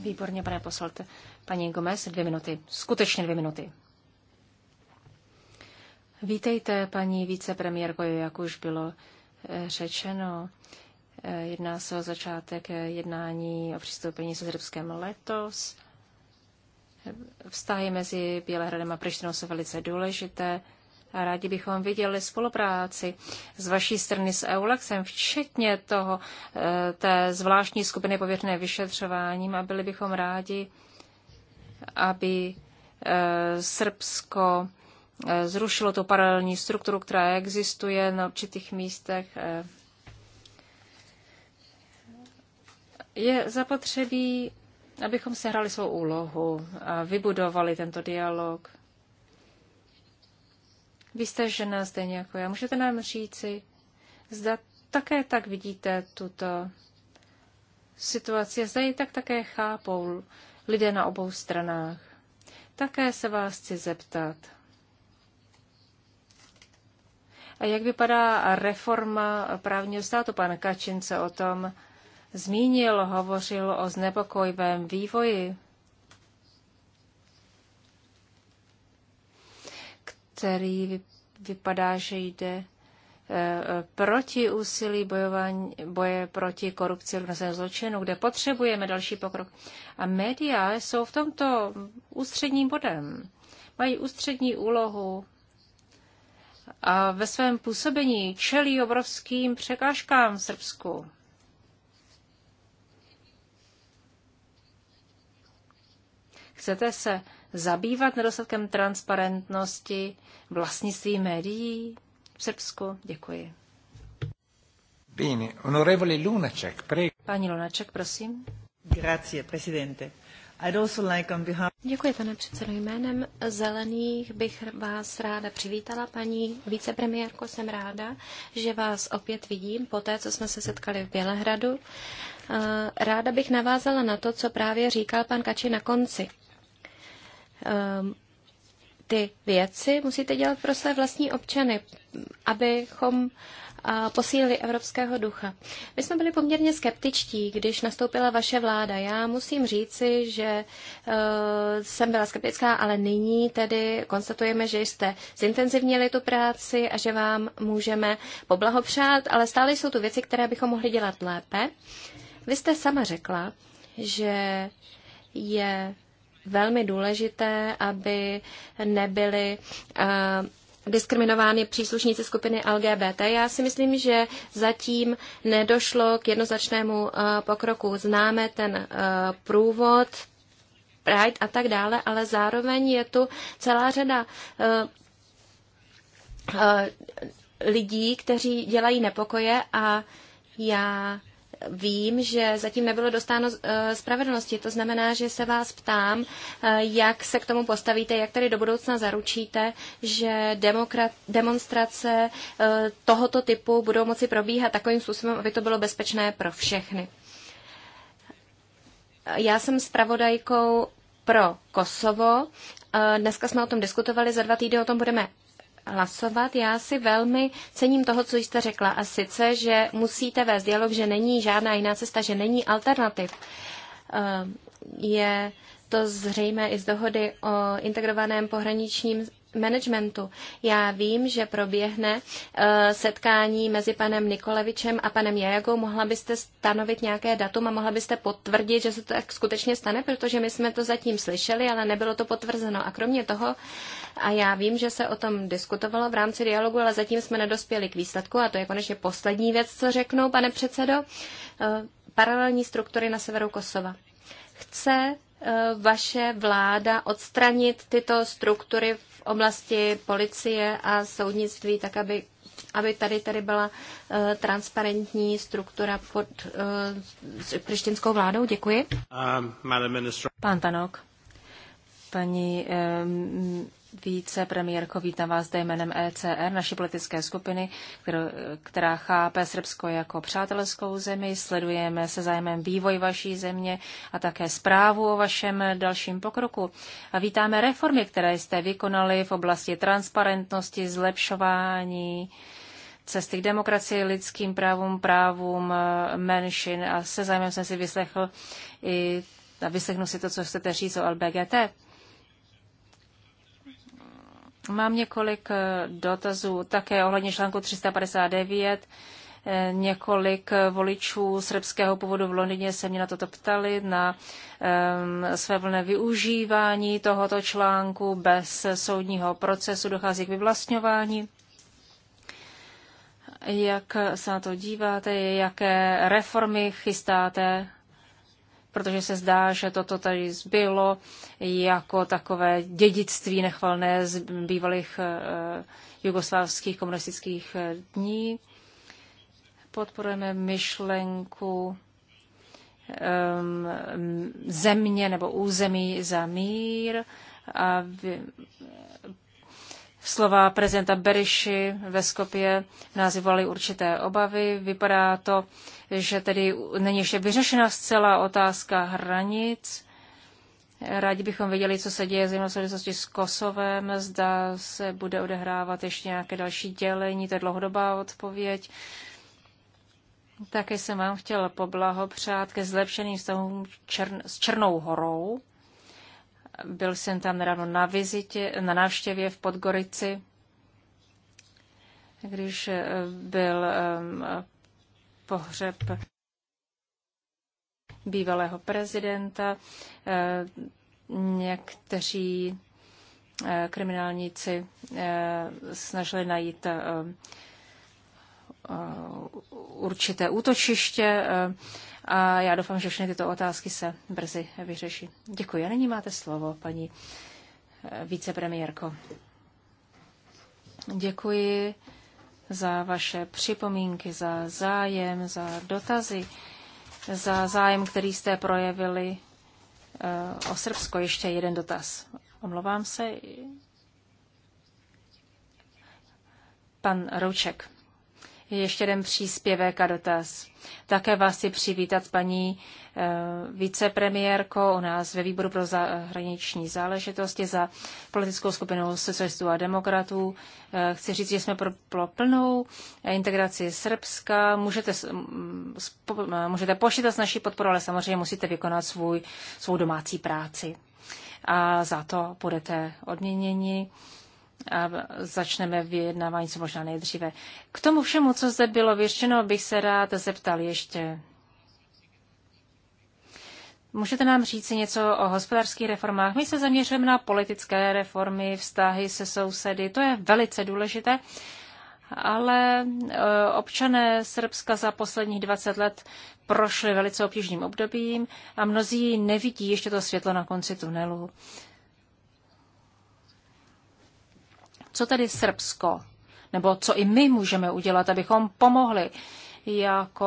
Výborně, pane poselte. Paní Gomez, dvě minuty. Skutečně dvě minuty. Vítejte, paní vicepremiérko, jak už bylo eh, řečeno. Eh, jedná se o začátek eh, jednání o přistoupení se Srbskem letos. Vztahy mezi Bělehradem a Prištinou jsou velice důležité a rádi bychom viděli spolupráci z vaší strany s EULEXem, včetně toho, eh, té zvláštní skupiny pověřené vyšetřováním a byli bychom rádi, aby eh, Srbsko eh, zrušilo tu paralelní strukturu, která existuje na určitých místech. Je zapotřebí abychom sehrali svou úlohu a vybudovali tento dialog. Vy jste žena stejně jako já. Můžete nám říci, zda také tak vidíte tuto situaci, zda ji tak také chápou lidé na obou stranách. Také se vás chci zeptat. A jak vypadá reforma právního státu? Pan Kačin se o tom zmínil, hovořil o znepokojivém vývoji, který vypadá, že jde e, e, proti úsilí bojování, boje proti korupci a zločinu, kde potřebujeme další pokrok. A média jsou v tomto ústředním bodem. Mají ústřední úlohu a ve svém působení čelí obrovským překážkám v Srbsku. Chcete se zabývat nedostatkem transparentnosti vlastnictví médií v Srbsku? Děkuji. Bene, onorevole Lunacek, prego. Pani Lunacek, prosím. Grazie, presidente. I'd also like on behalf... Děkuji, pane předsedo. Jménem Zelených bych vás ráda přivítala, paní vicepremiérko. Jsem ráda, že vás opět vidím po té, co jsme se setkali v Bělehradu. Ráda bych navázala na to, co právě říkal pan Kači na konci Ehm, ty věci musíte dělat pro své vlastní občany, abychom posílili evropského ducha. My jsme byli poměrně skeptičtí, když nastoupila vaše vláda. Já musím říci, že e, jsem byla skeptická, ale nyní tedy konstatujeme, že jste zintenzivnili tu práci a že vám můžeme poblahopřát, ale stále jsou tu věci, které bychom mohli dělat lépe. Vy jste sama řekla, že je velmi důležité, aby nebyly eh, diskriminovány příslušníci skupiny LGBT. Já si myslím, že zatím nedošlo k jednoznačnému eh, pokroku. Známe ten eh, průvod, Pride a tak dále, ale zároveň je tu celá řada lidí, kteří dělají nepokoje a já vím, že zatím nebylo dostáno eh, spravedlnosti. To znamená, že se vás ptám, eh, jak se k tomu postavíte, jak tady do budoucna zaručíte, že demokrat, demonstrace eh, tohoto typu budou moci probíhat takovým způsobem, aby to bylo bezpečné pro všechny. Já jsem spravodajkou pro Kosovo. Dneska jsme o tom diskutovali, za dva týdny o tom budeme hlasovat. Já si velmi cením toho, co jste řekla, a sice, že musíte vést dialog, že není žádná jiná cesta, že není alternativ. Eh, je to zřejmé i z dohody o integrovaném pohraničním managementu. Já vím, že proběhne eh, setkání mezi panem Nikolevičem a panem Jajagou. Mohla byste stanovit nějaké datum a mohla byste potvrdit, že se to tak skutečně stane, protože my jsme to zatím slyšeli, ale nebylo to potvrzeno. A kromě toho, a já vím, že se o tom diskutovalo v rámci dialogu, ale zatím jsme nedospěli k výsledku a to je konečně poslední věc, co řeknou pane předsedo. Eh, paralelní struktury na severu Kosova. Chce Eh, vaše vláda odstranit tyto struktury v oblasti policie a soudnictví, tak aby, aby tady, tady byla eh, transparentní struktura pod uh, vládou? Děkuji. Um, Pán Tanok, paní um, více premiérko, vítám vás zde jménem ECR, naší politické skupiny, která chápe Srbsko jako přátelskou zemi. Sledujeme se zájmem vývoj vaší země a také zprávu o vašem dalším pokroku. A vítáme reformy, které jste vykonali v oblasti transparentnosti, zlepšování cesty k demokracii, lidským právům, právům eh, menšin. A se zájmem jsem si vyslechl i a vyslechnu si to, co chcete říct o LBGT. Mám několik eh, dotazů také ohledně článku 359. Eh, několik eh, voličů srbského původu v Londýně se mě na toto ptali, na um, své vlné využívání tohoto článku bez soudního procesu dochází k vyvlastňování. Jak se na to díváte, jaké reformy chystáte protože se zdá, že toto tady zbylo jako takové dědictví nechvalné z bývalých eh, jugoslávských komunistických eh, dní. Podporujeme myšlenku ehm, země nebo území za mír a slova prezidenta Beriši ve Skopě nás vyvolaly určité obavy. Vypadá to, že tedy není ještě vyřešena zcela otázka hranic. Rádi bychom věděli, co se děje zejména v souvislosti s Kosovem. Zda se bude odehrávat ještě nějaké další dělení, to je dlouhodobá odpověď. Také jsem vám chtěla poblahopřát ke zlepšeným vztahům s Černou horou. Byl jsem tam ráno na vizitě, na návštěvě v Podgorici, když eh, byl eh, pohřeb bývalého prezidenta. Eh, někteří kriminálníci snažili najít určité útočiště a já doufám, že všechny tyto otázky se brzy vyřeší. Děkuji. A nyní máte slovo, paní eh, vicepremiérko. Děkuji za vaše připomínky, za zájem, za dotazy, za zájem, který jste projevili eh, o Srbsko. Ještě jeden dotaz. Omlouvám se. Pan Rouček. Ještě jeden příspěvek a dotaz. Také vás si přivítat paní eh, vicepremiérko u nás ve výboru pro zahraniční záležitosti za politickou skupinu socialistů a demokratů. Eh, chci říct, že jsme pro plnou integraci Srbska. Můžete, můžete počítat s naší podporou, ale samozřejmě musíte vykonat svůj, svou domácí práci. A za to budete odměněni a začneme vyjednávání co možná nejdříve. K tomu všemu, co zde bylo vyřešeno, bych se rád zeptal ještě. Můžete nám říct něco o hospodářských reformách? My se zaměřujeme na politické reformy, vztahy se sousedy, to je velice důležité, ale eh, občané Srbska za posledních 20 let prošli velice obtížným obdobím a mnozí nevidí ještě to světlo na konci tunelu. Co tedy Srbsko? Nebo co i my můžeme udělat, abychom pomohli jako,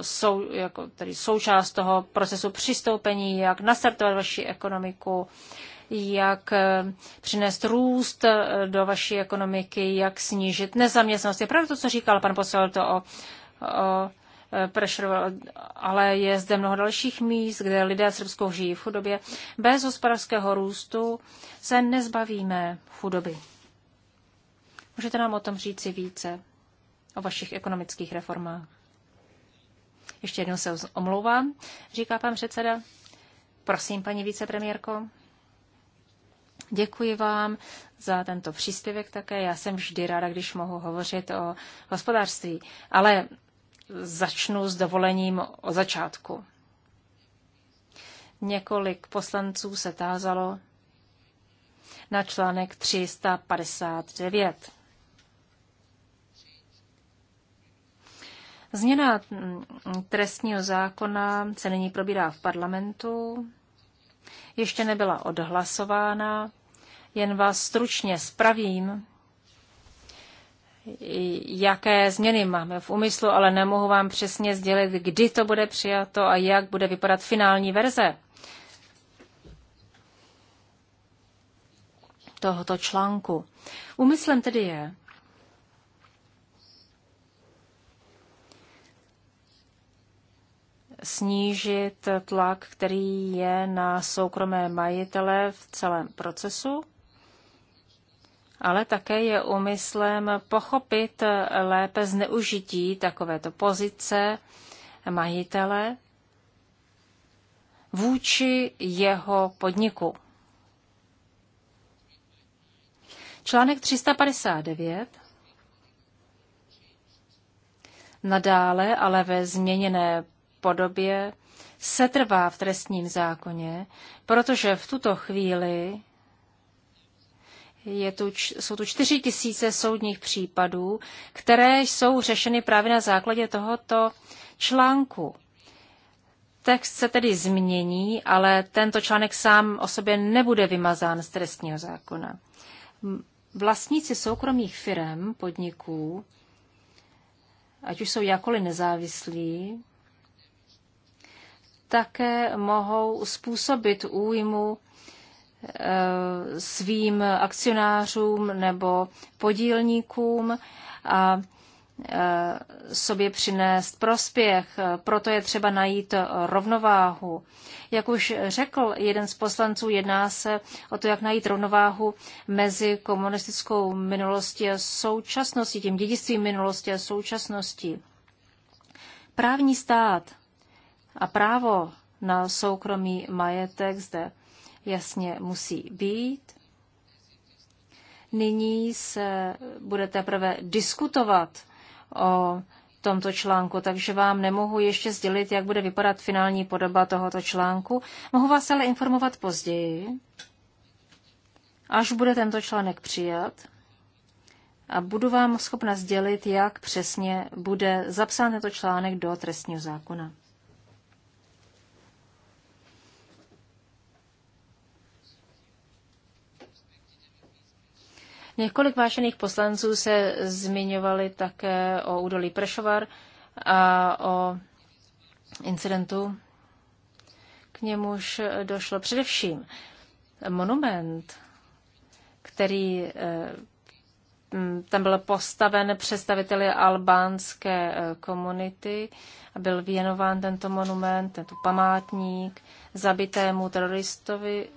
sou, jako tedy součást toho procesu přistoupení, jak nastartovat vaši ekonomiku, jak eh, přinést růst eh, do vaší ekonomiky, jak snížit nezaměstnanost. Je pravda to, co říkal pan posel to o, o eh, pressure, ale je zde mnoho dalších míst, kde lidé srbskou žijí v chudobě. Bez hospodářského růstu se nezbavíme chudoby. Můžete nám o tom říci více, o vašich ekonomických reformách? Ještě jednou se omlouvám, říká pan předseda. Prosím, paní vicepremiérko. Děkuji vám za tento příspěvek také. Já jsem vždy ráda, když mohu hovořit o hospodářství, ale začnu s dovolením o začátku. Několik poslanců se tázalo na článek 359. Změna mm, trestního zákona se nyní probírá v parlamentu, ještě nebyla odhlasována, jen vás stručně spravím, jaké změny máme v úmyslu, ale nemohu vám přesně sdělit, kdy to bude přijato a jak bude vypadat finální verze tohoto článku. Úmyslem tedy je, snížit tlak, který je na soukromé majitele v celém procesu, ale také je úmyslem pochopit lépe zneužití takovéto pozice majitele vůči jeho podniku. Článek 359 Nadále ale ve změněné podobě setrvá v trestním zákoně, protože v tuto chvíli je tu, jsou tu čtyři tisíce soudních případů, které jsou řešeny právě na základě tohoto článku. Text se tedy změní, ale tento článek sám o sobě nebude vymazán z trestního zákona. Vlastníci soukromých firm, podniků, ať už jsou jakoli nezávislí, také mohou způsobit újmu eh, svým akcionářům nebo podílníkům a eh, sobě přinést prospěch. Proto je třeba najít rovnováhu. Jak už řekl jeden z poslanců, jedná se o to, jak najít rovnováhu mezi komunistickou minulostí a současností, tím dědictvím minulosti a současností. Právní stát a právo na soukromý majetek zde jasně musí být. Nyní se bude teprve diskutovat o tomto článku, takže vám nemohu ještě sdělit, jak bude vypadat finální podoba tohoto článku. Mohu vás ale informovat později, až bude tento článek přijat a budu vám schopna sdělit, jak přesně bude zapsán tento článek do trestního zákona. Několik vášených poslanců se zmiňovali také o údolí Prešovar a o incidentu, k němuž došlo především. Monument, který eh, tam byl postaven představiteli albánské eh, komunity a byl věnován tento monument, tento památník, zabitému teroristovi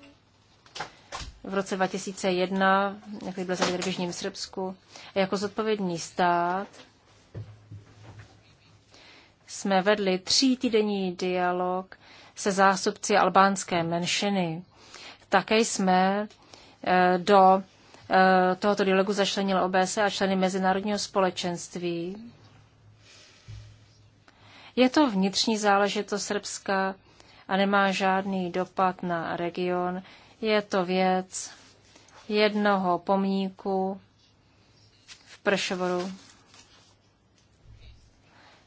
v roce 2001, jak byl za v Jižním Srbsku, jako zodpovědný stát jsme vedli týdenní dialog se zástupci albánské menšiny. Také jsme eh, do eh, tohoto dialogu začlenil OBSE a členy mezinárodního společenství. Je to vnitřní záležitost Srbska a nemá žádný dopad na region, je to věc jednoho pomníku v Pršvoru,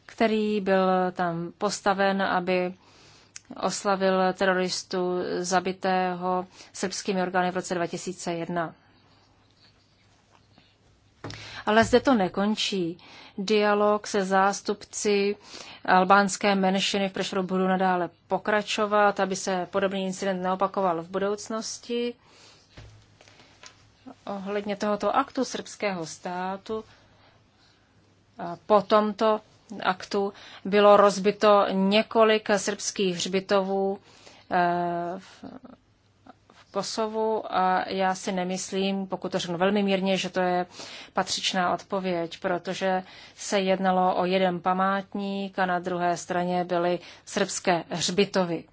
který byl tam postaven, aby oslavil teroristu zabitého srbskými orgány v roce 2001. Ale zde to nekončí. Dialog se zástupci albánské menšiny v Prešoru budu nadále pokračovat, aby se podobný incident neopakoval v budoucnosti. Ohledně tohoto aktu srbského státu, po tomto aktu bylo rozbito několik srbských hřbitovů eh, v Kosovu a já si nemyslím, pokud to řeknu velmi mírně, že to je patřičná odpověď, protože se jednalo o jeden památník a na druhé straně byly srbské hřbitovy.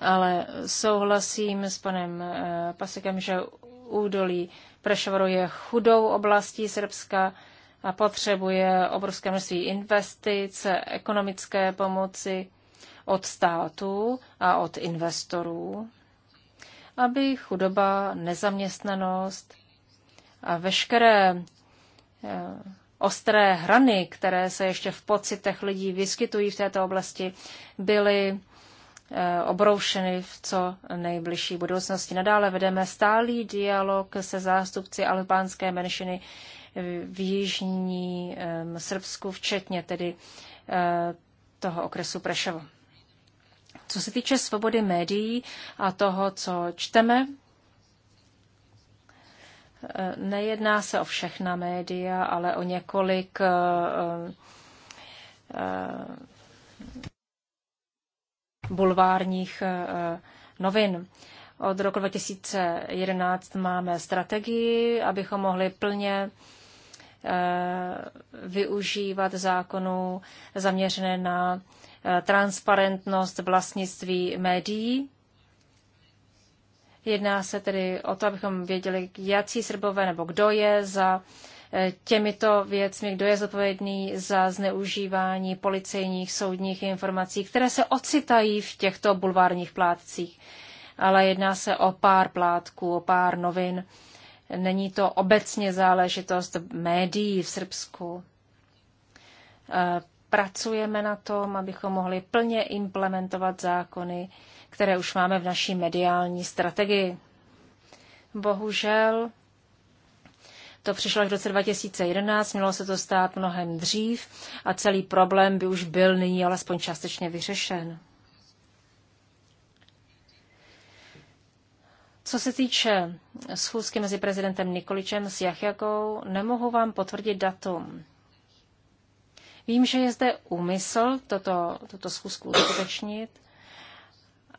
Ale souhlasím s panem eh, Pasikem, že údolí Prešovoru je chudou oblastí Srbska a potřebuje obrovské množství investic, ekonomické pomoci od států a od investorů aby chudoba, nezaměstnanost a veškeré eh, ostré hrany, které se ještě v pocitech lidí vyskytují v této oblasti, byly eh, obroušeny v co nejbližší budoucnosti. Nadále vedeme stálý dialog se zástupci albánské menšiny v jižní eh, Srbsku, včetně tedy toho okresu Prešovo. Co se týče svobody médií a toho, co čteme, eh, nejedná se o všechna média, ale o několik eh, eh, bulvárních novin. Od roku 2011 máme strategii, abychom mohli plně využívat zákonů zaměřené na transparentnost vlastnictví médií. Jedná se tedy o to, abychom věděli, jaký Srbové nebo kdo je za eh, těmito věcmi, kdo je zodpovědný za zneužívání policejních soudních informací, které se ocitají v těchto bulvárních plátcích. Ale jedná se o pár plátků, o pár novin. Není to obecně záležitost médií v Srbsku. Eh, pracujeme na tom, abychom mohli plně implementovat zákony, které už máme v naší mediální strategii. Bohužel to přišlo až v roce 2011, mělo se to stát mnohem dřív a celý problém by už byl nyní alespoň částečně vyřešen. Co se týče schůzky mezi prezidentem Nikoličem s Jachjakou, nemohu vám potvrdit datum. Vím, že je zde úmysl toto, toto schůzku uskutečnit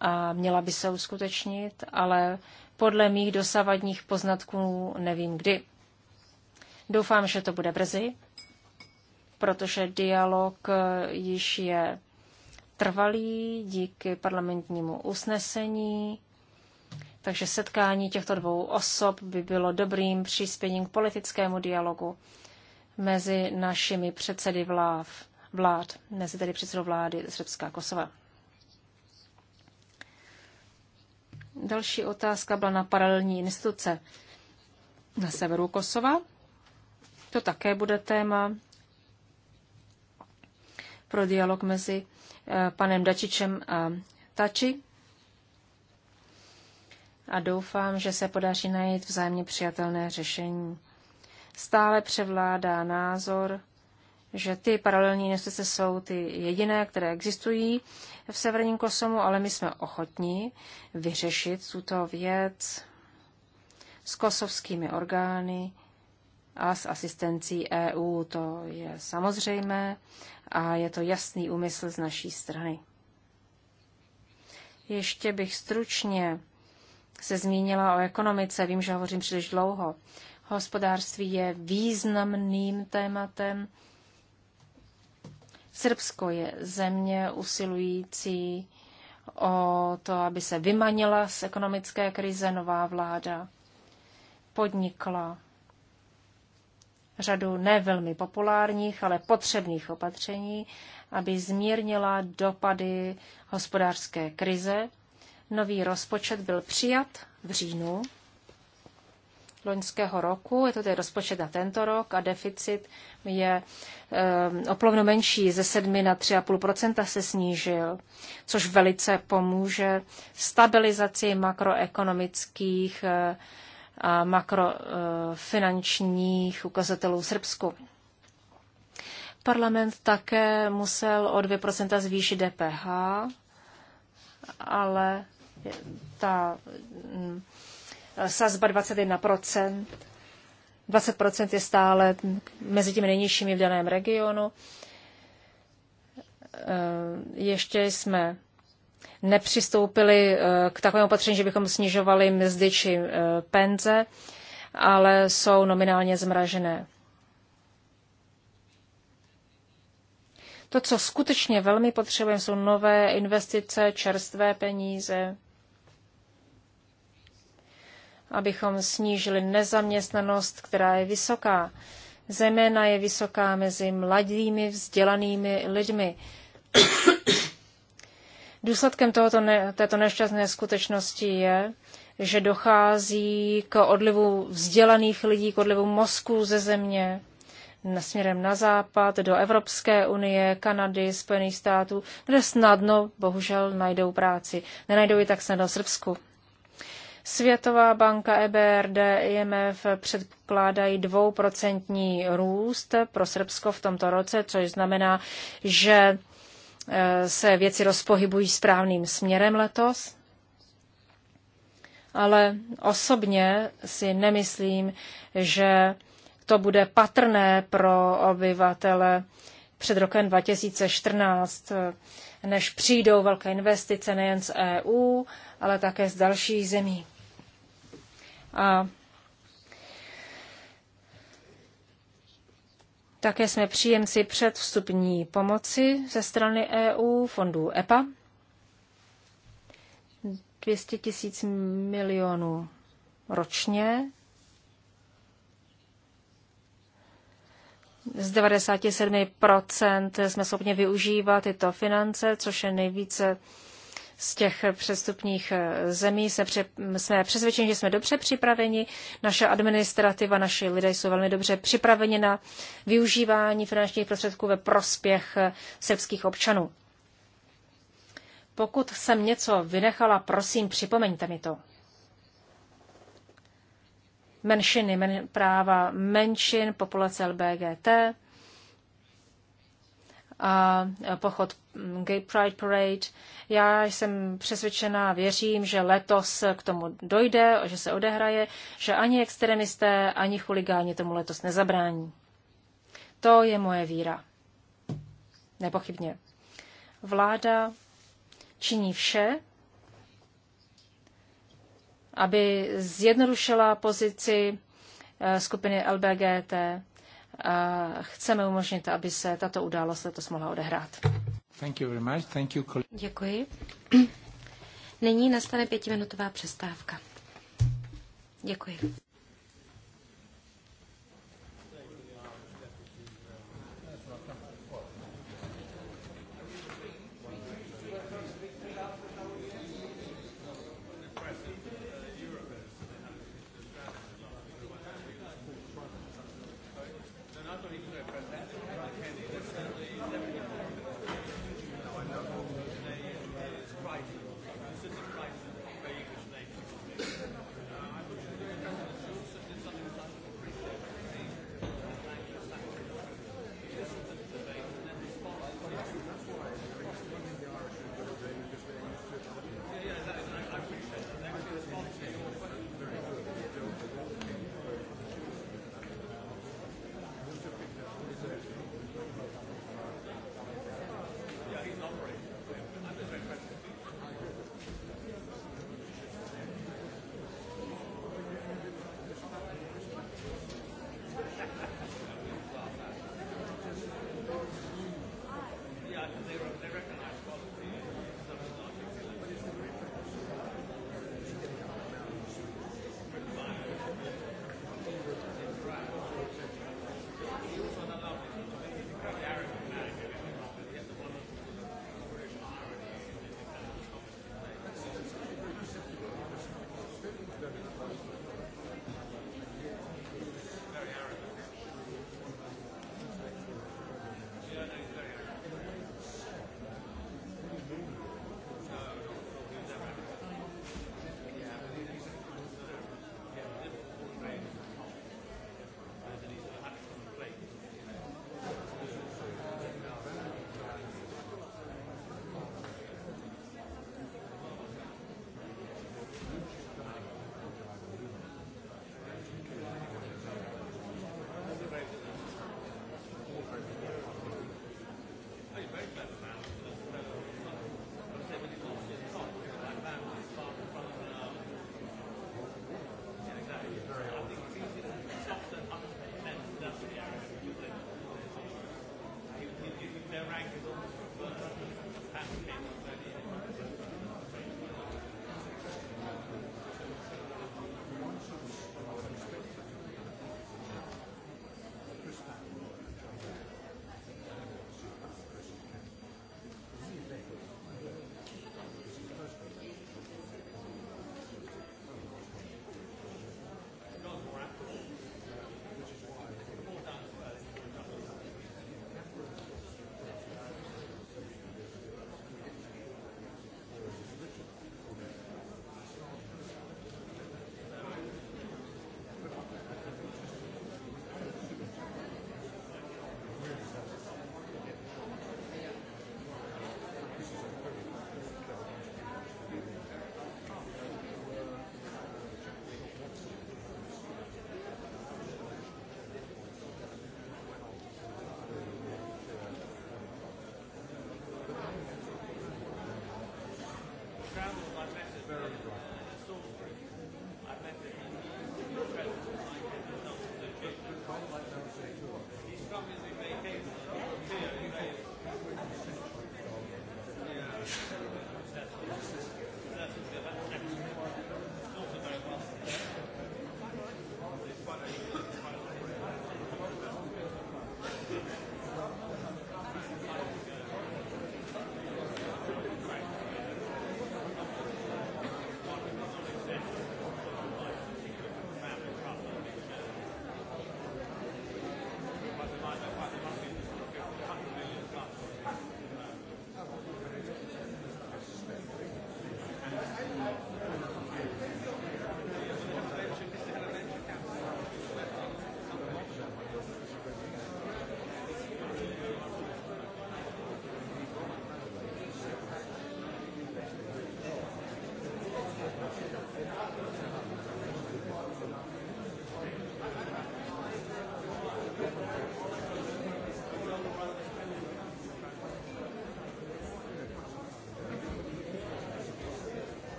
a měla by se uskutečnit, ale podle mých dosavadních poznatků nevím kdy. Doufám, že to bude brzy, protože dialog eh, již je trvalý díky parlamentnímu usnesení, takže setkání těchto dvou osob by bylo dobrým příspěním k politickému dialogu mezi našimi předsedy vlád, vlád mezi tedy předsedou vlády Srbská Kosova. Další otázka byla na paralelní instituce na severu Kosova. To také bude téma pro dialog mezi eh, panem Dačičem a Tači. A doufám, že se podaří najít vzájemně přijatelné řešení stále převládá názor, že ty paralelní instituce jsou ty jediné, které existují v severním Kosomu, ale my jsme ochotní vyřešit tuto věc s kosovskými orgány a s asistencí EU. To je samozřejmé a je to jasný úmysl z naší strany. Ještě bych stručně se zmínila o ekonomice. Vím, že hovořím příliš dlouho hospodářství je významným tématem. Srbsko je země usilující o to, aby se vymanila z ekonomické krize nová vláda. Podnikla řadu nevelmi populárních, ale potřebných opatření, aby zmírnila dopady hospodářské krize. Nový rozpočet byl přijat v říjnu loňského roku, je to tedy rozpočet na tento rok a deficit je e, oplovno menší, ze 7 na 3,5 se snížil, což velice pomůže stabilizaci makroekonomických eh, a makrofinančních ukazatelů v Srbsku. Parlament také musel o 2 zvýšit DPH, ale ta mm, sazba 21%. 20% je stále mezi těmi nejnižšími v daném regionu. Eh, ještě jsme nepřistoupili eh, k takovému opatření, že bychom snižovali mzdy či eh, penze, ale jsou nominálně zmražené. To, co skutečně velmi potřebujeme, jsou nové investice, čerstvé peníze, abychom snížili nezaměstnanost, která je vysoká. Zeména je vysoká mezi mladými vzdělanými lidmi. Důsledkem tohoto ne, této nešťastné skutečnosti je, že dochází k odlivu vzdělaných lidí, k odlivu mozků ze země směrem na západ, do Evropské unie, Kanady, Spojených států, kde snadno, bohužel, najdou práci. Nenajdou ji tak snadno v Srbsku. Světová banka EBRD IMF předpokládají dvouprocentní růst pro Srbsko v tomto roce, což znamená, že e, se věci rozpohybují správným směrem letos. Ale osobně si nemyslím, že to bude patrné pro obyvatele před rokem 2014, e, než přijdou velké investice nejen z EU, ale také z dalších zemí. A také jsme příjemci předvstupní pomoci ze strany EU fondů EPA 200 tisíc milionů ročně z 97% jsme schopni využívat tyto finance, což je nejvíce z těch přestupních eh, zemí. Jsme, jsme přesvědčeni, že jsme dobře připraveni. Naše administrativa, naši lidé jsou velmi dobře připraveni na využívání finančních prostředků ve prospěch eh, srbských občanů. Pokud jsem něco vynechala, prosím, připomeňte mi to. Menšiny, men, práva menšin, populace LBGT, a pochod Gay Pride Parade. Já jsem přesvědčená, věřím, že letos k tomu dojde, že se odehraje, že ani extremisté, ani chuligáni tomu letos nezabrání. To je moje víra. Nepochybně. Vláda činí vše, aby zjednodušila pozici eh, skupiny LBGT chceme umožnit, aby se tato událost letos mohla odehrát. Thank you very much. Thank you, Děkuji. Nyní nastane pětiminutová přestávka. Děkuji.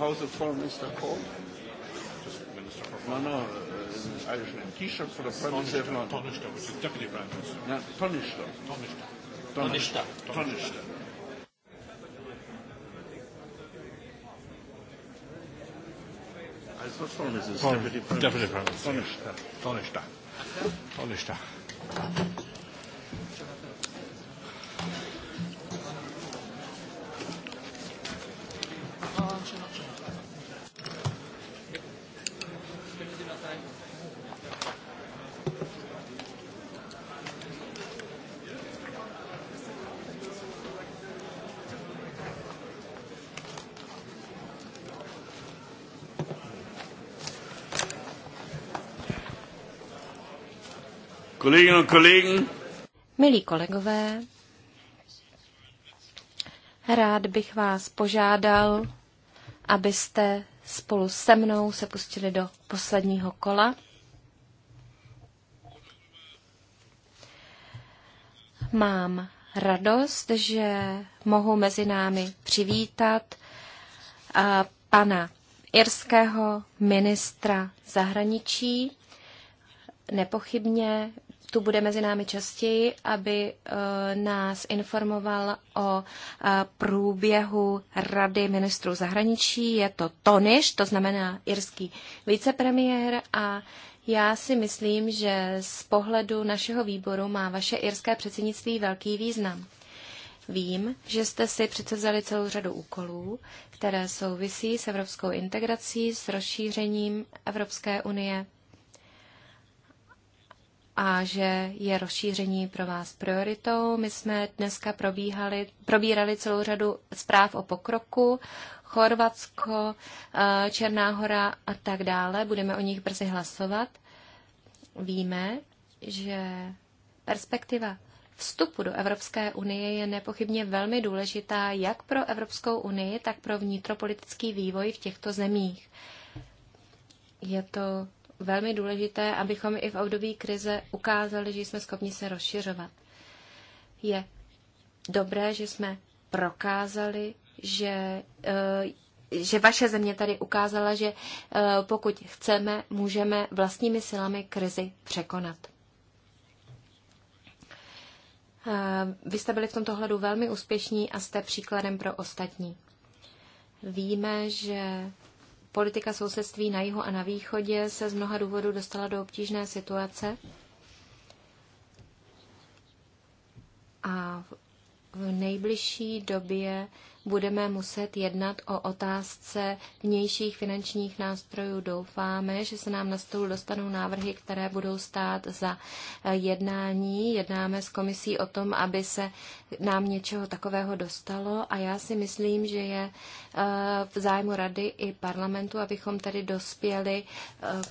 proposal for Mr. Cole? No, no, uh, an Irishman. T-shirt for the Prime Minister of London. Tonishta, which is Deputy Prime Minister. No, Tonishta. Tonishta. Tonishta. Tonishta. Tonishta. Als was Deputy Prime Minister. Tonishta. Tonishta. Tonishta. Kolleginnen und Kollegen. Milí kolegové, rád bych vás požádal, abyste spolu se mnou se pustili do posledního kola. Mám radost, že mohu mezi námi přivítat eh, pana irského ministra zahraničí. Nepochybně tu bude mezi námi častěji, aby eh, nás informoval o eh, průběhu Rady ministrů zahraničí. Je to Toniš, to znamená irský vicepremiér a já si myslím, že z pohledu našeho výboru má vaše irské předsednictví velký význam. Vím, že jste si předsevzali celou řadu úkolů, které souvisí s evropskou integrací, s rozšířením Evropské unie a že je rozšíření pro vás prioritou. My jsme dneska probíhali, probírali celou řadu zpráv o pokroku, Chorvatsko, eh, Černá hora a tak dále. Budeme o nich brzy hlasovat. Víme, že perspektiva vstupu do Evropské unie je nepochybně velmi důležitá jak pro Evropskou unii, tak pro vnitropolitický vývoj v těchto zemích. Je to velmi důležité, abychom i v období krize ukázali, že jsme schopni se rozšiřovat. Je dobré, že jsme prokázali, že, eh, že vaše země tady ukázala, že eh, pokud chceme, můžeme vlastními silami krizi překonat. Eh, vy jste byli v tomto hledu velmi úspěšní a jste příkladem pro ostatní. Víme, že politika sousedství na jihu a na východě se z mnoha důvodů dostala do obtížné situace. A v nejbližší době budeme muset jednat o otázce vnějších finančních nástrojů. Doufáme, že se nám na stůl dostanou návrhy, které budou stát za eh, jednání. Jednáme s komisí o tom, aby se nám něčeho takového dostalo a já si myslím, že je eh, v zájmu rady i parlamentu, abychom tedy dospěli eh,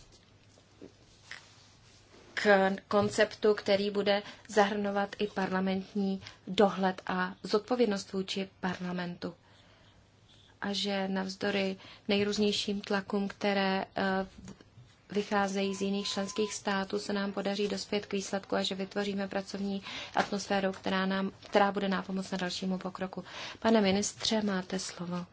k konceptu, který bude zahrnovat i parlamentní dohled a zodpovědnost vůči parlamentu. A že navzdory nejrůznějším tlakům, které eh, vycházejí z jiných členských států, se nám podaří dospět k výsledku a že vytvoříme pracovní atmosféru, která, nám, která bude nápomocna dalšímu pokroku. Pane ministře, máte slovo.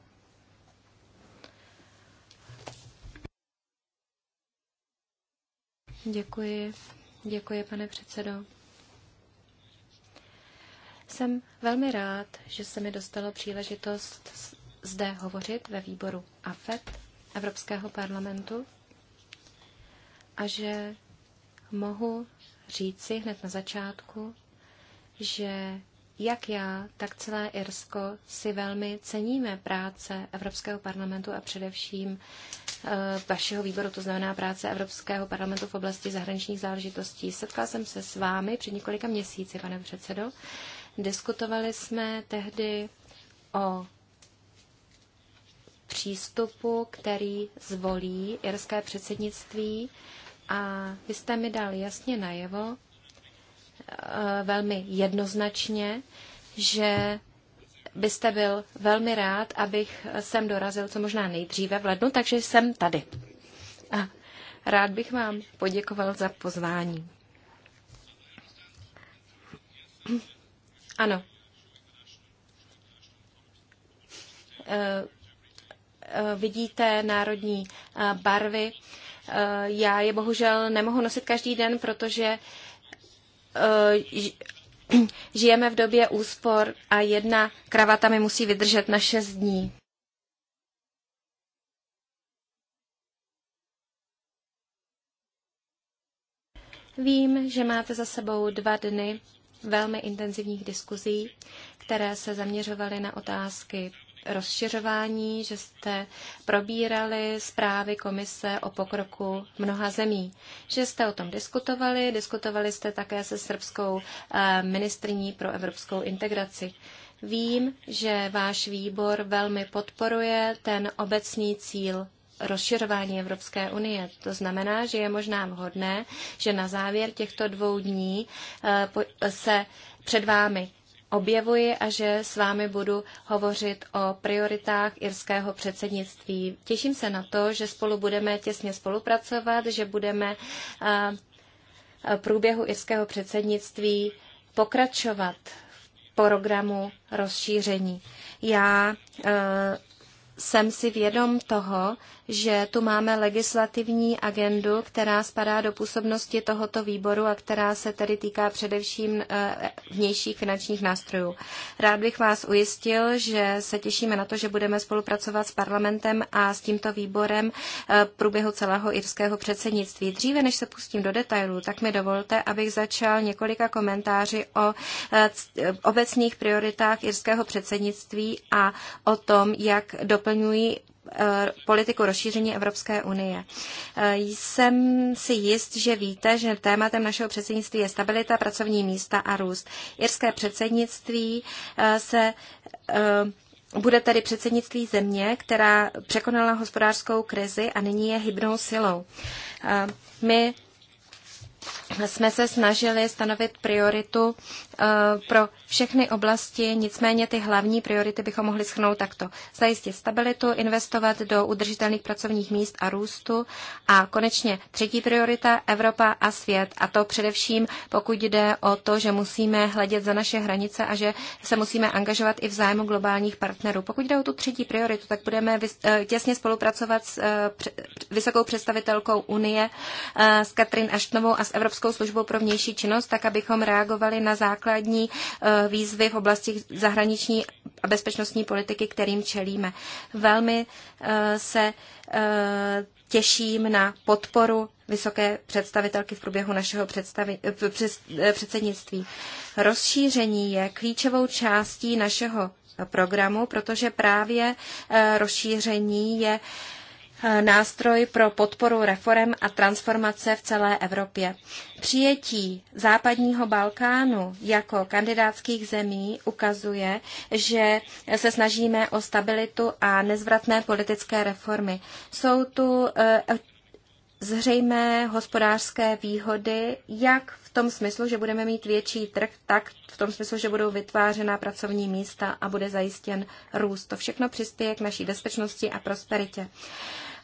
Děkuji, Děkuji, pane předsedo. Jsem velmi rád, že se mi dostalo příležitost zde hovořit ve výboru AFET Evropského parlamentu a že mohu říci hned na začátku, že jak já, tak celé Irsko si velmi ceníme práce Evropského parlamentu a především Eh, vašeho výboru, to znamená práce Evropského parlamentu v oblasti zahraničních záležitostí. Setkala jsem se s vámi před několika měsíci, pane předsedo. Diskutovali jsme tehdy o přístupu, který zvolí irské předsednictví a vy jste mi dal jasně najevo, eh, velmi jednoznačně, že byste byl velmi rád, abych sem dorazil co možná nejdříve v lednu, takže jsem tady. A rád bych vám poděkoval za pozvání. Ano. Eh, eh, vidíte národní eh, barvy. Já je bohužel nemohu nosit každý den, protože žijeme v době úspor a jedna kravata mi musí vydržet na šest dní. Vím, že máte za sebou dva dny velmi intenzivních diskuzí, které se zaměřovaly na otázky rozšiřování, že jste probírali zprávy komise o pokroku mnoha zemí, že jste o tom diskutovali, diskutovali jste také se srbskou eh, ministriní pro evropskou integraci. Vím, že váš výbor velmi podporuje ten obecný cíl rozšiřování Evropské unie. To znamená, že je možná vhodné, že na závěr těchto dvou dní eh, se před vámi objevuji a že s vámi budu hovořit o prioritách irského předsednictví. Těším se na to, že spolu budeme těsně spolupracovat, že budeme průběhu irského předsednictví pokračovat v programu rozšíření. Já e, jsem si vědom toho, že tu máme legislativní agendu, která spadá do působnosti tohoto výboru a která se tedy týká především eh, vnějších finančních nástrojů. Rád bych vás ujistil, že se těšíme na to, že budeme spolupracovat s parlamentem a s tímto výborem eh, v průběhu celého irského předsednictví. Dříve, než se pustím do detailů, tak mi dovolte, abych začal několika komentáři o eh, obecných prioritách irského předsednictví a o tom, jak doplňují Eh, politiku rozšíření Evropské unie. Eh, jsem si jist, že víte, že tématem našeho předsednictví je stabilita, pracovní místa a růst. Irské předsednictví eh, se bude tedy předsednictví země, která překonala hospodářskou krizi a nyní je hybnou silou. My jsme se snažili stanovit prioritu eh, pro všechny oblasti, nicméně ty hlavní priority bychom mohli schnout takto. Zajistit stabilitu, investovat do udržitelných pracovních míst a růstu a konečně třetí priorita Evropa a svět a to především pokud jde o to, že musíme hledět za naše hranice a že se musíme angažovat i v zájmu globálních partnerů. Pokud jde o tu třetí prioritu, tak budeme eh, těsně spolupracovat s eh, vysokou představitelkou Unie, s Katrin Aštnovou a s Evropskou službou pro vnější činnost, tak abychom reagovali na základní eh, výzvy v oblasti zahraniční a bezpečnostní politiky, kterým čelíme. Velmi eh, se eh, těším na podporu vysoké představitelky v průběhu našeho představi, před, předsednictví. Rozšíření je klíčovou částí našeho programu, protože právě rozšíření je nástroj pro podporu reform a transformace v celé Evropě. Přijetí západního Balkánu jako kandidátských zemí ukazuje, že se snažíme o stabilitu a nezvratné politické reformy. Jsou tu eh, zřejmé hospodářské výhody, jak v tom smyslu, že budeme mít větší trh, tak v tom smyslu, že budou vytvářena pracovní místa a bude zajistěn růst. To všechno přispěje k naší bezpečnosti a prosperitě.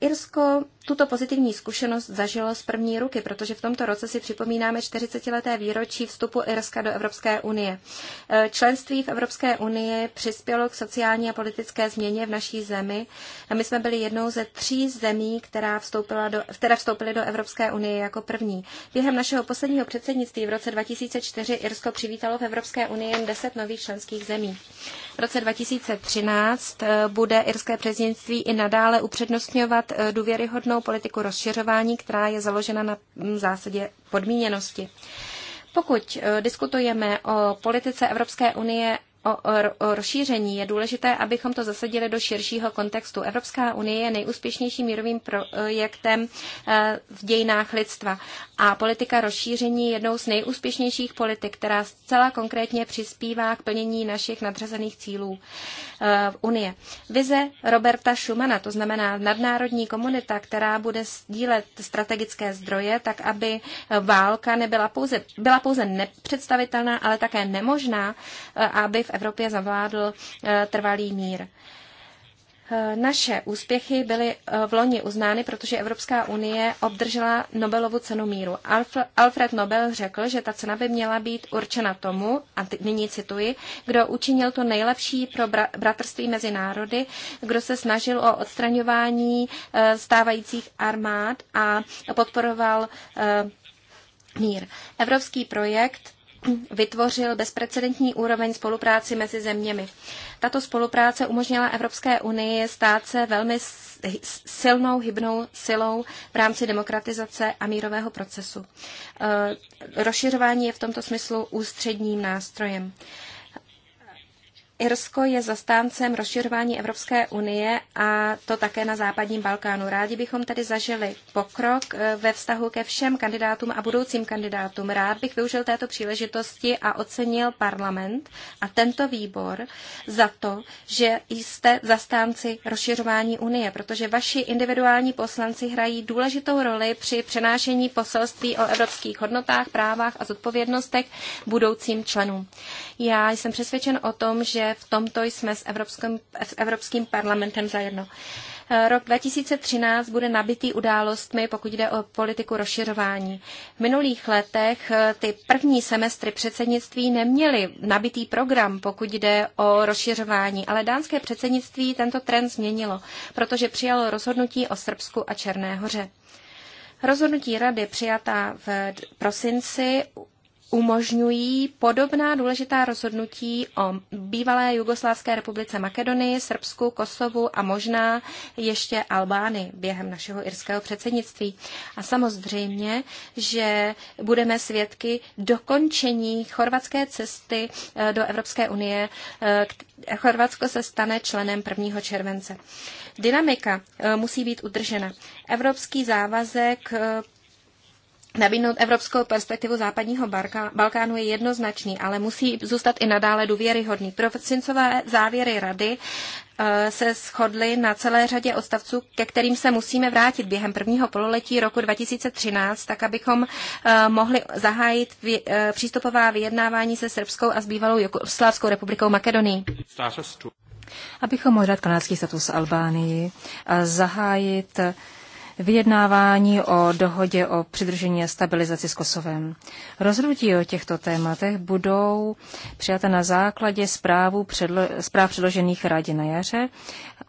Irsko tuto pozitivní zkušenost zažilo z první ruky, protože v tomto roce si připomínáme 40-leté výročí vstupu Irska do Evropské unie. E, členství v Evropské unii přispělo k sociální a politické změně v naší zemi. My jsme byli jednou ze tří zemí, která vstoupila do, které vstoupily do Evropské unie jako první. Během našeho posledního předsednictví v roce 2004 Irsko přivítalo v Evropské unii jen 10 nových členských zemí. V roce 2013 e, bude irské předsednictví i nadále upřednostňovat vykonávat eh, důvěryhodnou politiku rozšiřování, která je založena na mm, zásadě podmíněnosti. Pokud eh, diskutujeme o politice Evropské unie o, o, o rozšíření, je důležité, abychom to zasadili do širšího kontextu. Evropská unie je nejúspěšnějším mírovým projektem eh, v dějinách lidstva a politika rozšíření je jednou z nejúspěšnějších politik, která zcela konkrétně přispívá k plnění našich nadřazených cílů eh, Unie. Vize Roberta Schumana, to znamená nadnárodní komunita, která bude sdílet strategické zdroje, tak aby válka nebyla pouze, byla pouze nepředstavitelná, ale také nemožná, eh, aby v Evropě zavládl eh, trvalý mír. Eh, naše úspěchy byly eh, v loni uznány, protože Evropská unie obdržela Nobelovu cenu míru. Alfred Nobel řekl, že ta cena by měla být určena tomu, a nyní cituji, kdo učinil to nejlepší pro bratrství mezi národy, kdo se snažil o odstraňování stávajících armád a podporoval mír. Evropský projekt vytvořil bezprecedentní úroveň spolupráci mezi zeměmi. Tato spolupráce umožnila Evropské unii stát se velmi silnou hybnou silou v rámci demokratizace a mírového procesu. E, rozšiřování je v tomto smyslu ústředním nástrojem. Irsko je zastáncem rozširování Evropské unie a to také na západním Balkánu. Rádi bychom tedy zažili pokrok e, ve vztahu ke všem kandidátům a budoucím kandidátům. Rád bych využil této příležitosti a ocenil parlament a tento výbor za to, že jste zastánci rozšiřování unie, protože vaši individuální poslanci hrají důležitou roli při přenášení poselství o evropských hodnotách, právách a zodpovědnostech budoucím členům. Já jsem přesvědčen o tom, že v tomto jsme s Evropským, s Evropským parlamentem zajedno. Eh, rok 2013 bude nabitý událostmi, pokud jde o politiku rozšiřování. V minulých letech eh, ty první semestry předsednictví neměly nabitý program, pokud jde o rozšiřování, ale dánské předsednictví tento trend změnilo, protože přijalo rozhodnutí o Srbsku a Černé hoře. Rozhodnutí rady přijatá v prosinci umožňují podobná důležitá rozhodnutí o bývalé Jugoslávské republice Makedonii, Srbsku, Kosovu a možná ještě Albány během našeho irského předsednictví. A samozřejmě, že budeme svědky dokončení chorvatské cesty eh, do Evropské unie. Eh, Chorvatsko se stane členem 1. července. Dynamika eh, musí být udržena. Evropský závazek Nabídnout evropskou perspektivu západního Balkánu je jednoznačný, ale musí zůstat i nadále důvěryhodný. Prosincové závěry rady e, se shodly na celé řadě odstavců, ke kterým se musíme vrátit během prvního pololetí roku 2013, tak abychom e, mohli zahájit e, přístupová vyjednávání se Srbskou a s bývalou Jugoslávskou republikou Makedonii abychom mohli dát kanadský status Albánii a zahájit vyjednávání o dohodě o přidružení a stabilizaci s Kosovem. Rozhodnutí o těchto tématech budou přijata na základě zprávu předlo- zpráv předložených radě na jaře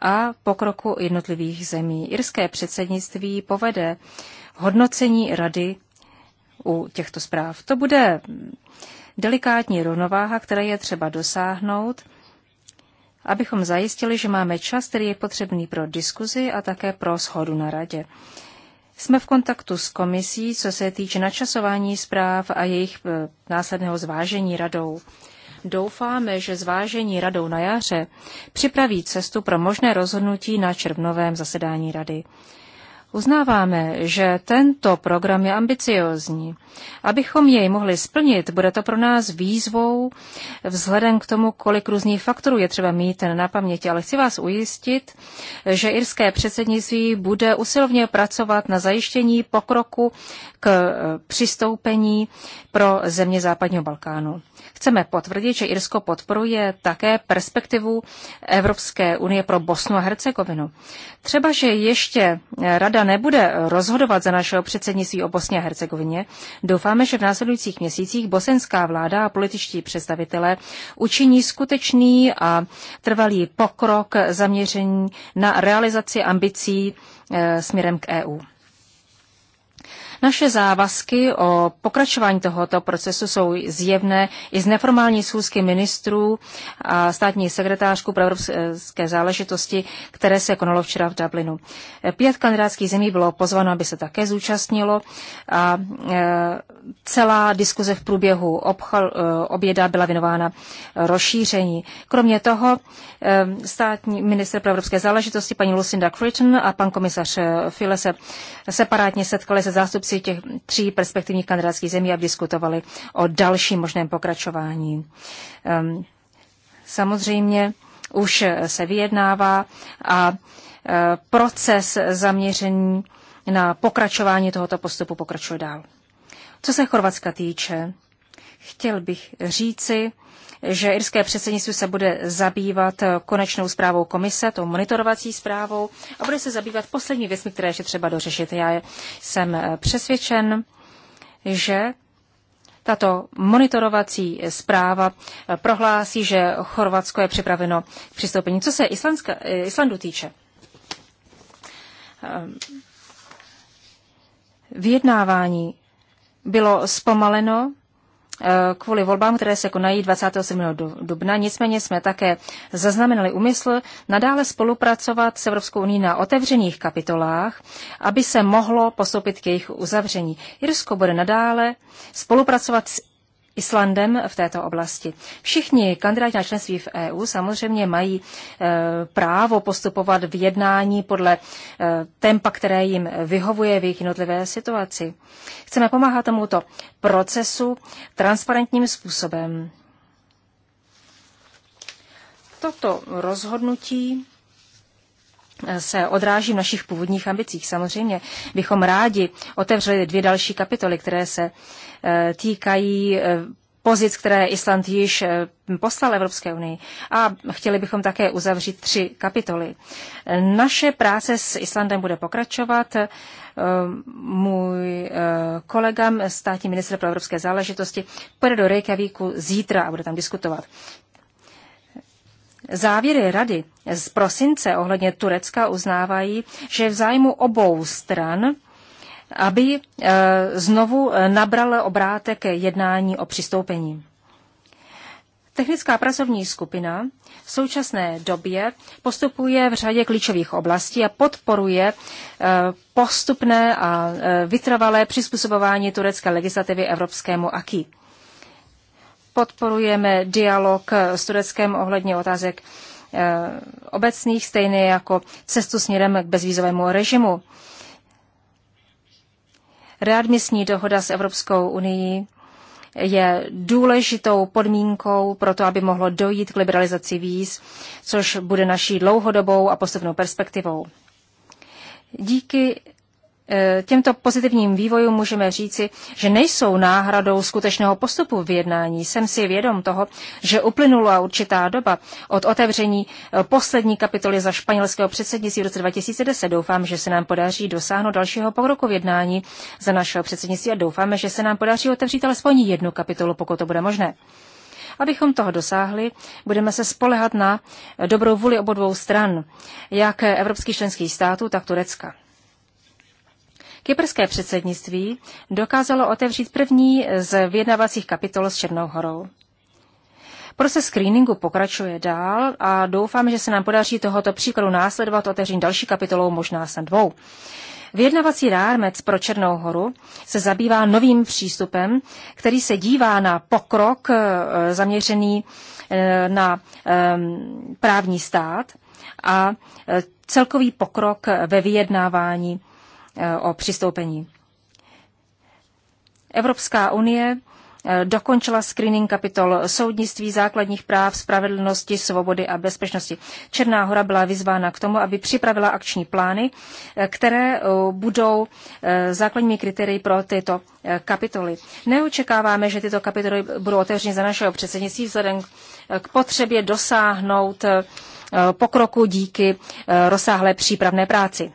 a pokroku jednotlivých zemí. Irské předsednictví povede hodnocení rady u těchto zpráv. To bude delikátní rovnováha, které je třeba dosáhnout abychom zajistili, že máme čas, který je potřebný pro diskuzi a také pro shodu na radě. Jsme v kontaktu s komisí, co se týče načasování zpráv a jejich e, následného zvážení radou. Doufáme, že zvážení radou na jaře připraví cestu pro možné rozhodnutí na červnovém zasedání rady. Uznáváme, že tento program je ambiciozní. Abychom jej mohli splnit, bude to pro nás výzvou vzhledem k tomu, kolik různých faktorů je třeba mít na paměti. Ale chci vás ujistit, že irské předsednictví bude usilovně pracovat na zajištění pokroku k e, přistoupení pro země západního Balkánu. Chceme potvrdit, že Irsko podporuje také perspektivu Evropské unie pro Bosnu a Hercegovinu. Třeba, že ještě Rada Rada nebude rozhodovat za našeho předsednictví o Bosně a Hercegovině, doufáme, že v následujících měsících bosenská vláda a političtí představitelé učiní skutečný a trvalý pokrok zaměření na realizaci ambicí eh, směrem k EU. Naše závazky o pokračování tohoto procesu jsou zjevné i z neformální schůzky ministrů a státní sekretářku pro evropské záležitosti, které se konalo včera v Dublinu. Pět kandidátských zemí bylo pozváno, aby se také zúčastnilo a e, celá diskuze v průběhu obchal, e, oběda byla věnována rozšíření. Kromě toho e, státní minister pro evropské záležitosti paní Lucinda Creighton a pan komisař File se separátně setkali se zástupci zástupci těch tří perspektivních kandidátských zemí, aby diskutovali o dalším možném pokračování. Ehm, samozřejmě už se vyjednává a e, proces zaměření na pokračování tohoto postupu pokračuje dál. Co se Chorvatska týče, chtěl bych říci, že irské předsednictví se bude zabývat eh, konečnou zprávou komise, tou monitorovací zprávou a bude se zabývat poslední věcmi, které ještě třeba dořešit. Já jsem eh, přesvědčen, že tato monitorovací zpráva eh, prohlásí, že Chorvatsko je připraveno k přistoupení. Co se Islandska, Islandu týče, ehm, vyjednávání bylo zpomaleno Eh, kvůli volbám, které se konají 27. dubna. Nicméně jsme také zaznamenali úmysl nadále spolupracovat s Evropskou uní na otevřených kapitolách, aby se mohlo postoupit k jejich uzavření. Irsko bude nadále spolupracovat s Islandem v této oblasti. Všichni kandidáti na členství v EU samozřejmě mají e, právo postupovat v jednání podle e, tempa, které jim vyhovuje v jejich jednotlivé situaci. Chceme pomáhat tomuto procesu transparentním způsobem. Toto rozhodnutí se odráží v našich původních ambicích. Samozřejmě bychom rádi otevřeli dvě další kapitoly, které se eh, týkají eh, pozic, které Island již eh, poslal Evropské unii. A chtěli bychom také uzavřít tři kapitoly. Naše práce s Islandem bude pokračovat. Můj kolega, státní minister pro evropské záležitosti, půjde do Reykjavíku zítra a bude tam diskutovat. Závěry rady z prosince ohledně Turecka uznávají, že v zájmu obou stran aby e, znovu e, nabral obrátek jednání o přistoupení. Technická pracovní skupina v současné době postupuje v řadě klíčových oblastí a podporuje e, postupné a vytrvalé přizpůsobování turecké legislativy evropskému AKI podporujeme dialog s Tureckem ohledně otázek eh, obecných, stejně jako cestu směrem k bezvízovému režimu. Readmisní dohoda s Evropskou unii je důležitou podmínkou pro to, aby mohlo dojít k liberalizaci víz, což bude naší dlouhodobou a postupnou perspektivou. Díky E, těmto pozitivním vývojům můžeme říci, že nejsou náhradou skutečného postupu v jednání. Jsem si vědom toho, že uplynula určitá doba od otevření e, poslední kapitoly za španělského předsednictví v roce 2010. Doufám, že se nám podaří dosáhnout dalšího pokroku v jednání za našeho předsednictví a doufáme, že se nám podaří otevřít alespoň jednu kapitolu, pokud to bude možné. Abychom toho dosáhli, budeme se spolehat na dobrou vůli obou dvou stran, jak evropských členských států, tak Turecka. Kyperské předsednictví dokázalo otevřít první z vyjednavacích kapitol s Černou horou. Proces screeningu pokračuje dál a doufám, že se nám podaří tohoto příkladu následovat otevření další kapitolou, možná snad dvou. Vyjednavací rámec pro Černou horu se zabývá novým přístupem, který se dívá na pokrok eh, zaměřený eh, na ehm, právní stát a eh, celkový pokrok ve vyjednávání Eh, o přistoupení. Evropská unie eh, dokončila screening kapitol soudnictví, základních práv, spravedlnosti, svobody a bezpečnosti. Černá hora byla vyzvána k tomu, aby připravila akční plány, eh, které budou základními kritérii pro tyto kapitoly. Neočekáváme, že tyto kapitoly budou otevřeny za našeho předsednictví vzhledem k potřebě dosáhnout pokroku díky rozsáhlé přípravné práci.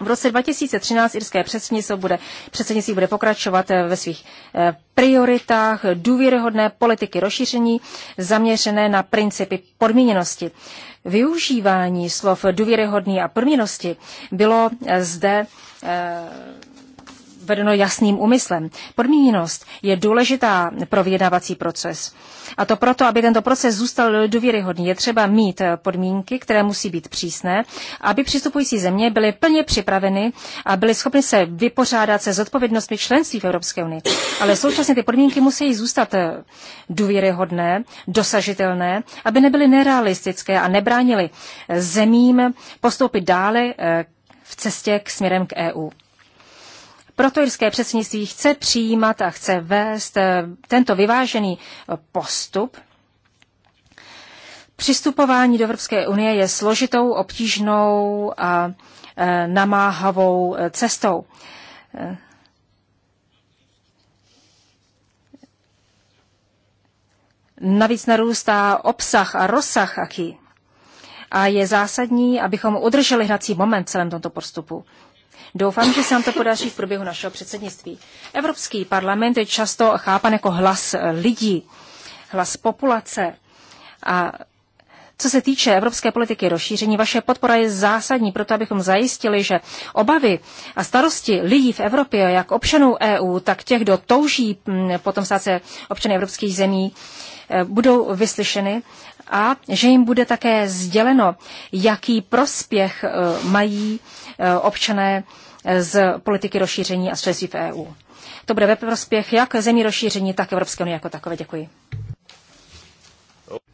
V roce 2013 irské předsednictví bude, předsednictví bude pokračovat eh, ve svých eh, prioritách důvěryhodné politiky rozšíření zaměřené na principy podmíněnosti. Využívání slov důvěryhodný a podmíněnosti bylo eh, zde vedeno jasným úmyslem. Podmíněnost je důležitá pro vyjednávací proces. A to proto, aby tento proces zůstal důvěryhodný, je třeba mít podmínky, které musí být přísné, aby přistupující země byly plně připraveny a byly schopny se vypořádat se zodpovědnostmi členství v Evropské unii. Ale současně ty podmínky musí zůstat eh, důvěryhodné, dosažitelné, aby nebyly nerealistické a nebránily eh, zemím postoupit dále eh, v cestě k směrem k EU. Proto jirské předsednictví chce přijímat a chce vést eh, tento vyvážený eh, postup. Přistupování do Evropské unie je složitou, obtížnou a eh, namáhavou cestou. Navíc narůstá obsah a rozsah aký. A je zásadní, abychom udrželi hnací moment v celém tomto postupu. Doufám, že se nám to podaří v průběhu našeho předsednictví. Evropský parlament je často chápan jako hlas eh, lidí, hlas populace. A co se týče evropské politiky rozšíření, vaše podpora je zásadní proto, abychom zajistili, že obavy a starosti lidí v Evropě, jak občanů EU, tak těch, kdo touží mm, potom stát se občany evropských zemí, eh, budou vyslyšeny a že jim bude také sděleno, jaký prospěch eh, mají Eh, občané eh, z politiky rozšíření a členství v EU. To bude ve prospěch jak zemí rozšíření, tak Evropské unie jako takové. Děkuji.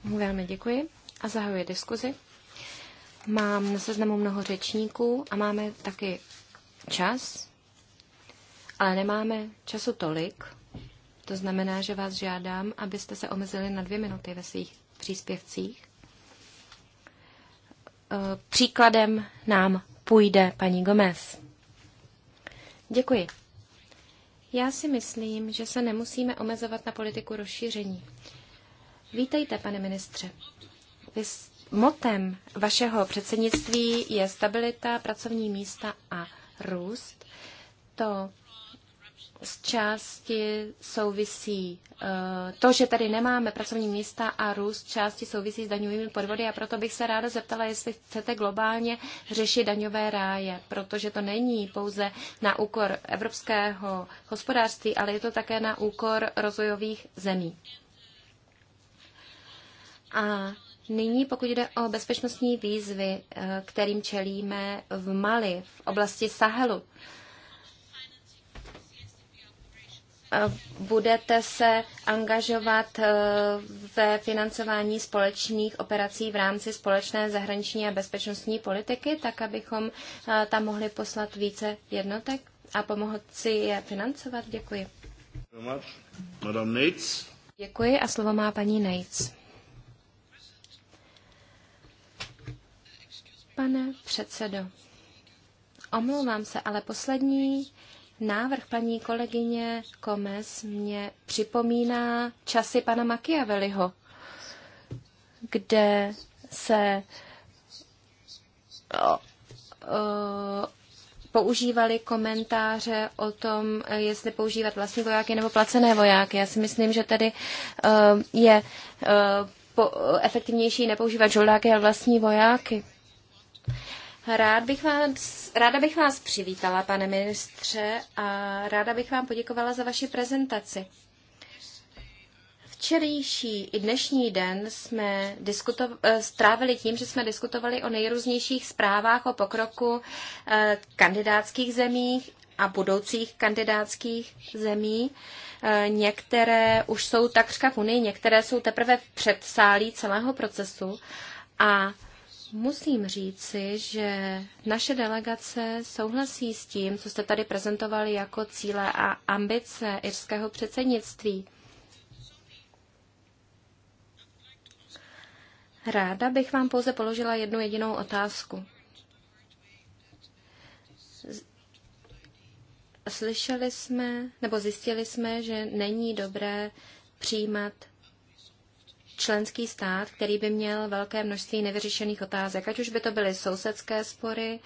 Velmi děkuji a zahajuji diskuzi. Mám na seznamu mnoho řečníků a máme taky čas, ale nemáme času tolik. To znamená, že vás žádám, abyste se omezili na dvě minuty ve svých příspěvcích. Eh, příkladem nám půjde paní Gomez. Děkuji. Já si myslím, že se nemusíme omezovat na politiku rozšíření. Vítejte, pane ministře. motem vašeho předsednictví je stabilita, pracovní místa a růst. To z části souvisí eh, to, že tady nemáme pracovní místa a růst části souvisí s daňovými podvody a proto bych se ráda zeptala, jestli chcete globálně řešit daňové ráje, protože to není pouze na úkor evropského hospodářství, ale je to také na úkor rozvojových zemí. A Nyní, pokud jde o bezpečnostní výzvy, eh, kterým čelíme v Mali, v oblasti Sahelu, budete se angažovat eh, ve financování společných operací v rámci společné zahraniční a bezpečnostní politiky, tak abychom eh, tam mohli poslat více jednotek a pomoci je financovat? Děkuji. Děkuji a slovo má paní Nates. Pane předsedo, omlouvám se, ale poslední Návrh paní kolegyně Komes mě připomíná časy pana Machiavelliho, kde se používali komentáře o tom, jestli používat vlastní vojáky nebo placené vojáky. Já si myslím, že tady eh, je eh, efektivnější nepoužívat žoldáky a vlastní vojáky. Rád bych vás, ráda bych vás přivítala, pane ministře, a ráda bych vám poděkovala za vaši prezentaci. Včerejší i dnešní den jsme diskuto- eh, strávili tím, že jsme diskutovali o nejrůznějších zprávách o pokroku eh, kandidátských zemích a budoucích kandidátských zemí. Eh, některé už jsou takřka v Unii, některé jsou teprve v předsálí celého procesu. A Musím říci, že naše delegace souhlasí s tím, co jste tady prezentovali jako cíle a ambice irského předsednictví. Ráda bych vám pouze položila jednu jedinou otázku. Slyšeli jsme, nebo zjistili jsme, že není dobré přijímat členský stát, který by měl velké množství nevyřešených otázek, ať už by to byly sousedské spory,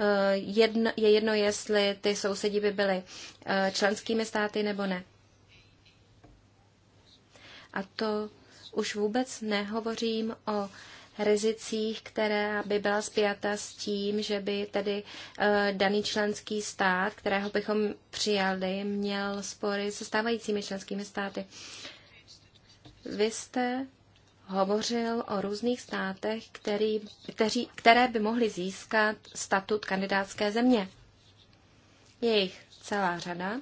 eh, jedno, je jedno, jestli ty sousedí by byly eh, členskými státy nebo ne. A to už vůbec nehovořím o rizicích, které by byla spjata s tím, že by tedy eh, daný členský stát, kterého bychom přijali, měl spory se stávajícími členskými státy. Vy jste hovořil o různých státech, který, kteří, které by mohly získat statut kandidátské země. Je jich celá řada.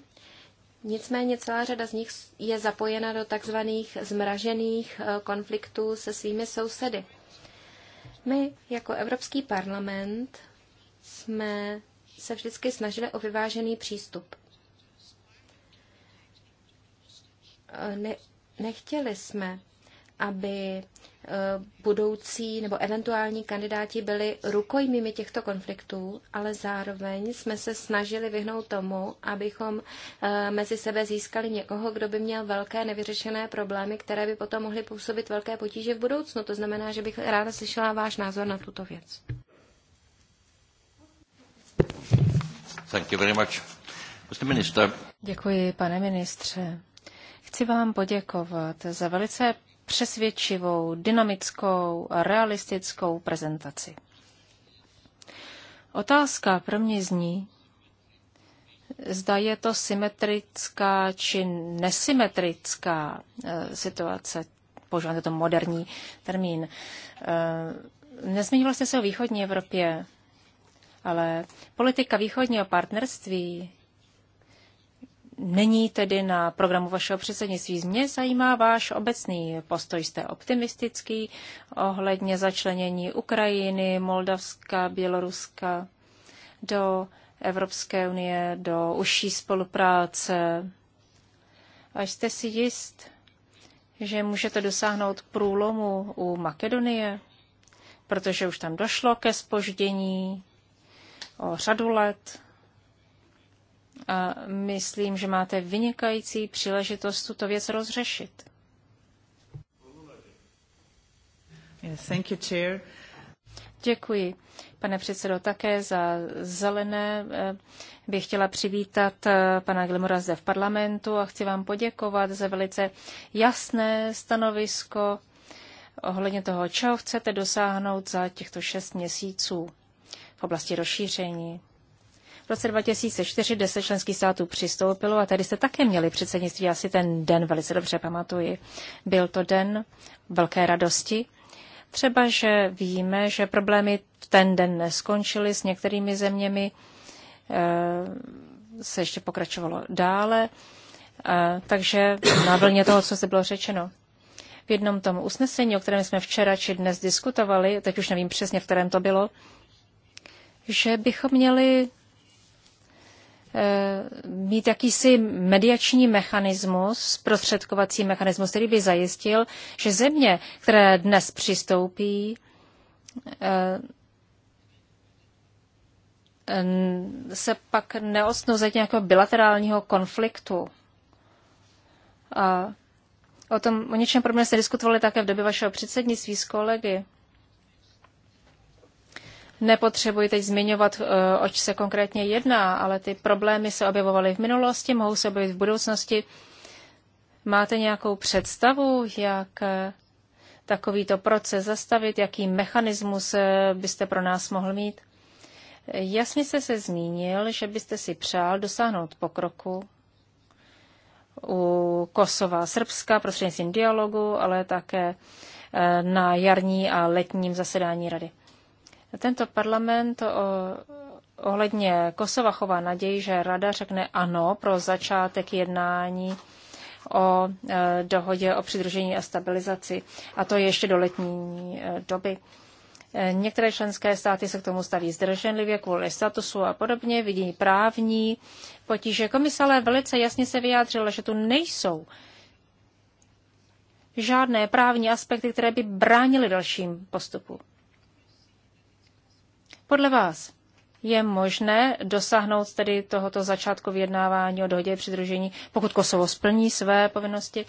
Nicméně celá řada z nich je zapojena do takzvaných zmražených eh, konfliktů se svými sousedy. My jako Evropský parlament jsme se vždycky snažili o vyvážený přístup. Eh, Nechtěli jsme, aby eh, budoucí nebo eventuální kandidáti byli rukojmími těchto konfliktů, ale zároveň jsme se snažili vyhnout tomu, abychom eh, mezi sebe získali někoho, kdo by měl velké nevyřešené problémy, které by potom mohly působit velké potíže v budoucnu. To znamená, že bych ráda slyšela váš názor na tuto věc. Thank you very much. Mr. Minister. Děkuji, pane ministře. Chci vám poděkovat za velice přesvědčivou, dynamickou a realistickou prezentaci. Otázka pro mě zní, zda je to symetrická či nesymetrická eh, situace. používám to moderní termín. E, nezmínil jste se o východní Evropě, ale politika východního partnerství není tedy na programu vašeho předsednictví. Mě zajímá váš obecný postoj. Jste optimistický ohledně začlenění Ukrajiny, Moldavska, Běloruska do Evropské unie, do užší spolupráce. A jste si jist, že můžete dosáhnout průlomu u Makedonie, protože už tam došlo ke spoždění o řadu let. A myslím, že máte vynikající příležitost tuto věc rozřešit. Yes, thank you, chair. Děkuji, pane předsedo, také za zelené. Eh, bych chtěla přivítat eh, pana Glemora zde v parlamentu a chci vám poděkovat za velice jasné stanovisko ohledně toho, čeho chcete dosáhnout za těchto šest měsíců v oblasti rozšíření. V roce 2004 deset členských států přistoupilo a tady se také měli předsednictví. Já si ten den velice dobře pamatuji. Byl to den velké radosti. Třeba, že víme, že problémy v ten den neskončily s některými zeměmi, eh, se ještě pokračovalo dále. Eh, takže na vlně toho, co se bylo řečeno. V jednom tom usnesení, o kterém jsme včera či dnes diskutovali, teď už nevím přesně, v kterém to bylo, že bychom měli mít jakýsi mediační mechanismus, prostředkovací mechanismus, který by zajistil, že země, které dnes přistoupí, eh, se pak neosnou ze nějakého bilaterálního konfliktu. A o tom o něčem podobném se diskutovali také v době vašeho předsednictví s kolegy. Nepotřebuji teď zmiňovat, eh, oč se konkrétně jedná, ale ty problémy se objevovaly v minulosti, mohou se objevit v budoucnosti. Máte nějakou představu, jak eh, takovýto proces zastavit, jaký mechanismus eh, byste pro nás mohl mít? Jasně jste se zmínil, že byste si přál dosáhnout pokroku u Kosova, Srbska prostřednictvím dialogu, ale také na jarní a letním zasedání rady. Tento parlament ohledně Kosova chová naději, že Rada řekne ano pro začátek jednání o e, dohodě o přidružení a stabilizaci, a to ještě do letní e, doby. E, některé členské státy se k tomu staví zdrženlivě kvůli statusu a podobně, vidí právní potíže. Komise velice jasně se vyjádřila, že tu nejsou žádné právní aspekty, které by bránily dalším postupu. Podle vás je možné dosáhnout tedy tohoto začátku vyjednávání o dohodě přidružení, pokud Kosovo splní své povinnosti?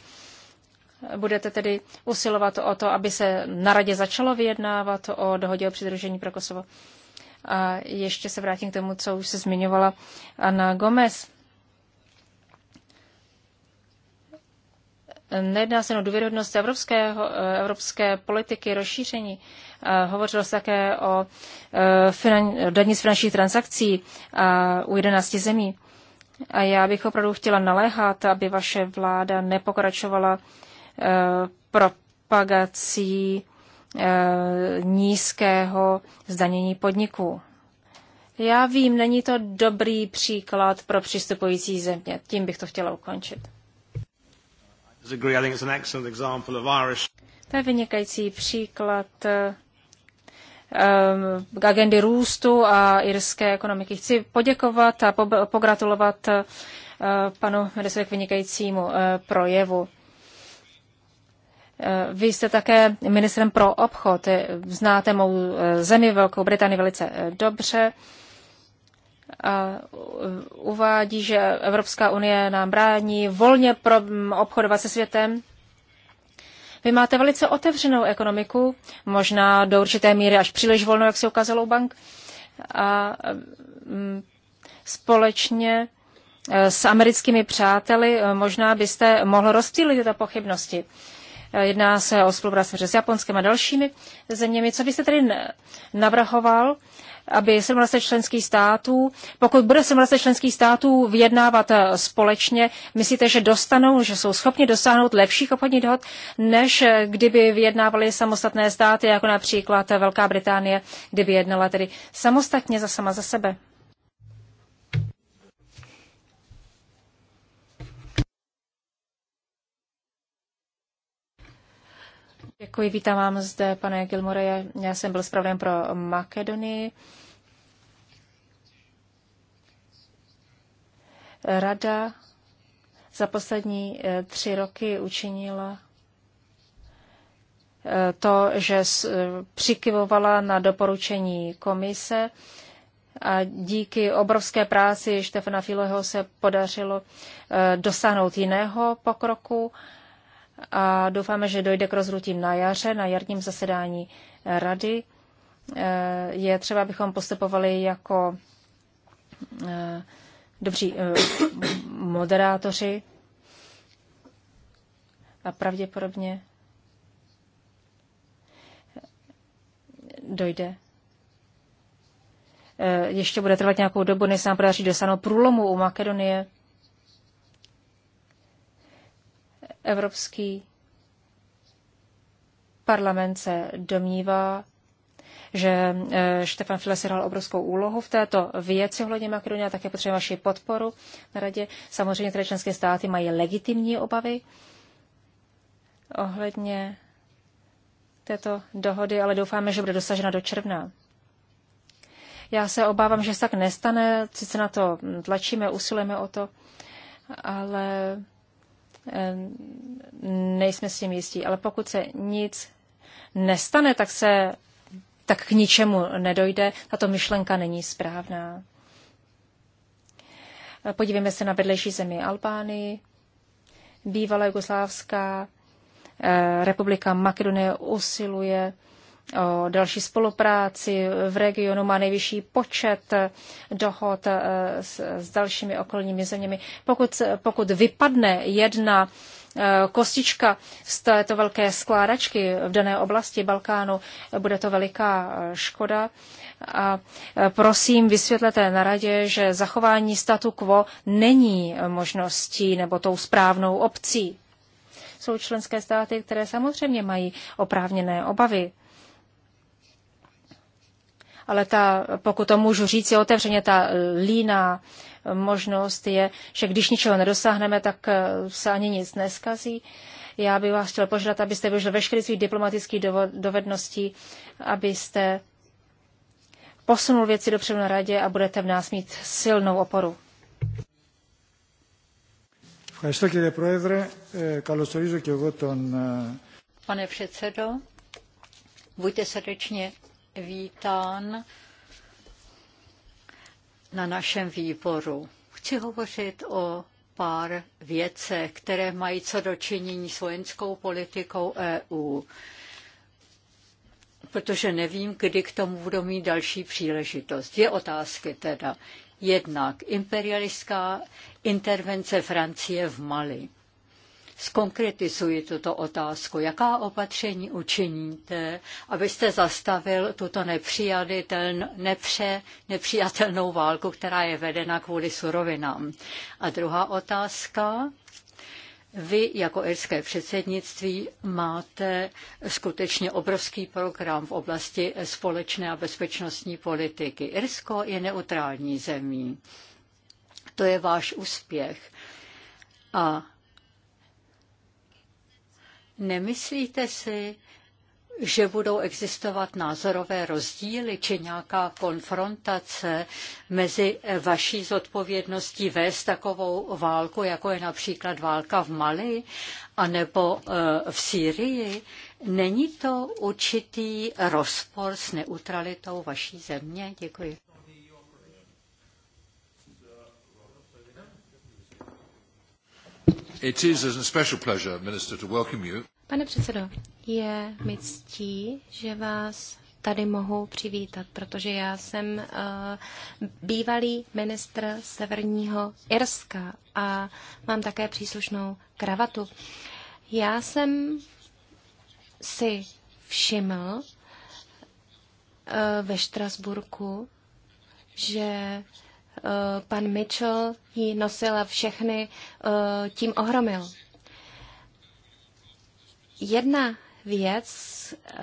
Budete tedy usilovat o to, aby se na radě začalo vyjednávat o dohodě o přidružení pro Kosovo? A ještě se vrátím k tomu, co už se zmiňovala Ana Gomez. Nejedná se o důvěryhodnost evropského, eh, evropské politiky rozšíření. Eh, hovořilo se také o eh, finan, daní z finančních transakcí u 11 zemí. A já bych opravdu chtěla naléhat, aby vaše vláda nepokračovala propagací nízkého zdanění podniků. Já vím, není to dobrý příklad pro přistupující země. Tím bych to chtěla ukončit. To je vynikající příklad k eh, um, agendy růstu a irské ekonomiky. Chci poděkovat a pogratulovat eh, panu ministrovi k vynikajícímu eh, projevu. Vy jste také ministrem pro obchod. Znáte mou zemi, Velkou Británii, velice dobře. Uh, uvádí, že Evropská unie nám brání volně pro obchodovat se světem. Vy máte velice otevřenou ekonomiku, možná do určité míry až příliš volnou, jak se ukázalo u bank. A společně e, s americkými přáteli e, možná byste mohl rozptýlit tyto pochybnosti. Eh, jedná se o spolupráci s Japonskem a dalšími zeměmi. Co byste tedy navrhoval, aby 17 členských států, pokud bude 17 členských států vyjednávat eh, společně, myslíte, že dostanou, že jsou schopni dosáhnout lepších obchodních dohod, než eh, kdyby vyjednávali samostatné státy, jako například Velká Británie, kdyby jednala tedy samostatně za sama za sebe? Děkuji, vítám vám zde, pane Gilmore. Já jsem byl zpravodajem pro Makedonii. Rada za poslední eh, tři roky učinila eh, to, že eh, přikyvovala na doporučení komise a díky obrovské práci Štefana Filoho se podařilo dosáhnout jiného pokroku a doufáme, že dojde k rozhodnutí na jaře, na jarním zasedání rady. Eh, je třeba, abychom postupovali jako eh, dobří eh, moderátoři a pravděpodobně dojde. Ještě bude trvat nějakou dobu, než se nám podaří dosáhnout průlomu u Makedonie. Evropský parlament se domnívá, že eh, Štefan File si hrál obrovskou úlohu v této věci ohledně Makedonie a také potřebuje vaši podporu na radě. Samozřejmě tedy členské státy mají legitimní obavy ohledně této dohody, ale doufáme, že bude dosažena do června. Já se obávám, že se tak nestane, sice na to hm, tlačíme, usilujeme o to, ale nejsme si tím jistí. Ale pokud se nic nestane, tak se tak k ničemu nedojde. Tato myšlenka není správná. Podívejme se na vedlejší zemi Albány. Bývalá jugoslávská eh, republika Makedonie usiluje o další spolupráci v regionu, má nejvyšší počet dohod eh, s, s dalšími okolními zeměmi. Pokud, pokud vypadne jedna eh, kostička z této velké skládačky v dané oblasti Balkánu, bude to veliká eh, škoda. A prosím, vysvětlete na radě, že zachování statu quo není možností nebo tou správnou obcí. Jsou členské státy, které samozřejmě mají oprávněné obavy ale ta, pokud to můžu říct, je otevřeně ta líná možnost je, že když ničeho nedosáhneme, tak eh, se ani nic neskazí. Já bych vás chtěl požádat, abyste využil veškeré svých diplomatických dovedností, abyste posunul věci dopředu na radě a budete v nás mít silnou oporu. Pane předsedo, buďte srdečně vítán na našem výboru. Chci hovořit o pár věcech, které mají co dočinění s vojenskou politikou EU, protože nevím, kdy k tomu budou mít další příležitost. Dvě otázky teda. Jednak imperialistická intervence Francie v Mali. Zkonkretizuji tuto otázku. Jaká opatření učiníte, abyste zastavil tuto nepře, nepřijatelnou válku, která je vedena kvůli surovinám? A druhá otázka. Vy jako irské předsednictví máte skutečně obrovský program v oblasti společné a bezpečnostní politiky. Irsko je neutrální zemí. To je váš úspěch. A Nemyslíte si, že budou existovat názorové rozdíly či nějaká konfrontace mezi vaší zodpovědností vést takovou válku, jako je například válka v Mali anebo e, v Sýrii? Není to určitý rozpor s neutralitou vaší země? Děkuji. Pane předsedo, je mi ctí, že vás tady mohu přivítat, protože já jsem uh, bývalý ministr Severního Irska a mám také příslušnou kravatu. Já jsem si všiml uh, ve Štrasburku, že Eh, pan Mitchell ji nosil a všechny eh, tím ohromil. Jedna věc, eh,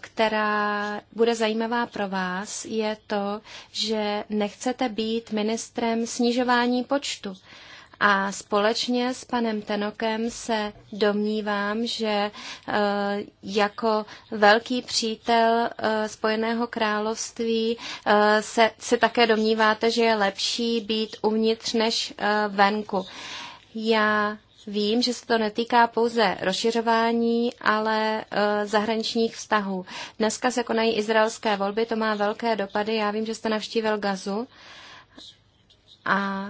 která bude zajímavá pro vás, je to, že nechcete být ministrem snižování počtu. A společně s panem Tenokem se domnívám, že e, jako velký přítel e, Spojeného království e, se, se také domníváte, že je lepší být uvnitř než venku. Já Vím, že se to netýká pouze rozšiřování, ale zahraničních vztahů. Dneska se konají izraelské volby, to má velké dopady. Já vím, že jste navštívil Gazu a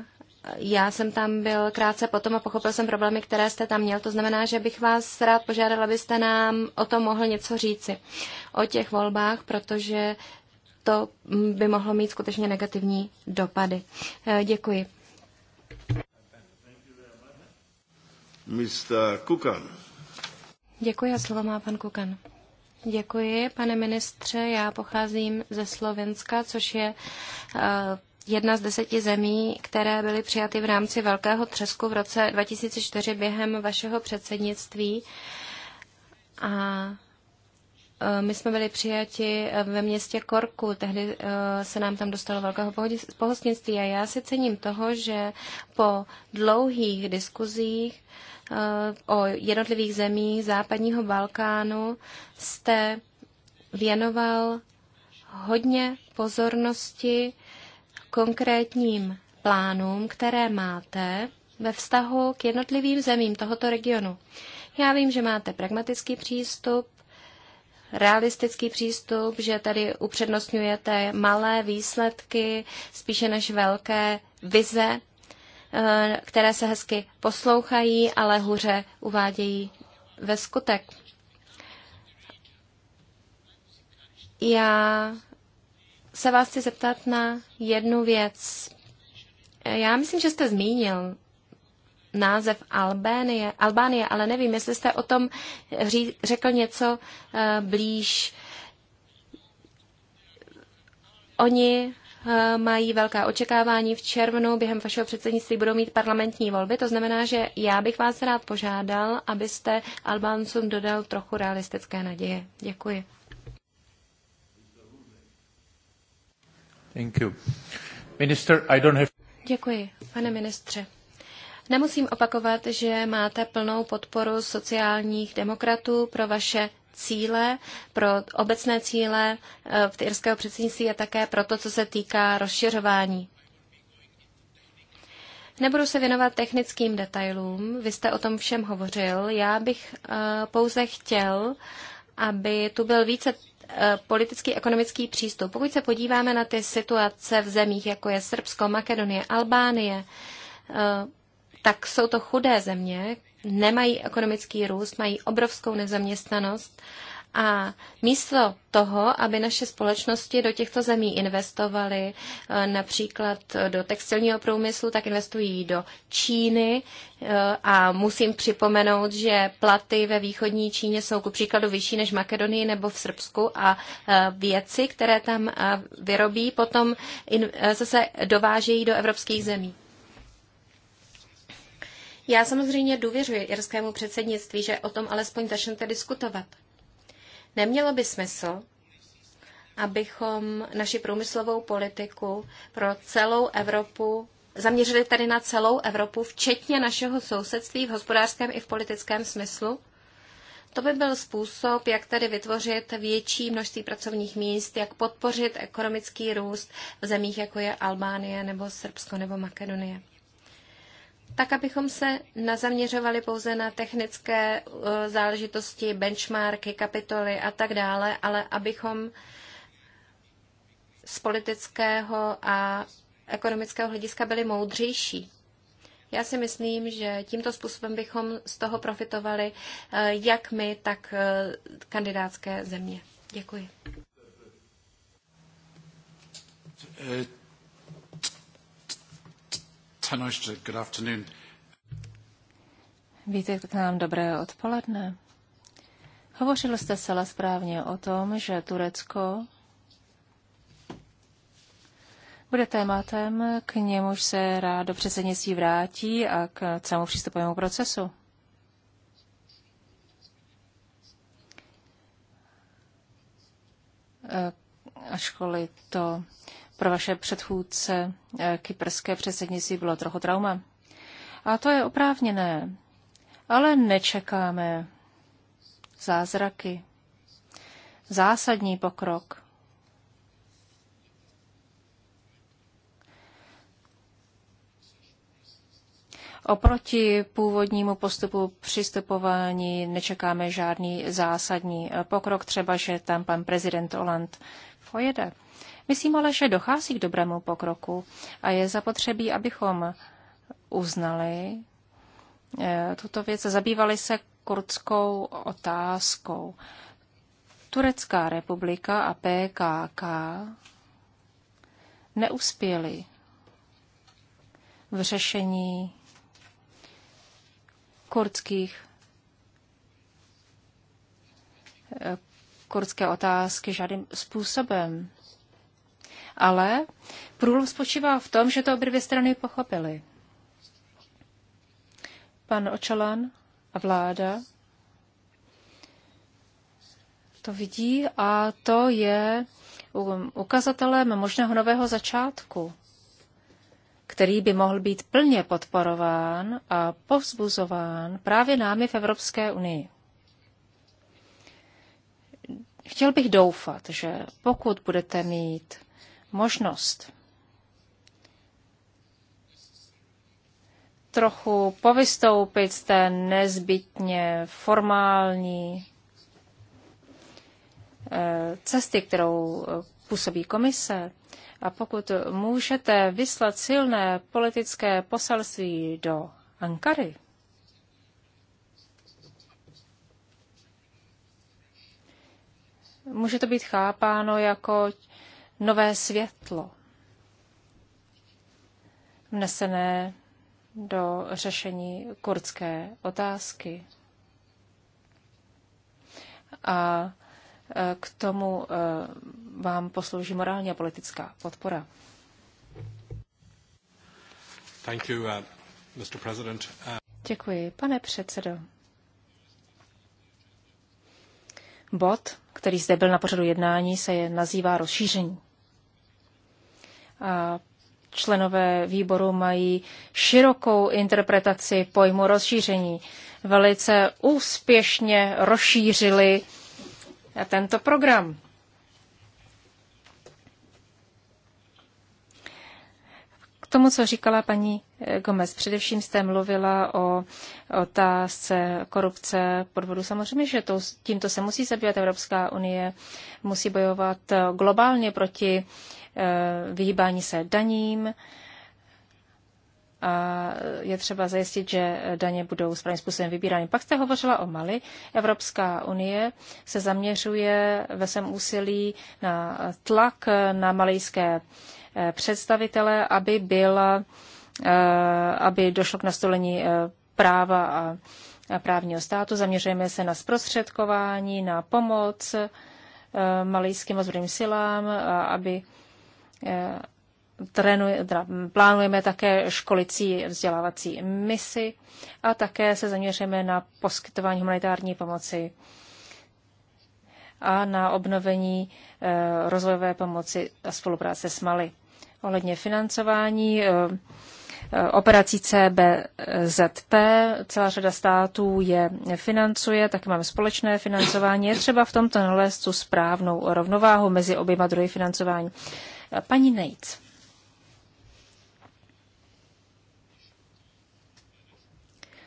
já jsem tam byl krátce potom a pochopil jsem problémy, které jste tam měl. To znamená, že bych vás rád požádal, abyste nám o tom mohl něco říci, o těch volbách, protože to mm, by mohlo mít skutečně negativní dopady. Eh, děkuji. Mr. Kukan. Děkuji a slovo má pan Kukan. Děkuji, pane ministře. Já pocházím ze Slovenska, což je eh, jedna z deseti zemí, které byly přijaty v rámci Velkého třesku v roce 2004 během vašeho předsednictví. A e, my jsme byli přijati e, ve městě Korku, tehdy e, se nám tam dostalo velkého pohostnictví a já si cením toho, že po dlouhých diskuzích o jednotlivých zemích západního Balkánu jste věnoval hodně pozornosti konkrétním plánům, které máte ve vztahu k jednotlivým zemím tohoto regionu. Já vím, že máte pragmatický přístup, realistický přístup, že tady upřednostňujete malé výsledky spíše než velké vize, eh, které se hezky poslouchají, ale hůře uvádějí ve skutek. Já se vás chci zeptat na jednu věc. Já myslím, že jste zmínil název Albánie, Albánie ale nevím, jestli jste o tom řekl něco eh, blíž. Oni eh, mají velká očekávání. V červnu během vašeho předsednictví budou mít parlamentní volby. To znamená, že já bych vás rád požádal, abyste Albáncům dodal trochu realistické naděje. Děkuji. Minister, Děkuji, pane ministře. Nemusím opakovat, že máte plnou podporu sociálních demokratů pro vaše cíle, pro obecné cíle eh, v irského předsednictví a také pro to, co se týká rozšiřování. Nebudu se věnovat technickým detailům, vy jste o tom všem hovořil. Já bych eh, pouze chtěl, aby tu byl více Eh, politický ekonomický přístup. Pokud se podíváme na ty situace v zemích, jako je Srbsko, Makedonie, Albánie, eh, tak jsou to chudé země, nemají ekonomický růst, mají obrovskou nezaměstnanost a místo toho, aby naše společnosti do těchto zemí investovaly, eh, například eh, do textilního průmyslu, tak investují do Číny. Eh, a musím připomenout, že platy ve východní Číně jsou ku příkladu vyšší než v Makedonii nebo v Srbsku a věci, které tam vyrobí, potom zase dovážejí do evropských zemí. Já samozřejmě důvěřuji irskému předsednictví, že o tom alespoň začnete diskutovat. Nemělo by smysl, abychom naši průmyslovou politiku pro celou Evropu zaměřili tady na celou Evropu, včetně našeho sousedství v hospodářském i v politickém smyslu? To by byl způsob, jak tady vytvořit větší množství pracovních míst, jak podpořit ekonomický růst v zemích, jako je Albánie nebo Srbsko nebo Makedonie tak abychom se nazaměřovali pouze na technické eh, záležitosti, benchmarky, kapitoly a tak dále, ale abychom z politického a ekonomického hlediska byli moudřejší. Já si myslím, že tímto způsobem bychom z toho profitovali eh, jak my, tak eh, kandidátské země. Děkuji. Tanošte, good afternoon. Vítejte k nám, dobré odpoledne. Hovořil jste celá správně o tom, že Turecko bude tématem, k němuž se rád do předsednictví vrátí a k celému přístupovému procesu. E, ačkoliv to pro vaše předchůdce eh, kyperské předsednictví bylo trochu trauma. A to je oprávněné. Ale nečekáme zázraky, zásadní pokrok. Oproti původnímu postupu přistupování nečekáme žádný zásadní eh, pokrok, třeba že tam pan prezident Oland pojede. Myslím ale, že dochází k dobrému pokroku a je zapotřebí, abychom uznali eh, tuto věc a zabývali se kurdskou otázkou. Turecká republika a PKK neuspěly v řešení kurdských eh, kurdské otázky žádným způsobem ale průlom spočívá v tom, že to obě dvě strany pochopily. Pan Očalan a vláda to vidí a to je um, ukazatelem možného nového začátku, který by mohl být plně podporován a povzbuzován právě námi v Evropské unii. Chtěl bych doufat, že pokud budete mít možnost trochu povystoupit z té nezbytně formální eh, cesty, kterou eh, působí komise. A pokud můžete vyslat silné politické poselství do Ankary, může to být chápáno jako nové světlo vnesené do řešení kurdské otázky. A e, k tomu e, vám poslouží morální a politická podpora. Thank you, uh, Mr. President. Uh... Děkuji, pane předsedo. Bod, který zde byl na pořadu jednání, se je nazývá rozšíření členové výboru mají širokou interpretaci pojmu rozšíření. Velice úspěšně rozšířili tento program. K tomu, co říkala paní eh, Gomez, především jste mluvila o otázce korupce, podvodu. Samozřejmě, že to, tímto se musí zabývat Evropská unie, musí bojovat eh, globálně proti Eh, vyhýbání se daním a je třeba zajistit, že daně budou správným způsobem vybírány. Pak jste hovořila o Mali. Evropská unie se zaměřuje ve svém úsilí na tlak na malijské eh, představitele, aby, byla, eh, aby došlo k nastolení práva a právního státu. Zaměřujeme se na zprostředkování, na pomoc malijským ozbrojeným silám, aby Eh, teda plánujeme také školicí vzdělávací misi a také se zaměříme na poskytování humanitární pomoci a na obnovení eh, rozvojové pomoci a spolupráce s Mali. Ohledně financování eh, operací CBZP. Celá řada států je financuje, tak máme společné financování. Je třeba v tomto nalézt tu správnou rovnováhu mezi oběma druhy financování. Paní Nejc.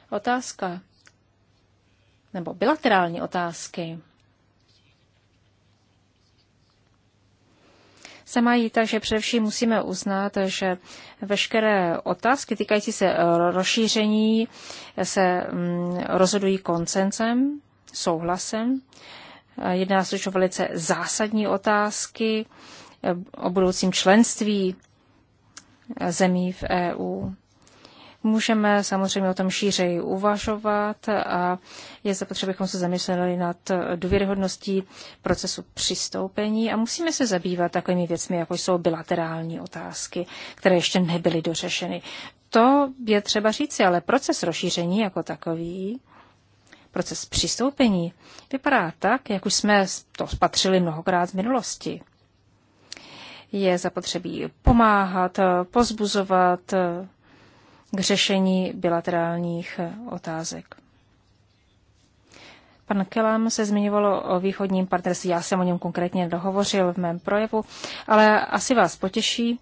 Otázka nebo bilaterální otázky se mají tak, že především musíme uznat, že veškeré otázky týkající se rozšíření se mm, rozhodují koncencem, souhlasem. Jedná se o velice zásadní otázky, o budoucím členství zemí v EU. Můžeme samozřejmě o tom šířeji uvažovat a je zapotřebí, abychom se zamysleli nad důvěryhodností procesu přistoupení a musíme se zabývat takovými věcmi, jako jsou bilaterální otázky, které ještě nebyly dořešeny. To je třeba říci, ale proces rozšíření jako takový, proces přistoupení, vypadá tak, jak už jsme to spatřili mnohokrát v minulosti je zapotřebí pomáhat, pozbuzovat k řešení bilaterálních otázek. Pan Kelam se zmiňovalo o východním partnerství, já jsem o něm konkrétně dohovořil v mém projevu, ale asi vás potěší,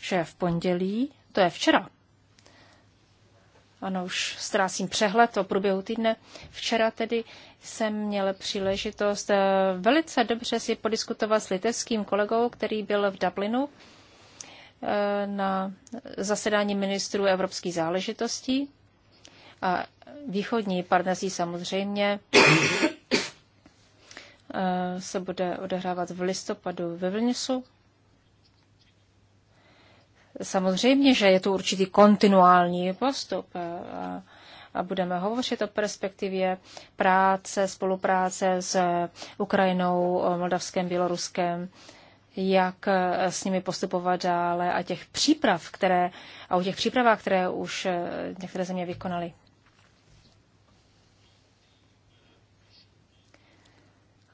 že v pondělí, to je včera, ano, už ztrácím přehled o průběhu týdne. Včera tedy jsem měl příležitost eh, velice dobře si podiskutovat s litevským kolegou, který byl v Dublinu eh, na zasedání ministrů evropských záležitostí. A východní partnerství samozřejmě eh, se bude odehrávat v listopadu ve Vilniusu. Samozřejmě, že je to určitý kontinuální postup eh, a budeme hovořit o perspektivě práce, spolupráce s Ukrajinou, Moldavskem, Běloruskem, jak eh, s nimi postupovat dále a těch příprav, které, a o těch přípravách, které už eh, některé země vykonaly.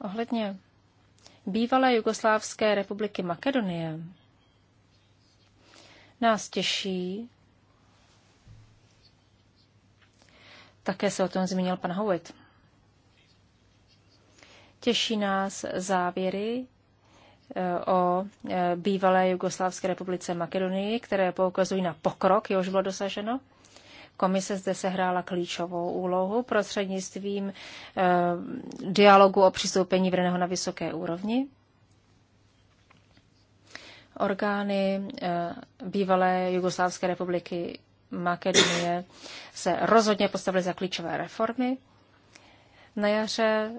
Ohledně bývalé Jugoslávské republiky Makedonie, nás těší. Také se o tom zmínil pan Howitt. Těší nás závěry e, o e, bývalé Jugoslávské republice Makedonii, které poukazují na pokrok, jehož bylo dosaženo. Komise zde sehrála klíčovou úlohu prostřednictvím e, dialogu o přistoupení vedeného na vysoké úrovni. Orgány eh, bývalé Jugoslávské republiky Makedonie se rozhodně postavily za klíčové reformy. Na jaře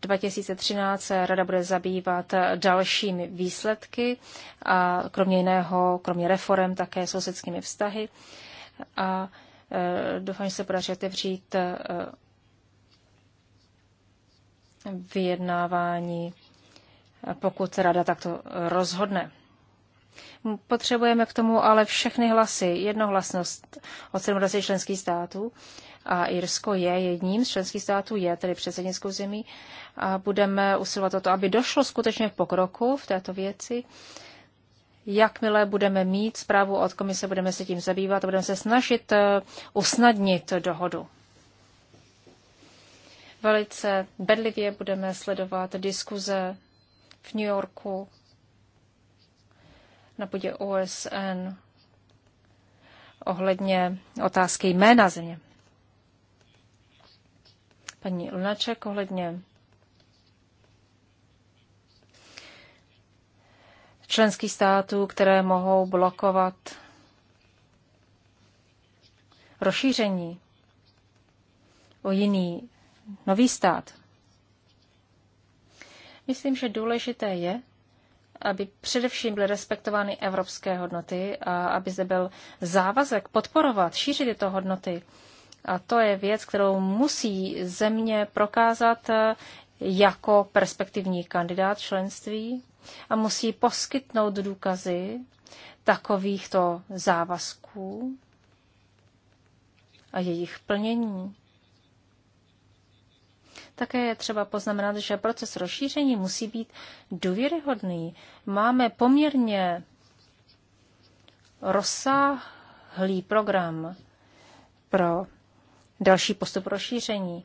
2013 eh, se rada bude zabývat dalšími výsledky a kromě jiného, kromě reform, také sousedskými vztahy. A eh, doufám, že se podaří otevřít vyjednávání, pokud rada takto rozhodne. Potřebujeme k tomu ale všechny hlasy, jednohlasnost od 70 členských států a Irsko je jedním z členských států, je tedy předsednickou zemí a budeme usilovat o to, aby došlo skutečně v pokroku v této věci. Jakmile budeme mít zprávu od komise, budeme se tím zabývat a budeme se snažit eh, usnadnit dohodu. Velice bedlivě budeme sledovat diskuze v New Yorku na podě OSN ohledně otázky jména země. Paní Lunaček ohledně členských států, které mohou blokovat rozšíření o jiný nový stát. Myslím, že důležité je, aby především byly respektovány evropské hodnoty a aby zde byl závazek podporovat, šířit tyto hodnoty. A to je věc, kterou musí země prokázat eh, jako perspektivní kandidát členství a musí poskytnout důkazy takovýchto závazků a jejich plnění. Také je třeba poznamenat, že proces rozšíření musí být důvěryhodný. Máme poměrně rozsáhlý program pro další postup rozšíření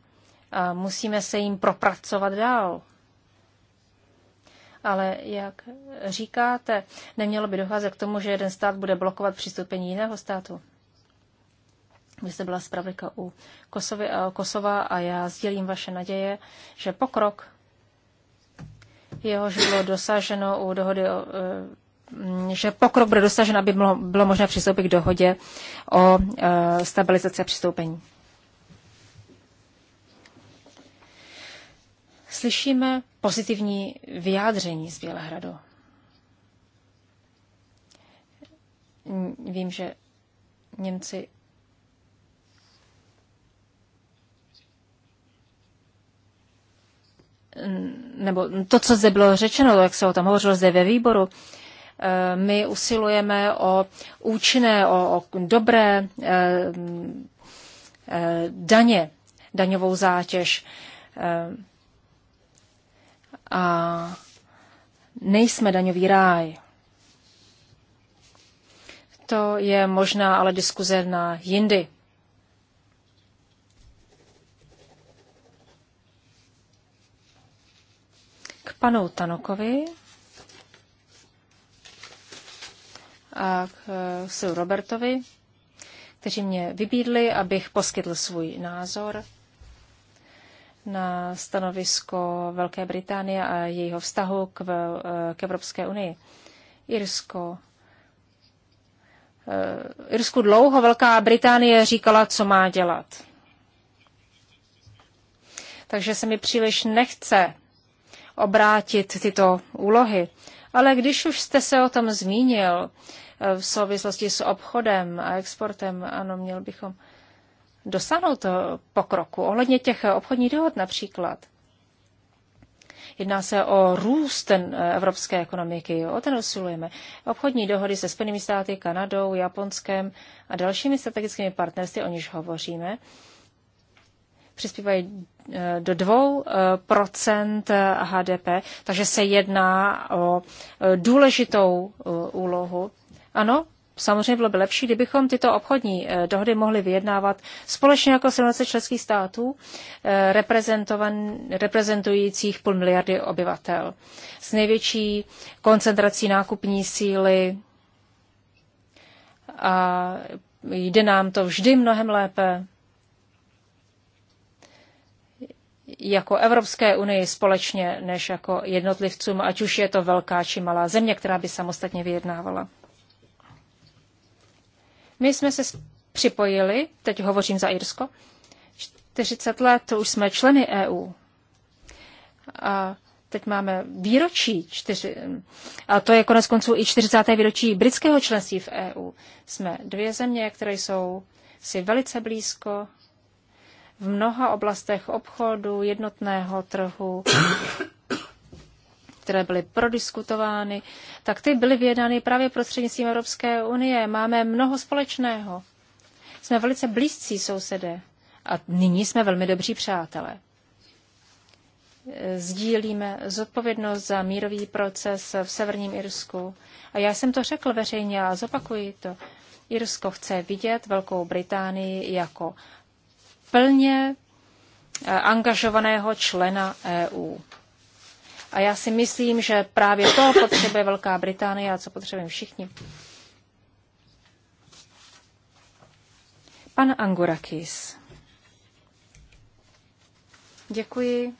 a musíme se jim propracovat dál. Ale jak říkáte, nemělo by docházet k tomu, že jeden stát bude blokovat přistoupení jiného státu. Vy jste byla zpravodajka u Kosovy, eh, Kosova a já sdělím vaše naděje, že pokrok, jehož bylo dosaženo u dohody o, eh, že pokrok bude dosažen, aby bylo, bylo možné přistoupit k dohodě o e, stabilizaci a přistoupení. Slyšíme pozitivní vyjádření z Bělehradu. Vím, že Němci nebo to, co zde bylo řečeno, jak se o tom hovořilo zde ve výboru, eh, my usilujeme o účinné, o, o dobré eh, eh, daně, daňovou zátěž. A nejsme daňový ráj. To je možná ale diskuze na jindy. panu Tanokovi a k Sir Robertovi, kteří mě vybídli, abych poskytl svůj názor na stanovisko Velké Británie a jejího vztahu k, k Evropské unii. Irsko. E, Irsku dlouho Velká Británie říkala, co má dělat. Takže se mi příliš nechce obrátit tyto úlohy. Ale když už jste se o tom zmínil eh, v souvislosti s obchodem a exportem, ano, měl bychom dosáhnout pokroku ohledně těch obchodních dohod například. Jedná se o růst ten eh, evropské ekonomiky, o ten usilujeme. Obchodní dohody se Spojenými státy, Kanadou, Japonskem a dalšími strategickými partnerství, o nichž hovoříme, přispívají do 2 eh, eh, HDP, takže se jedná o eh, důležitou úlohu. Ano, samozřejmě bylo by lepší, kdybychom tyto obchodní dohody mohli vyjednávat společně jako 17 členských států reprezentujících půl miliardy obyvatel s největší koncentrací nákupní síly a jde nám to vždy mnohem lépe jako Evropské unii společně než jako jednotlivcům, ať už je to velká či malá země, která by samostatně vyjednávala. My jsme se připojili, teď hovořím za Irsko, 40 let už jsme členy EU. A teď máme výročí, čtyři, a to je konec konců i 40. výročí britského členství v EU. Jsme dvě země, které jsou si velice blízko, v mnoha oblastech obchodu, jednotného trhu, které byly prodiskutovány, tak ty byly vyjednány právě prostřednictvím Evropské unie. Máme mnoho společného. Jsme velice blízcí sousedé a nyní jsme velmi dobří přátelé. Sdílíme zodpovědnost za mírový proces v Severním Irsku. A já jsem to řekl veřejně a zopakuji to. Irsko chce vidět Velkou Británii jako plně eh, angažovaného člena EU. A já si myslím, že právě to potřebuje Velká Británie a co potřebujeme všichni. Pan Angurakis. Děkuji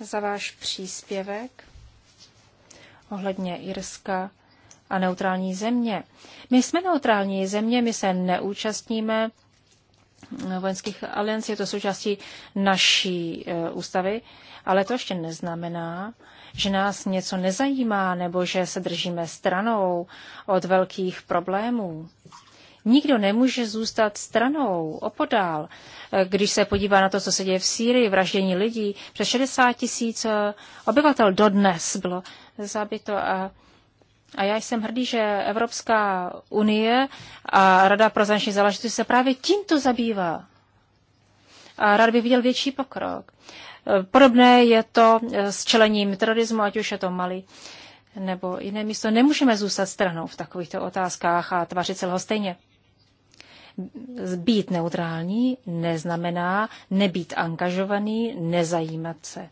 za váš příspěvek ohledně Irska a neutrální země. My jsme neutrální země, my se neúčastníme vojenských aliancí, je to součástí naší e, ústavy, ale to ještě neznamená, že nás něco nezajímá nebo že se držíme stranou od velkých problémů. Nikdo nemůže zůstat stranou, opodál. E, když se podívá na to, co se děje v Sýrii, vraždění lidí, přes 60 tisíc e, obyvatel dodnes bylo zabito a a já jsem hrdý, že Evropská unie a Rada pro zahraniční záležitosti se právě tímto zabývá. A rád bych viděl větší pokrok. Podobné je to s čelením terorismu, ať už je to Mali nebo jiné místo. Nemůžeme zůstat stranou v takovýchto otázkách a tvařit se stejně. Být neutrální neznamená nebýt angažovaný, nezajímat se.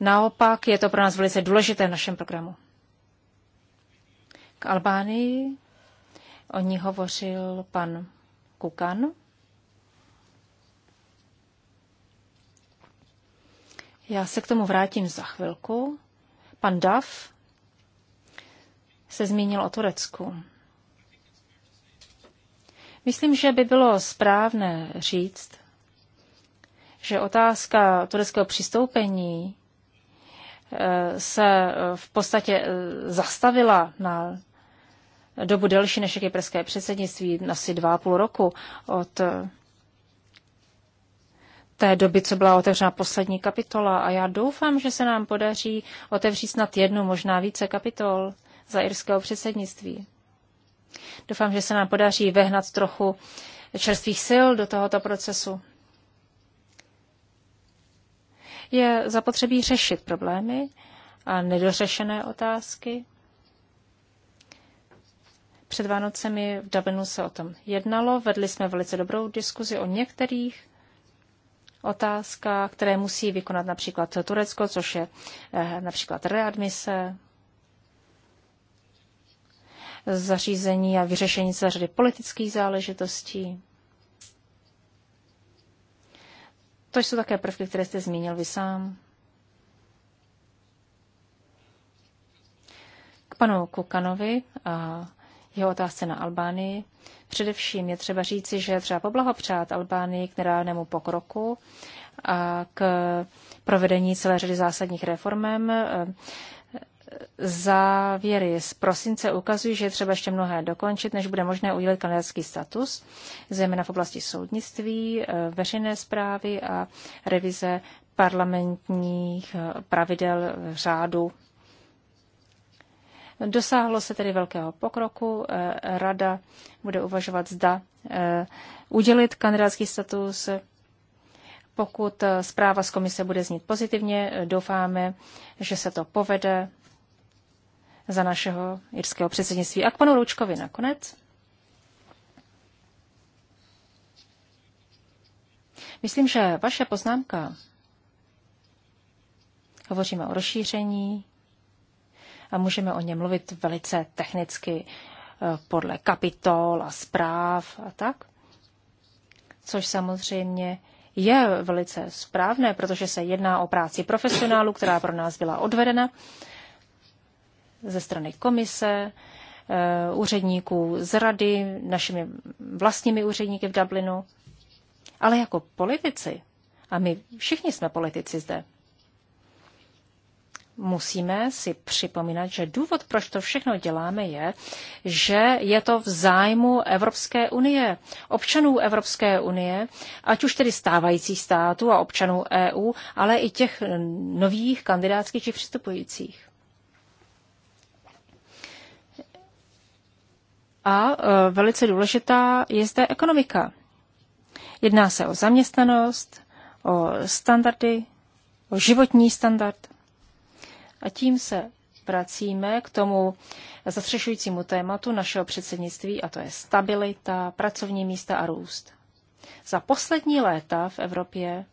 Naopak je to pro nás velice důležité v našem programu. K Albánii o ní hovořil pan Kukan. Já se k tomu vrátím za chvilku. Pan Duff se zmínil o Turecku. Myslím, že by bylo správné říct, že otázka tureckého přistoupení se eh, v podstatě eh, zastavila na dobu delší než kyperské předsednictví, asi dva a půl roku od eh, té doby, co byla otevřena poslední kapitola. A já doufám, že se nám podaří otevřít snad jednu, možná více kapitol za irského předsednictví. Doufám, že se nám podaří vehnat trochu čerstvých sil do tohoto procesu je zapotřebí řešit problémy a nedořešené otázky. Před Vánocemi v Dublinu se o tom jednalo, vedli jsme velice dobrou diskuzi o některých otázkách, které musí vykonat například Turecko, což je eh, například readmise, zařízení a vyřešení celé řady politických záležitostí. To jsou také prvky, které jste zmínil vy sám. K panu Kukanovi a jeho otázce na Albánii. Především je třeba říci, že je třeba poblahopřát Albánii k nedávnému pokroku a k provedení celé řady zásadních reformem. Závěry z prosince ukazují, že je třeba ještě mnohé dokončit, než bude možné udělit kanadský status, zejména v oblasti soudnictví, eh, veřejné zprávy a revize parlamentních eh, pravidel řádu. Dosáhlo se tedy velkého pokroku. Eh, Rada bude uvažovat, zda udělit kandidátský status. Pokud zpráva z komise bude znít pozitivně, doufáme, že se to povede za našeho jirského předsednictví. A k panu Loučkovi nakonec. Myslím, že vaše poznámka, hovoříme o rozšíření a můžeme o něm mluvit velice technicky eh, podle kapitol a zpráv a tak, což samozřejmě je velice správné, protože se jedná o práci profesionálu, která pro nás byla odvedena ze strany komise, eh, úředníků z rady, našimi vlastními úředníky v Dublinu. Ale jako politici, a my všichni jsme politici zde, musíme si připomínat, že důvod, proč to všechno děláme, je, že je to v zájmu Evropské unie, občanů Evropské unie, ať už tedy stávajících států a občanů EU, ale i těch nových kandidátských či přistupujících. A e, velice důležitá je zde ekonomika. Jedná se o zaměstnanost, o standardy, o životní standard. A tím se vracíme k tomu zastřešujícímu tématu našeho předsednictví, a to je stabilita, pracovní místa a růst. Za poslední léta v Evropě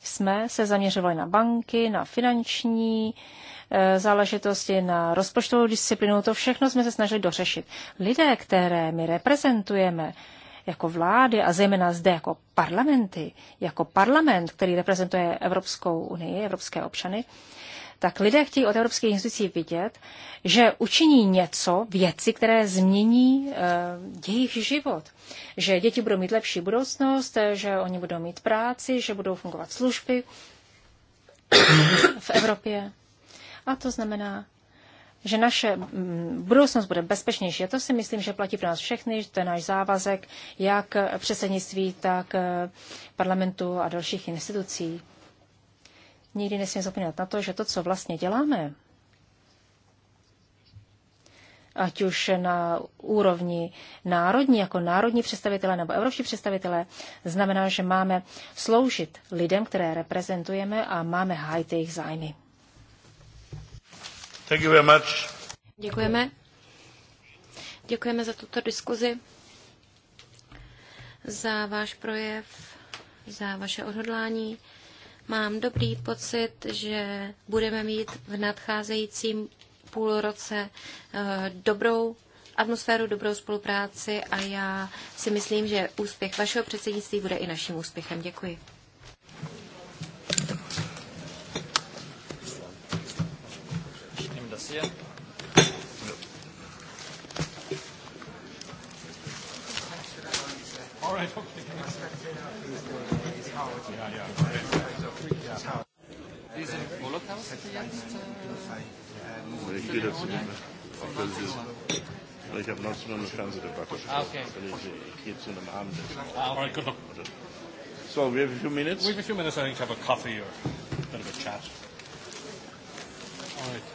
jsme se zaměřovali na banky, na finanční Eh, záležitosti, na rozpočtovou disciplinu, to všechno jsme se snažili dořešit. Lidé, které my reprezentujeme, jako vlády a zejména zde jako parlamenty, jako parlament, který reprezentuje Evropskou unii, evropské občany, tak lidé chtějí od evropských institucí vidět, že učiní něco, věci, které změní eh, jejich život. Že děti budou mít lepší budoucnost, eh, že oni budou mít práci, že budou fungovat služby v Evropě. A to znamená, že naše mm, budoucnost bude bezpečnější. A to si myslím, že platí pro nás všechny, že to je náš závazek, jak předsednictví, tak eh, parlamentu a dalších institucí. Nikdy nesmíme zapomínat na to, že to, co vlastně děláme, ať už na úrovni národní, jako národní představitele nebo evropští představitele, znamená, že máme sloužit lidem, které reprezentujeme a máme hájit jejich zájmy. Thank you very much. Děkujeme. Děkujeme za tuto diskuzi, za váš projev, za vaše odhodlání. Mám dobrý pocit, že budeme mít v nadcházejícím půlroce eh, dobrou atmosféru, dobrou spolupráci a já si myslím, že úspěch vašeho předsednictví bude i naším úspěchem. Děkuji. Gracias. All right, okay. Ja, Holocaust jetzt? Äh, ich gehe dazu nicht mehr. Auch wenn Sie es. Ich habe 19 Uhr eine Fernsehdebatte. So, we have a few minutes? We have a few minutes, I think, to have a coffee or a bit of a chat. All right.